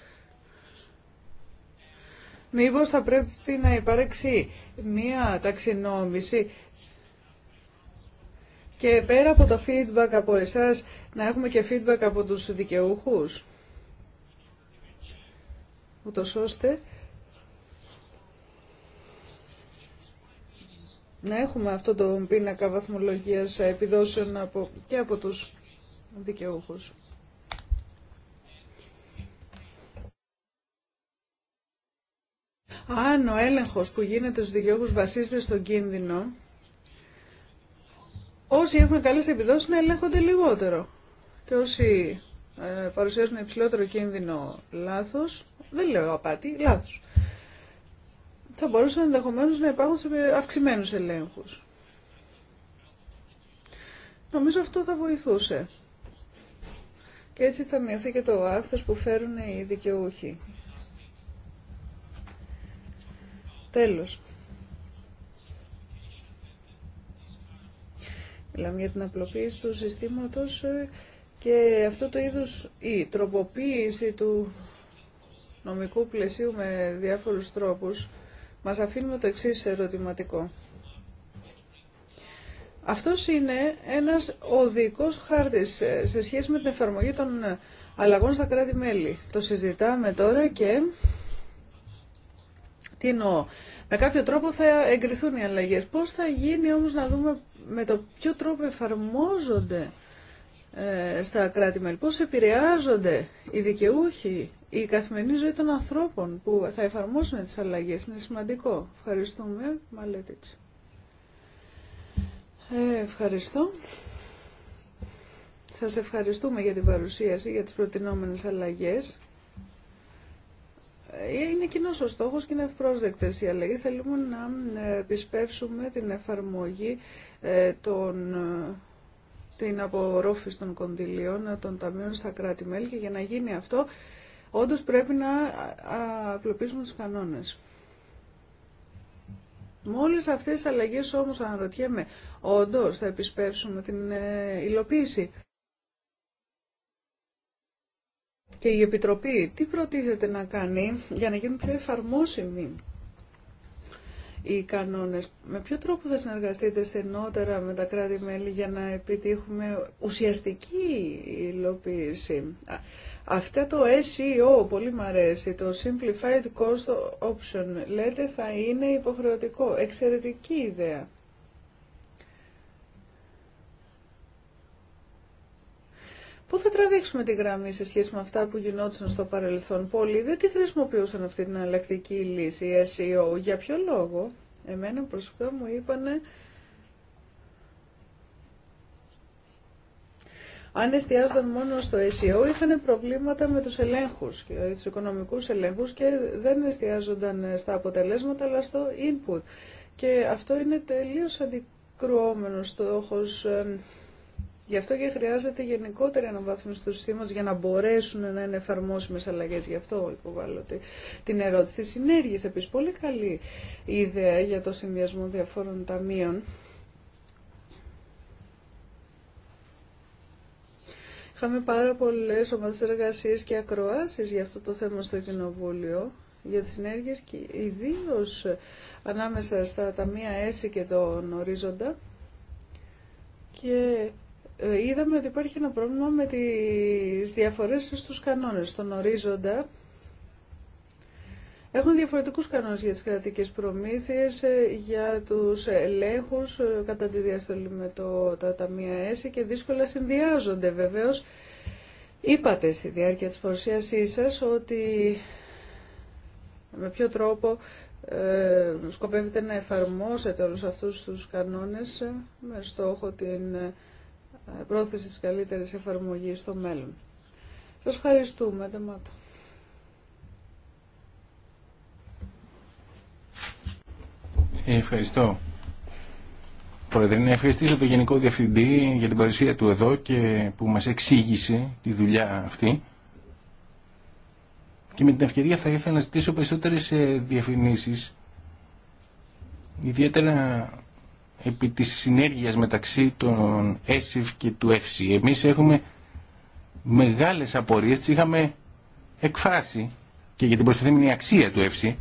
Μήπως θα πρέπει να υπάρξει μία ταξινόμηση και πέρα από το feedback από εσάς να έχουμε και feedback από τους δικαιούχους ούτως ώστε να έχουμε αυτό το πίνακα βαθμολογίας επιδόσεων από, και από τους δικαιούχους. αν ο έλεγχος που γίνεται στους δικαιούχους βασίζεται στον κίνδυνο, όσοι έχουν καλές επιδόσεις να ελέγχονται λιγότερο. Και όσοι ε, παρουσιάζουν υψηλότερο κίνδυνο λάθος, δεν λέω απάτη, λάθος, θα μπορούσαν ενδεχομένω να υπάρχουν σε αυξημένους ελέγχους. Νομίζω αυτό θα βοηθούσε. Και έτσι θα μειωθεί και το άκθος που φέρουν οι δικαιούχοι. Τέλος. Μιλάμε για την απλοποίηση του συστήματος ε, και αυτό το είδους η τροποποίηση του νομικού πλαισίου με διάφορους τρόπους μας αφήνουμε το εξής ερωτηματικό. Αυτός είναι ένας οδικός χάρτης ε, σε σχέση με την εφαρμογή των ε, αλλαγών στα κράτη-μέλη. Το συζητάμε τώρα και τι εννοώ. Με κάποιο τρόπο θα εγκριθούν οι αλλαγέ. Πώς θα γίνει όμως να δούμε με το ποιο τρόπο εφαρμόζονται ε, στα κράτη-μέλη, Πώ επηρεάζονται οι δικαιούχοι, η καθημερινή ζωή των ανθρώπων που θα εφαρμόσουν τις αλλαγέ. Είναι σημαντικό. Ευχαριστούμε. Μαλέτητς. Ε, ευχαριστώ. Σας ευχαριστούμε για την παρουσίαση, για τις προτινόμενες αλλαγές είναι κοινό ο στόχο και είναι ευπρόσδεκτε οι αλλαγέ. Θέλουμε να ε, επισπεύσουμε την εφαρμογή ε, των ε, την απορρόφηση των κονδυλίων των ταμείων στα κράτη-μέλη και για να γίνει αυτό όντως πρέπει να απλοποιήσουμε τους κανόνες. Με όλες αυτές τις αλλαγές όμως αναρωτιέμαι, όντως θα επισπεύσουμε την υλοποίηση Και η Επιτροπή τι προτίθεται να κάνει για να γίνουν πιο εφαρμόσιμοι οι κανόνες. Με ποιο τρόπο θα συνεργαστείτε στενότερα με τα κράτη-μέλη για να επιτύχουμε ουσιαστική υλοποίηση. Αυτό το SEO, πολύ μου αρέσει, το Simplified Cost Option, λέτε θα είναι υποχρεωτικό. Εξαιρετική ιδέα. Πού θα τραβήξουμε τη γραμμή σε σχέση με αυτά που γινόντουσαν στο παρελθόν. Πολλοί δεν τη χρησιμοποιούσαν αυτή την αλλακτική λύση, η SEO. Για ποιο λόγο. Εμένα προσωπικά μου είπανε αν εστιάζονταν μόνο στο SEO είχαν προβλήματα με τους ελέγχους, και ε, τους οικονομικούς ελέγχους και δεν εστιάζονταν ε, στα αποτελέσματα αλλά στο input. Και αυτό είναι τελείως αντικρουόμενο στόχος ε, Γι' αυτό και χρειάζεται γενικότερη αναβάθμιση του συστήματος για να μπορέσουν να είναι εφαρμόσιμες αλλαγές. Γι' αυτό υποβάλλω την ερώτηση. Τη συνέργειας. επίσης, πολύ καλή ιδέα για το συνδυασμό διαφόρων ταμείων. Είχαμε πάρα πολλές ομάδες εργασίες και ακροάσεις για αυτό το θέμα στο Κοινοβούλιο για τις συνέργειες και ιδίω ανάμεσα στα ταμεία ΕΣΥ και τον ορίζοντα και ε, είδαμε ότι υπάρχει ένα πρόβλημα με τις διαφορές στους κανόνες. Στον ορίζοντα έχουν διαφορετικούς κανόνες για τις κρατικές προμήθειες, ε, για τους ελέγχους ε, κατά τη διαστολή με το, τα ταμεία ΕΣΥ και δύσκολα συνδυάζονται βεβαίως. Είπατε στη διάρκεια της παρουσίασής σας ότι με ποιο τρόπο ε, σκοπεύετε να εφαρμόσετε όλους αυτούς τους κανόνες με στόχο την πρόθεση της καλύτερης εφαρμογής στο μέλλον. Σας ευχαριστούμε, Δεμάτο. Ευχαριστώ. Πρόεδρε, να ευχαριστήσω τον Γενικό Διευθυντή για την παρουσία του εδώ και που μας εξήγησε τη δουλειά αυτή. Και με την ευκαιρία θα ήθελα να ζητήσω περισσότερες ε, διευθυνήσεις, ιδιαίτερα επί της συνέργειας μεταξύ των ΕΣΥΦ και του ΕΦΣΥ. Εμείς έχουμε μεγάλες απορίες, τις είχαμε εκφράσει και για την προστιθέμενη αξία του ΕΦΣΥ,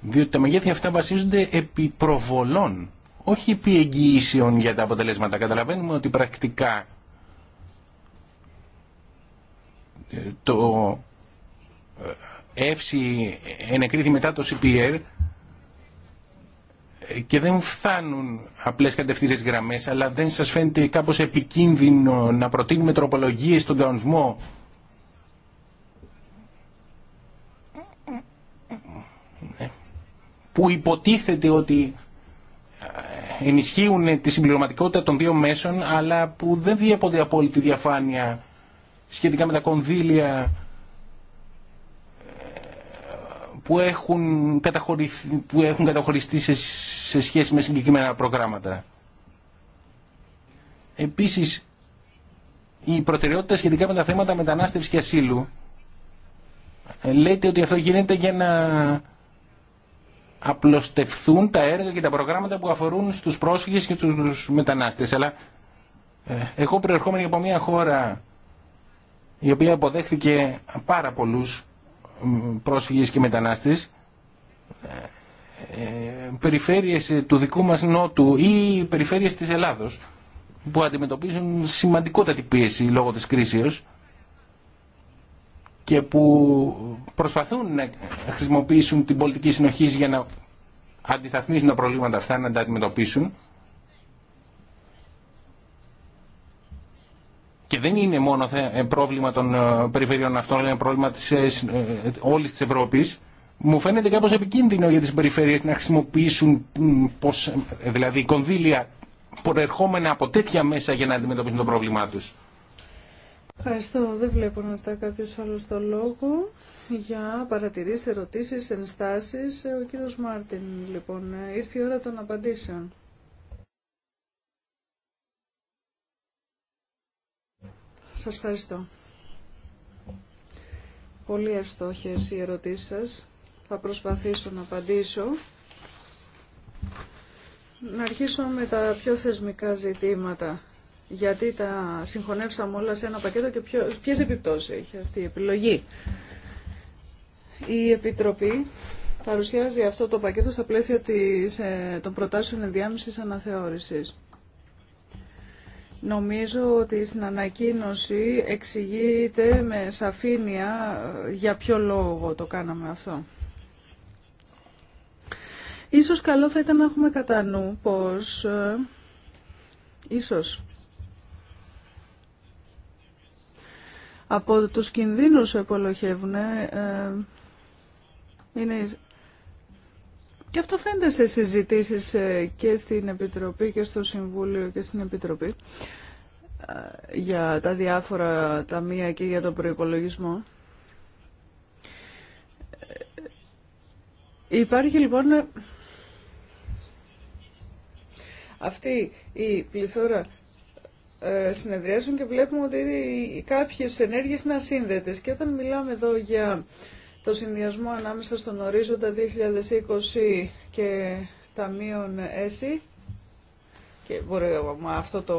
διότι τα μεγέθη αυτά βασίζονται επί προβολών, όχι επί εγγυήσεων για τα αποτελέσματα. Καταλαβαίνουμε ότι πρακτικά ε, το ε, ΕΦΣΥ ενεκρίθη μετά το CPR και δεν φτάνουν απλές κατευθύνες γραμμές, αλλά δεν σας φαίνεται κάπως επικίνδυνο να προτείνουμε τροπολογίες στον κανονισμό ναι. που υποτίθεται ότι ε, ενισχύουν τη συμπληρωματικότητα των δύο μέσων αλλά που δεν διέπονται τη διαφάνεια σχετικά με τα κονδύλια που έχουν, που έχουν καταχωριστεί σε, σχέση με συγκεκριμένα προγράμματα. Επίσης, η προτεραιότητα σχετικά με τα θέματα μετανάστευσης και ασύλου ε, λέτε ότι αυτό γίνεται για να απλωστευθούν τα έργα και τα προγράμματα που αφορούν στους πρόσφυγες και τους μετανάστες. Αλλά ε, εγώ προερχόμενοι από μια χώρα η οποία αποδέχθηκε πάρα πολλούς πρόσφυγες και μετανάστες ε, περιφέρειες ε, του δικού μας νότου ή περιφέρειες της Ελλάδος που αντιμετωπίζουν σημαντικότατη πίεση λόγω της κρίσεως και που προσπαθούν να χρησιμοποιήσουν την πολιτική συνοχή για να αντισταθμίσουν τα προβλήματα αυτά, να τα αντιμετωπίσουν. Και δεν είναι μόνο ε, πρόβλημα των ε, περιφερειών αυτών, είναι πρόβλημα της, ε, όλης της Ευρώπης. Μου φαίνεται κάπως επικίνδυνο για τις περιφέρειες να χρησιμοποιήσουν πως, δηλαδή κονδύλια προερχόμενα από τέτοια μέσα για να αντιμετωπίσουν το πρόβλημά τους. Ευχαριστώ. Δεν βλέπω να στάει κάποιο άλλο το λόγο. Για παρατηρήσεις, ερωτήσεις, ενστάσεις, ο κύριος Μάρτιν, λοιπόν, ήρθε η ώρα των απαντήσεων. Σας ευχαριστώ. Πολύ ευστόχες οι ερωτήσεις σας. Θα προσπαθήσω να απαντήσω. Να αρχίσω με τα πιο θεσμικά ζητήματα. Γιατί τα συγχωνεύσαμε όλα σε ένα πακέτο και ποιο, ποιες επιπτώσεις έχει αυτή η επιλογή. Η Επιτροπή παρουσιάζει αυτό το πακέτο στα πλαίσια της, ε, των προτάσεων ενδιάμεσης αναθεώρησης. Νομίζω ότι στην ανακοίνωση εξηγείται με σαφήνεια ε, για ποιο λόγο το κάναμε αυτό. Ίσως καλό θα ήταν να έχουμε κατά νου πως... Ε, ίσως... Από τους κινδύνους που επολοχεύουν ε, είναι και αυτό φαίνεται σε συζητήσεις ε, και στην Επιτροπή και στο Συμβούλιο και στην Επιτροπή ε, για τα διάφορα ταμεία και για τον προϋπολογισμό. Ε, υπάρχει λοιπόν αυτή η πληθώρα συνεδριάσεων και βλέπουμε ότι κάποιες ενέργειες είναι ασύνδετες. Και όταν μιλάμε εδώ για το συνδυασμό ανάμεσα στον ορίζοντα 2020 και τα ταμείων ΕΣΥ και μπορεί αυτό το,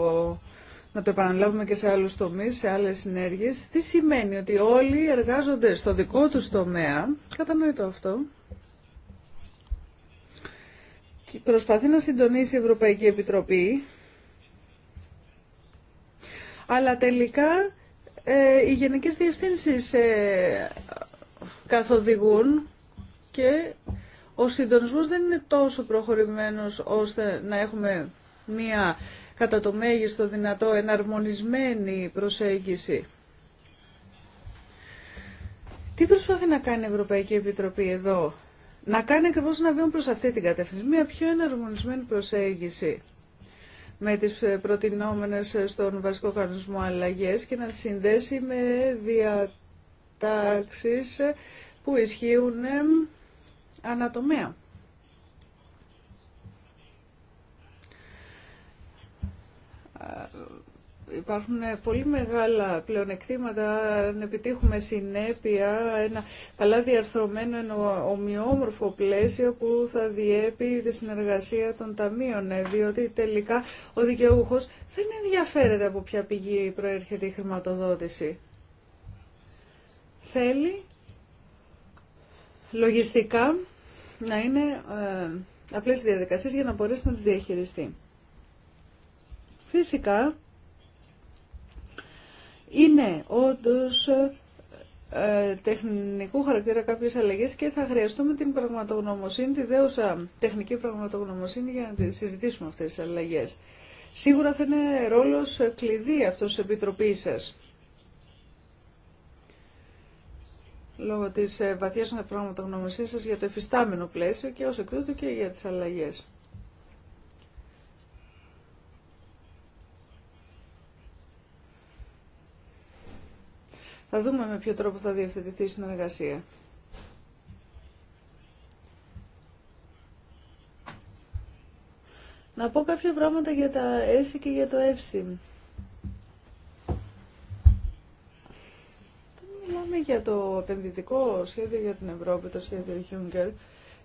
να το επαναλάβουμε και σε άλλους τομείς, σε άλλες συνέργειες. Τι σημαίνει ότι όλοι εργάζονται στο δικό τους τομέα, κατανοητό αυτό, και προσπαθεί να συντονίσει η Ευρωπαϊκή Επιτροπή, αλλά τελικά ε, οι γενικές διευθύνσεις ε, καθοδηγούν και ο συντονισμός δεν είναι τόσο προχωρημένος ώστε να έχουμε μία κατά το μέγιστο δυνατό εναρμονισμένη προσέγγιση. Τι προσπαθεί να κάνει η Ευρωπαϊκή Επιτροπή εδώ, να κάνει ακριβώ να βήμα προς αυτή την κατεύθυνση, μια πιο εναρμονισμένη προσέγγιση με τις προτινόμενες στον βασικό κανονισμό αλλαγές και να συνδέσει με δια τάξεις που ισχύουν ε, ανατομέα. Υπάρχουν ε, πολύ μεγάλα πλεονεκτήματα Αν επιτύχουμε συνέπεια, ένα καλά διαρθρωμένο, ομοιόμορφο πλαίσιο που θα διέπει τη συνεργασία των ταμείων, ε, διότι τελικά ο δικαιούχος δεν ενδιαφέρεται από ποια πηγή προέρχεται η χρηματοδότηση θέλει λογιστικά να είναι ε, απλές διαδικασίες για να μπορέσει να τις διαχειριστεί. Φυσικά, είναι όντως ε, τεχνικού χαρακτήρα κάποιες αλλαγές και θα χρειαστούμε την πραγματογνωμοσύνη, τη δέουσα τεχνική πραγματογνωμοσύνη για να συζητήσουμε αυτές τις αλλαγές. Σίγουρα θα είναι ρόλος κλειδί αυτός της Επιτροπής σας. λόγω της ε, βαθιάς αναπράγματογνωμοσίας σα για το εφιστάμενο πλαίσιο και ω εκ τούτου και για τις αλλαγέ. Θα δούμε με ποιο τρόπο θα διευθετηθεί η συνεργασία. Να πω κάποια πράγματα για τα ΕΣΥ και για το ΕΦΣΥ. για το επενδυτικό σχέδιο για την Ευρώπη, το σχέδιο Juncker.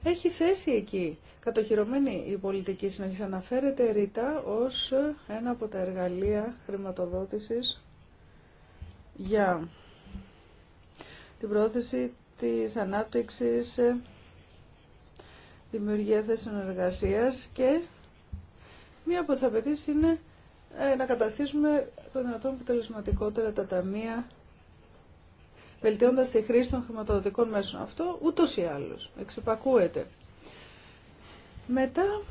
Έχει θέση εκεί. Κατοχυρωμένη η πολιτική συνοχή αναφέρεται ρητά ως ένα από τα εργαλεία χρηματοδότησης για την πρόθεση της ανάπτυξης, δημιουργία θέσεων εργασίας και μία από τις απαιτήσεις είναι ε, να καταστήσουμε το δυνατόν αποτελεσματικότερα τα ταμεία βελτιώντα τη χρήση των χρηματοδοτικών μέσων. Αυτό ούτω ή άλλω εξυπακούεται. Μετά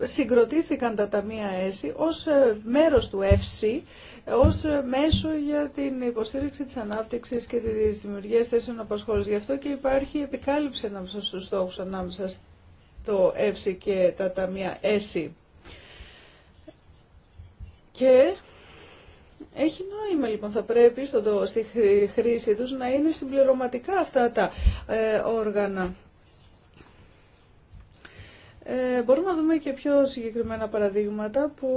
ε, συγκροτήθηκαν τα ταμεία ΕΣΥ ως ε, μέρος του ΕΦΣΥ, ως ε, μέσο για την υποστήριξη της ανάπτυξης και τη δημιουργία θέσεων απασχόλησης. Γι' αυτό και υπάρχει επικάλυψη ανάμεσα στους στόχους ανάμεσα στο ΕΦΣΥ και τα ταμεία ΕΣΥ. Και έχει νόημα λοιπόν, θα πρέπει στο, στη χρήση τους να είναι συμπληρωματικά αυτά τα ε, όργανα. Ε, μπορούμε να δούμε και πιο συγκεκριμένα παραδείγματα που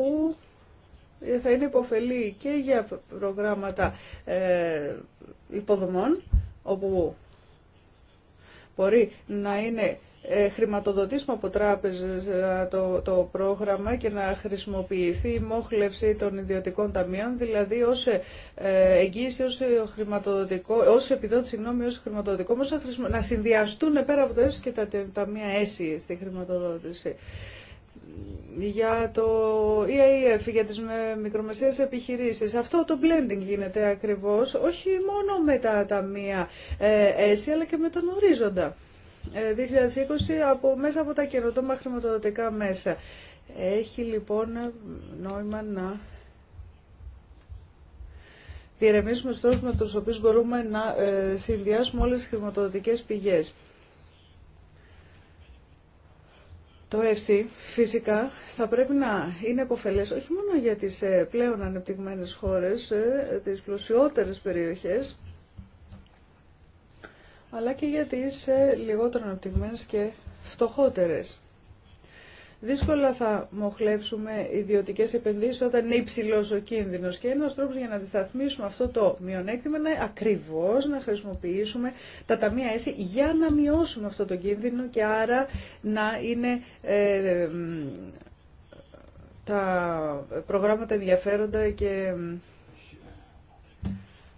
ε, θα είναι υποφελή και για προγράμματα ε, υποδομών, όπου μπορεί να είναι ε, χρηματοδοτήσουμε από τράπεζε ε, το, το πρόγραμμα και να χρησιμοποιηθεί η μόχλευση των ιδιωτικών ταμείων, δηλαδή ως ε, εγγύηση, ως, χρηματοδοτικό, ως επιδότηση, συγγνώμη, χρηματοδοτικό, όμω να συνδυαστούν πέρα από το ΕΣ και τα ταμεία ΕΣΥ στη χρηματοδότηση για το EAF, για τις μικρομεσαίες επιχειρήσεις. Αυτό το blending γίνεται ακριβώς, όχι μόνο με τα ταμεία ΕΣΥ, αλλά και με τον ορίζοντα. 2020 ε, από, μέσα από τα καινοτόμα χρηματοδοτικά μέσα. Έχει λοιπόν νόημα να διερευνήσουμε στους με τους οποίους μπορούμε να ε, συνδυάσουμε όλες τις χρηματοδοτικές πηγές. Το ΕΦΣΥ φυσικά θα πρέπει να είναι επωφελές όχι μόνο για τις ε, πλέον ανεπτυγμένες χώρες, τις πλουσιότερες περιοχές, αλλά και για είσαι λιγότερο αναπτυγμένες και φτωχότερες. Δύσκολα θα μοχλεύσουμε ιδιωτικές επενδύσεις όταν είναι υψηλό ο κίνδυνος και ένας τρόπος για να αντισταθμίσουμε αυτό το μειονέκτημα είναι ακριβώς να χρησιμοποιήσουμε τα ταμεία ΕΣΥ για να μειώσουμε αυτό το κίνδυνο και άρα να είναι ε, τα προγράμματα ενδιαφέροντα και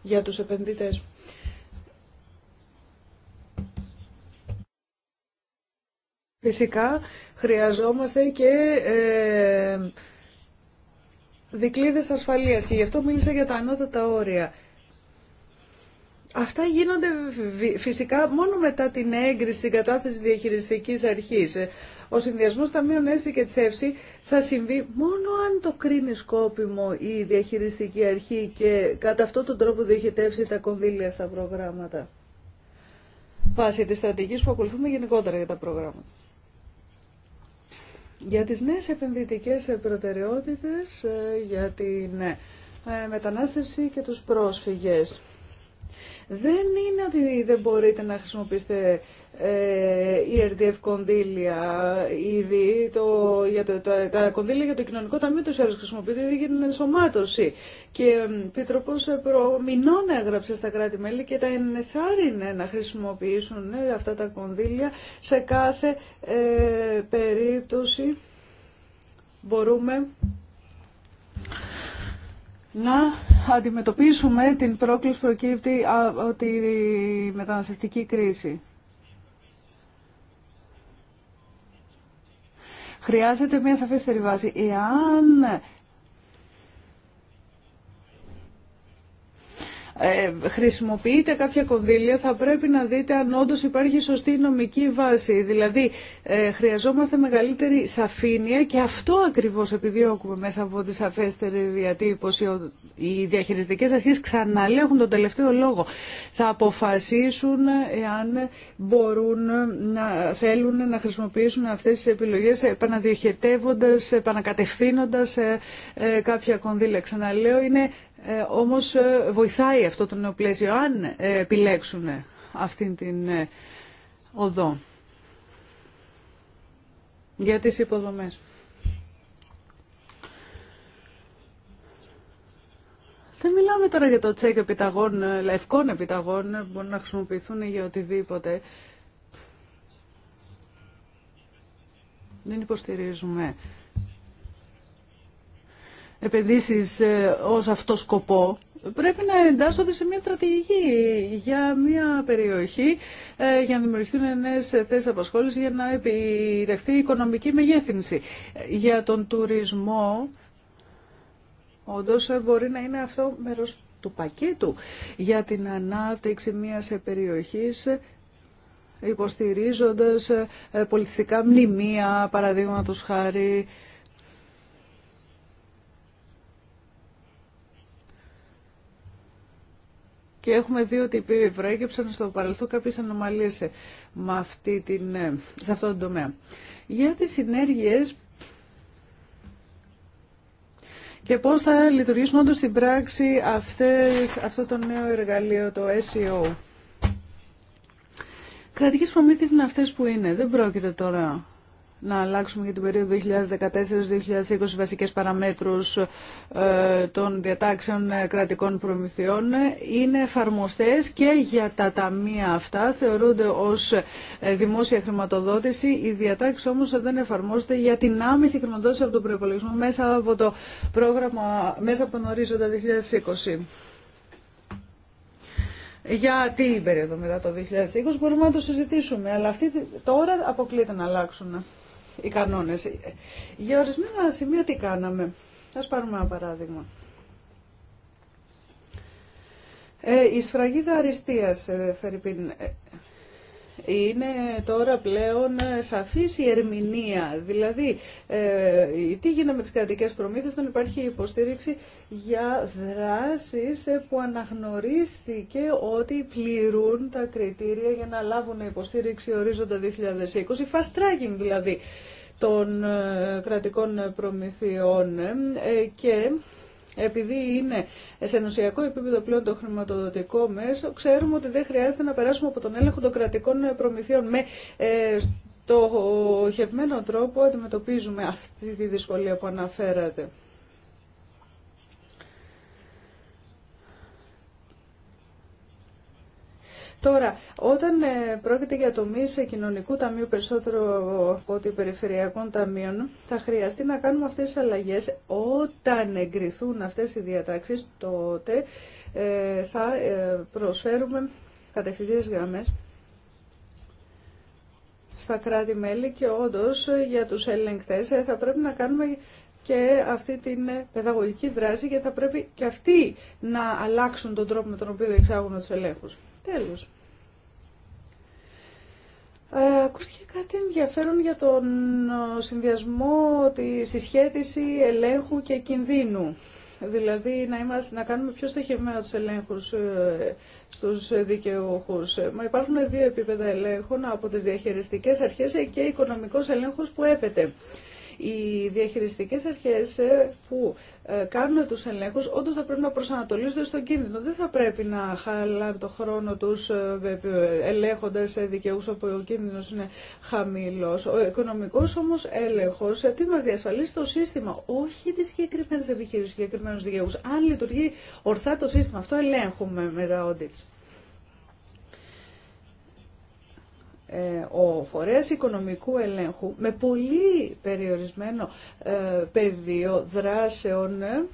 για τους επενδυτές. Φυσικά χρειαζόμαστε και ε, δικλείδες ασφαλείας και γι' αυτό μίλησα για τα ανώτατα όρια. Αυτά γίνονται φυσικά μόνο μετά την έγκριση κατάθεσης κατάθεση διαχειριστικής αρχής. Ο συνδυασμός ταμείων ΕΣΥ και της θα συμβεί μόνο αν το κρίνει σκόπιμο η διαχειριστική αρχή και κατά αυτόν τον τρόπο διοχετεύσει τα κονδύλια στα προγράμματα. Βάσει τη στρατηγική που ακολουθούμε γενικότερα για τα προγράμματα. Για τις νέες επενδυτικές προτεραιότητες, ε, για την ε, μετανάστευση και τους πρόσφυγες. Δεν είναι ότι δεν μπορείτε να χρησιμοποιήσετε ε, ΕΡΤΕΦ e κονδύλια ήδη, το, για το, τα, κονδύλια για το κοινωνικό ταμείο τους άλλους χρησιμοποιείται ήδη για την ενσωμάτωση. Και ο Πίτροπος ε, προμηνών έγραψε στα κράτη-μέλη και τα ενθάρρυνε να χρησιμοποιήσουν ε, αυτά τα κονδύλια σε κάθε ε, περίπτωση. Μπορούμε να αντιμετωπίσουμε την πρόκληση προκύπτει από τη μεταναστευτική κρίση. Χρειάζεται μια σαφέστερη βάση. Εάν ε, χρησιμοποιείτε κάποια κονδύλια θα πρέπει να δείτε αν όντω υπάρχει σωστή νομική βάση. Δηλαδή ε, χρειαζόμαστε μεγαλύτερη σαφήνεια και αυτό ακριβώς επιδιώκουμε μέσα από τη σαφέστερη διατύπωση. Οι διαχειριστικές αρχές ξαναλέγουν τον τελευταίο λόγο. Θα αποφασίσουν εάν μπορούν να θέλουν να χρησιμοποιήσουν αυτές τις επιλογές επαναδιοχετεύοντας, επανακατευθύνοντας ε, ε, κάποια κονδύλια. Ξαναλέω, είναι ε, όμως ε, βοηθάει αυτό το νέο πλαίσιο αν ε, επιλέξουν αυτήν την οδό για τις υποδομές. Δεν μιλάμε τώρα για το τσέκ επιταγών, λευκών επιταγών που μπορούν να χρησιμοποιηθούν για οτιδήποτε. Δεν υποστηρίζουμε επενδύσεις ε, ως αυτό σκοπό πρέπει να εντάσσονται σε μια στρατηγική για μια περιοχή ε, για να δημιουργηθούν νέε θέσει απασχόληση για να επιδεχθεί η οικονομική μεγέθυνση. Για τον τουρισμό, όντω ε, μπορεί να είναι αυτό μέρο του πακέτου για την ανάπτυξη μιας περιοχής υποστηρίζοντας πολιτιστικά μνημεία, παραδείγματος χάρη, και έχουμε δει ότι προέκυψαν στο παρελθόν κάποιε ανομαλίε με ε, σε αυτόν τον τομέα. Για τις συνέργειες και πώς θα λειτουργήσουν όντως στην πράξη αυτές, αυτό το νέο εργαλείο, το SEO. Κρατικές προμήθειες είναι αυτές που είναι. Δεν πρόκειται τώρα να αλλάξουμε για την περίοδο 2014-2020 βασικές παραμέτρους ε, των διατάξεων ε, κρατικών προμηθειών είναι εφαρμοστές και για τα ταμεία αυτά θεωρούνται ως ε, δημόσια χρηματοδότηση η διατάξη όμως δεν εφαρμόζεται για την άμεση χρηματοδότηση από τον προπολογισμό μέσα από το πρόγραμμα, μέσα από τον ορίζοντα 2020 για την περίοδο μετά το 2020 μπορούμε να το συζητήσουμε, αλλά αυτή τώρα αποκλείται να αλλάξουν οι κανόνες. Για ορισμένα σημεία τι κάναμε. Ας πάρουμε ένα παράδειγμα. Ε, η σφραγίδα αριστείας, ε, Φερρυπίν, ε, είναι τώρα πλέον σαφής η ερμηνεία. Δηλαδή, ε, τι γίνεται με τις κρατικές προμήθειες, δεν υπάρχει υποστήριξη για δράσεις που αναγνωρίστηκε ότι πληρούν τα κριτήρια για να λάβουν υποστήριξη ορίζοντα 2020, fast tracking δηλαδή των ε, κρατικών προμηθειών ε, και επειδή είναι σε ενωσιακό επίπεδο πλέον το χρηματοδοτικό μέσο, ξέρουμε ότι δεν χρειάζεται να περάσουμε από τον έλεγχο των κρατικών ε, προμηθειών. Με ε, στοχευμένο τρόπο αντιμετωπίζουμε αυτή τη δυσκολία που αναφέρατε. Τώρα, όταν ε, πρόκειται για τομείς ε, κοινωνικού ταμείου περισσότερο από ότι περιφερειακών ταμείων, θα χρειαστεί να κάνουμε αυτές τις αλλαγές. Όταν εγκριθούν αυτές οι διατάξει, τότε ε, θα προσφέρουμε κατευθυντήρε γραμμές στα κράτη-μέλη και όντω για τους ε, θα πρέπει να κάνουμε και αυτή την παιδαγωγική δράση και θα πρέπει και αυτοί να αλλάξουν τον τρόπο με τον οποίο διεξάγουν τους ελέγχους. Τέλος. Ε, ακούστηκε κάτι ενδιαφέρον για τον ε, συνδυασμό τη συσχέτιση ελέγχου και κινδύνου. Δηλαδή να, είμαστε, να κάνουμε πιο στοχευμένα τους ελέγχους ε, στους δικαιούχους. Μα υπάρχουν δύο επίπεδα ελέγχων από τις διαχειριστικές αρχές και οικονομικός ελέγχος που έπεται. Οι διαχειριστικές αρχές ε, που ε, κάνουν τους ελέγχους όντως θα πρέπει να προσανατολίζονται στον κίνδυνο. Δεν θα πρέπει να χαλάνε το χρόνο τους ε, ελέγχοντας δικαιούς όπου ο κίνδυνος είναι χαμηλός. Ο οικονομικός όμως έλεγχος τι μας διασφαλίζει το σύστημα, όχι τις συγκεκριμένες επιχείρησεις, συγκεκριμένους δικαιούς. Αν λειτουργεί ορθά το σύστημα, αυτό ελέγχουμε με τα audits. Ε, ο φορέας οικονομικού ελέγχου με πολύ περιορισμένο ε, πεδίο δράσεων ε,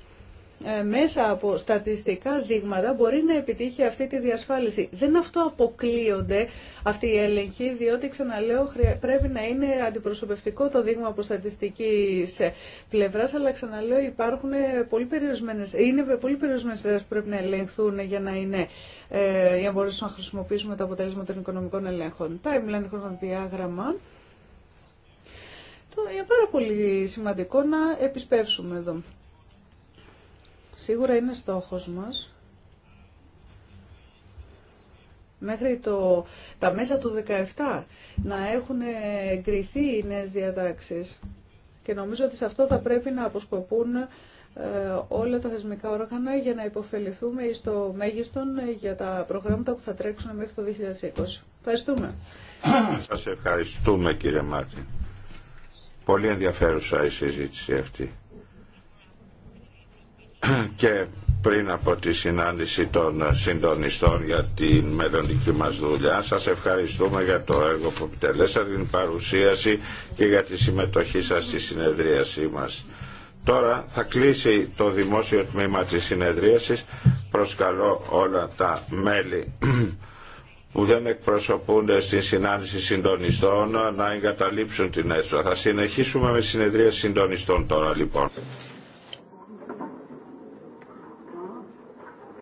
ε, μέσα από στατιστικά δείγματα μπορεί να επιτύχει αυτή τη διασφάλιση. Δεν αυτό αποκλείονται αυτοί οι έλεγχοι, διότι ξαναλέω πρέπει να είναι αντιπροσωπευτικό το δείγμα από στατιστική ε, πλευρά, αλλά ξαναλέω υπάρχουν ε, πολύ περιορισμένες, είναι που πρέπει να ελεγχθούν για να είναι ε, για να μπορέσουμε να χρησιμοποιήσουμε τα αποτέλεσματα των οικονομικών ελέγχων. Timeline χρονοδιάγραμμα. διάγραμμα είναι πάρα πολύ σημαντικό να επισπεύσουμε εδώ. Σίγουρα είναι στόχος μας μέχρι το, τα μέσα του 17 να έχουν εγκριθεί οι νέες διατάξεις. Και νομίζω ότι σε αυτό θα πρέπει να αποσκοπούν ε, όλα τα θεσμικά όργανα για να υποφεληθούμε στο μέγιστον για τα προγράμματα που θα τρέξουν μέχρι το 2020. Ευχαριστούμε. Σας ευχαριστούμε κύριε Μάρτιν. Πολύ ενδιαφέρουσα η συζήτηση αυτή. και πριν από τη συνάντηση των συντονιστών για τη μελλοντική μας δουλειά. Σας ευχαριστούμε για το έργο που επιτελέσατε, την παρουσίαση και για τη συμμετοχή σας στη συνεδρίασή μας. Τώρα θα κλείσει το δημόσιο τμήμα της συνεδρίασης. Προσκαλώ όλα τα μέλη που δεν εκπροσωπούνται στη συνάντηση συντονιστών να εγκαταλείψουν την αίθουσα. Θα συνεχίσουμε με συνεδρία συντονιστών τώρα λοιπόν.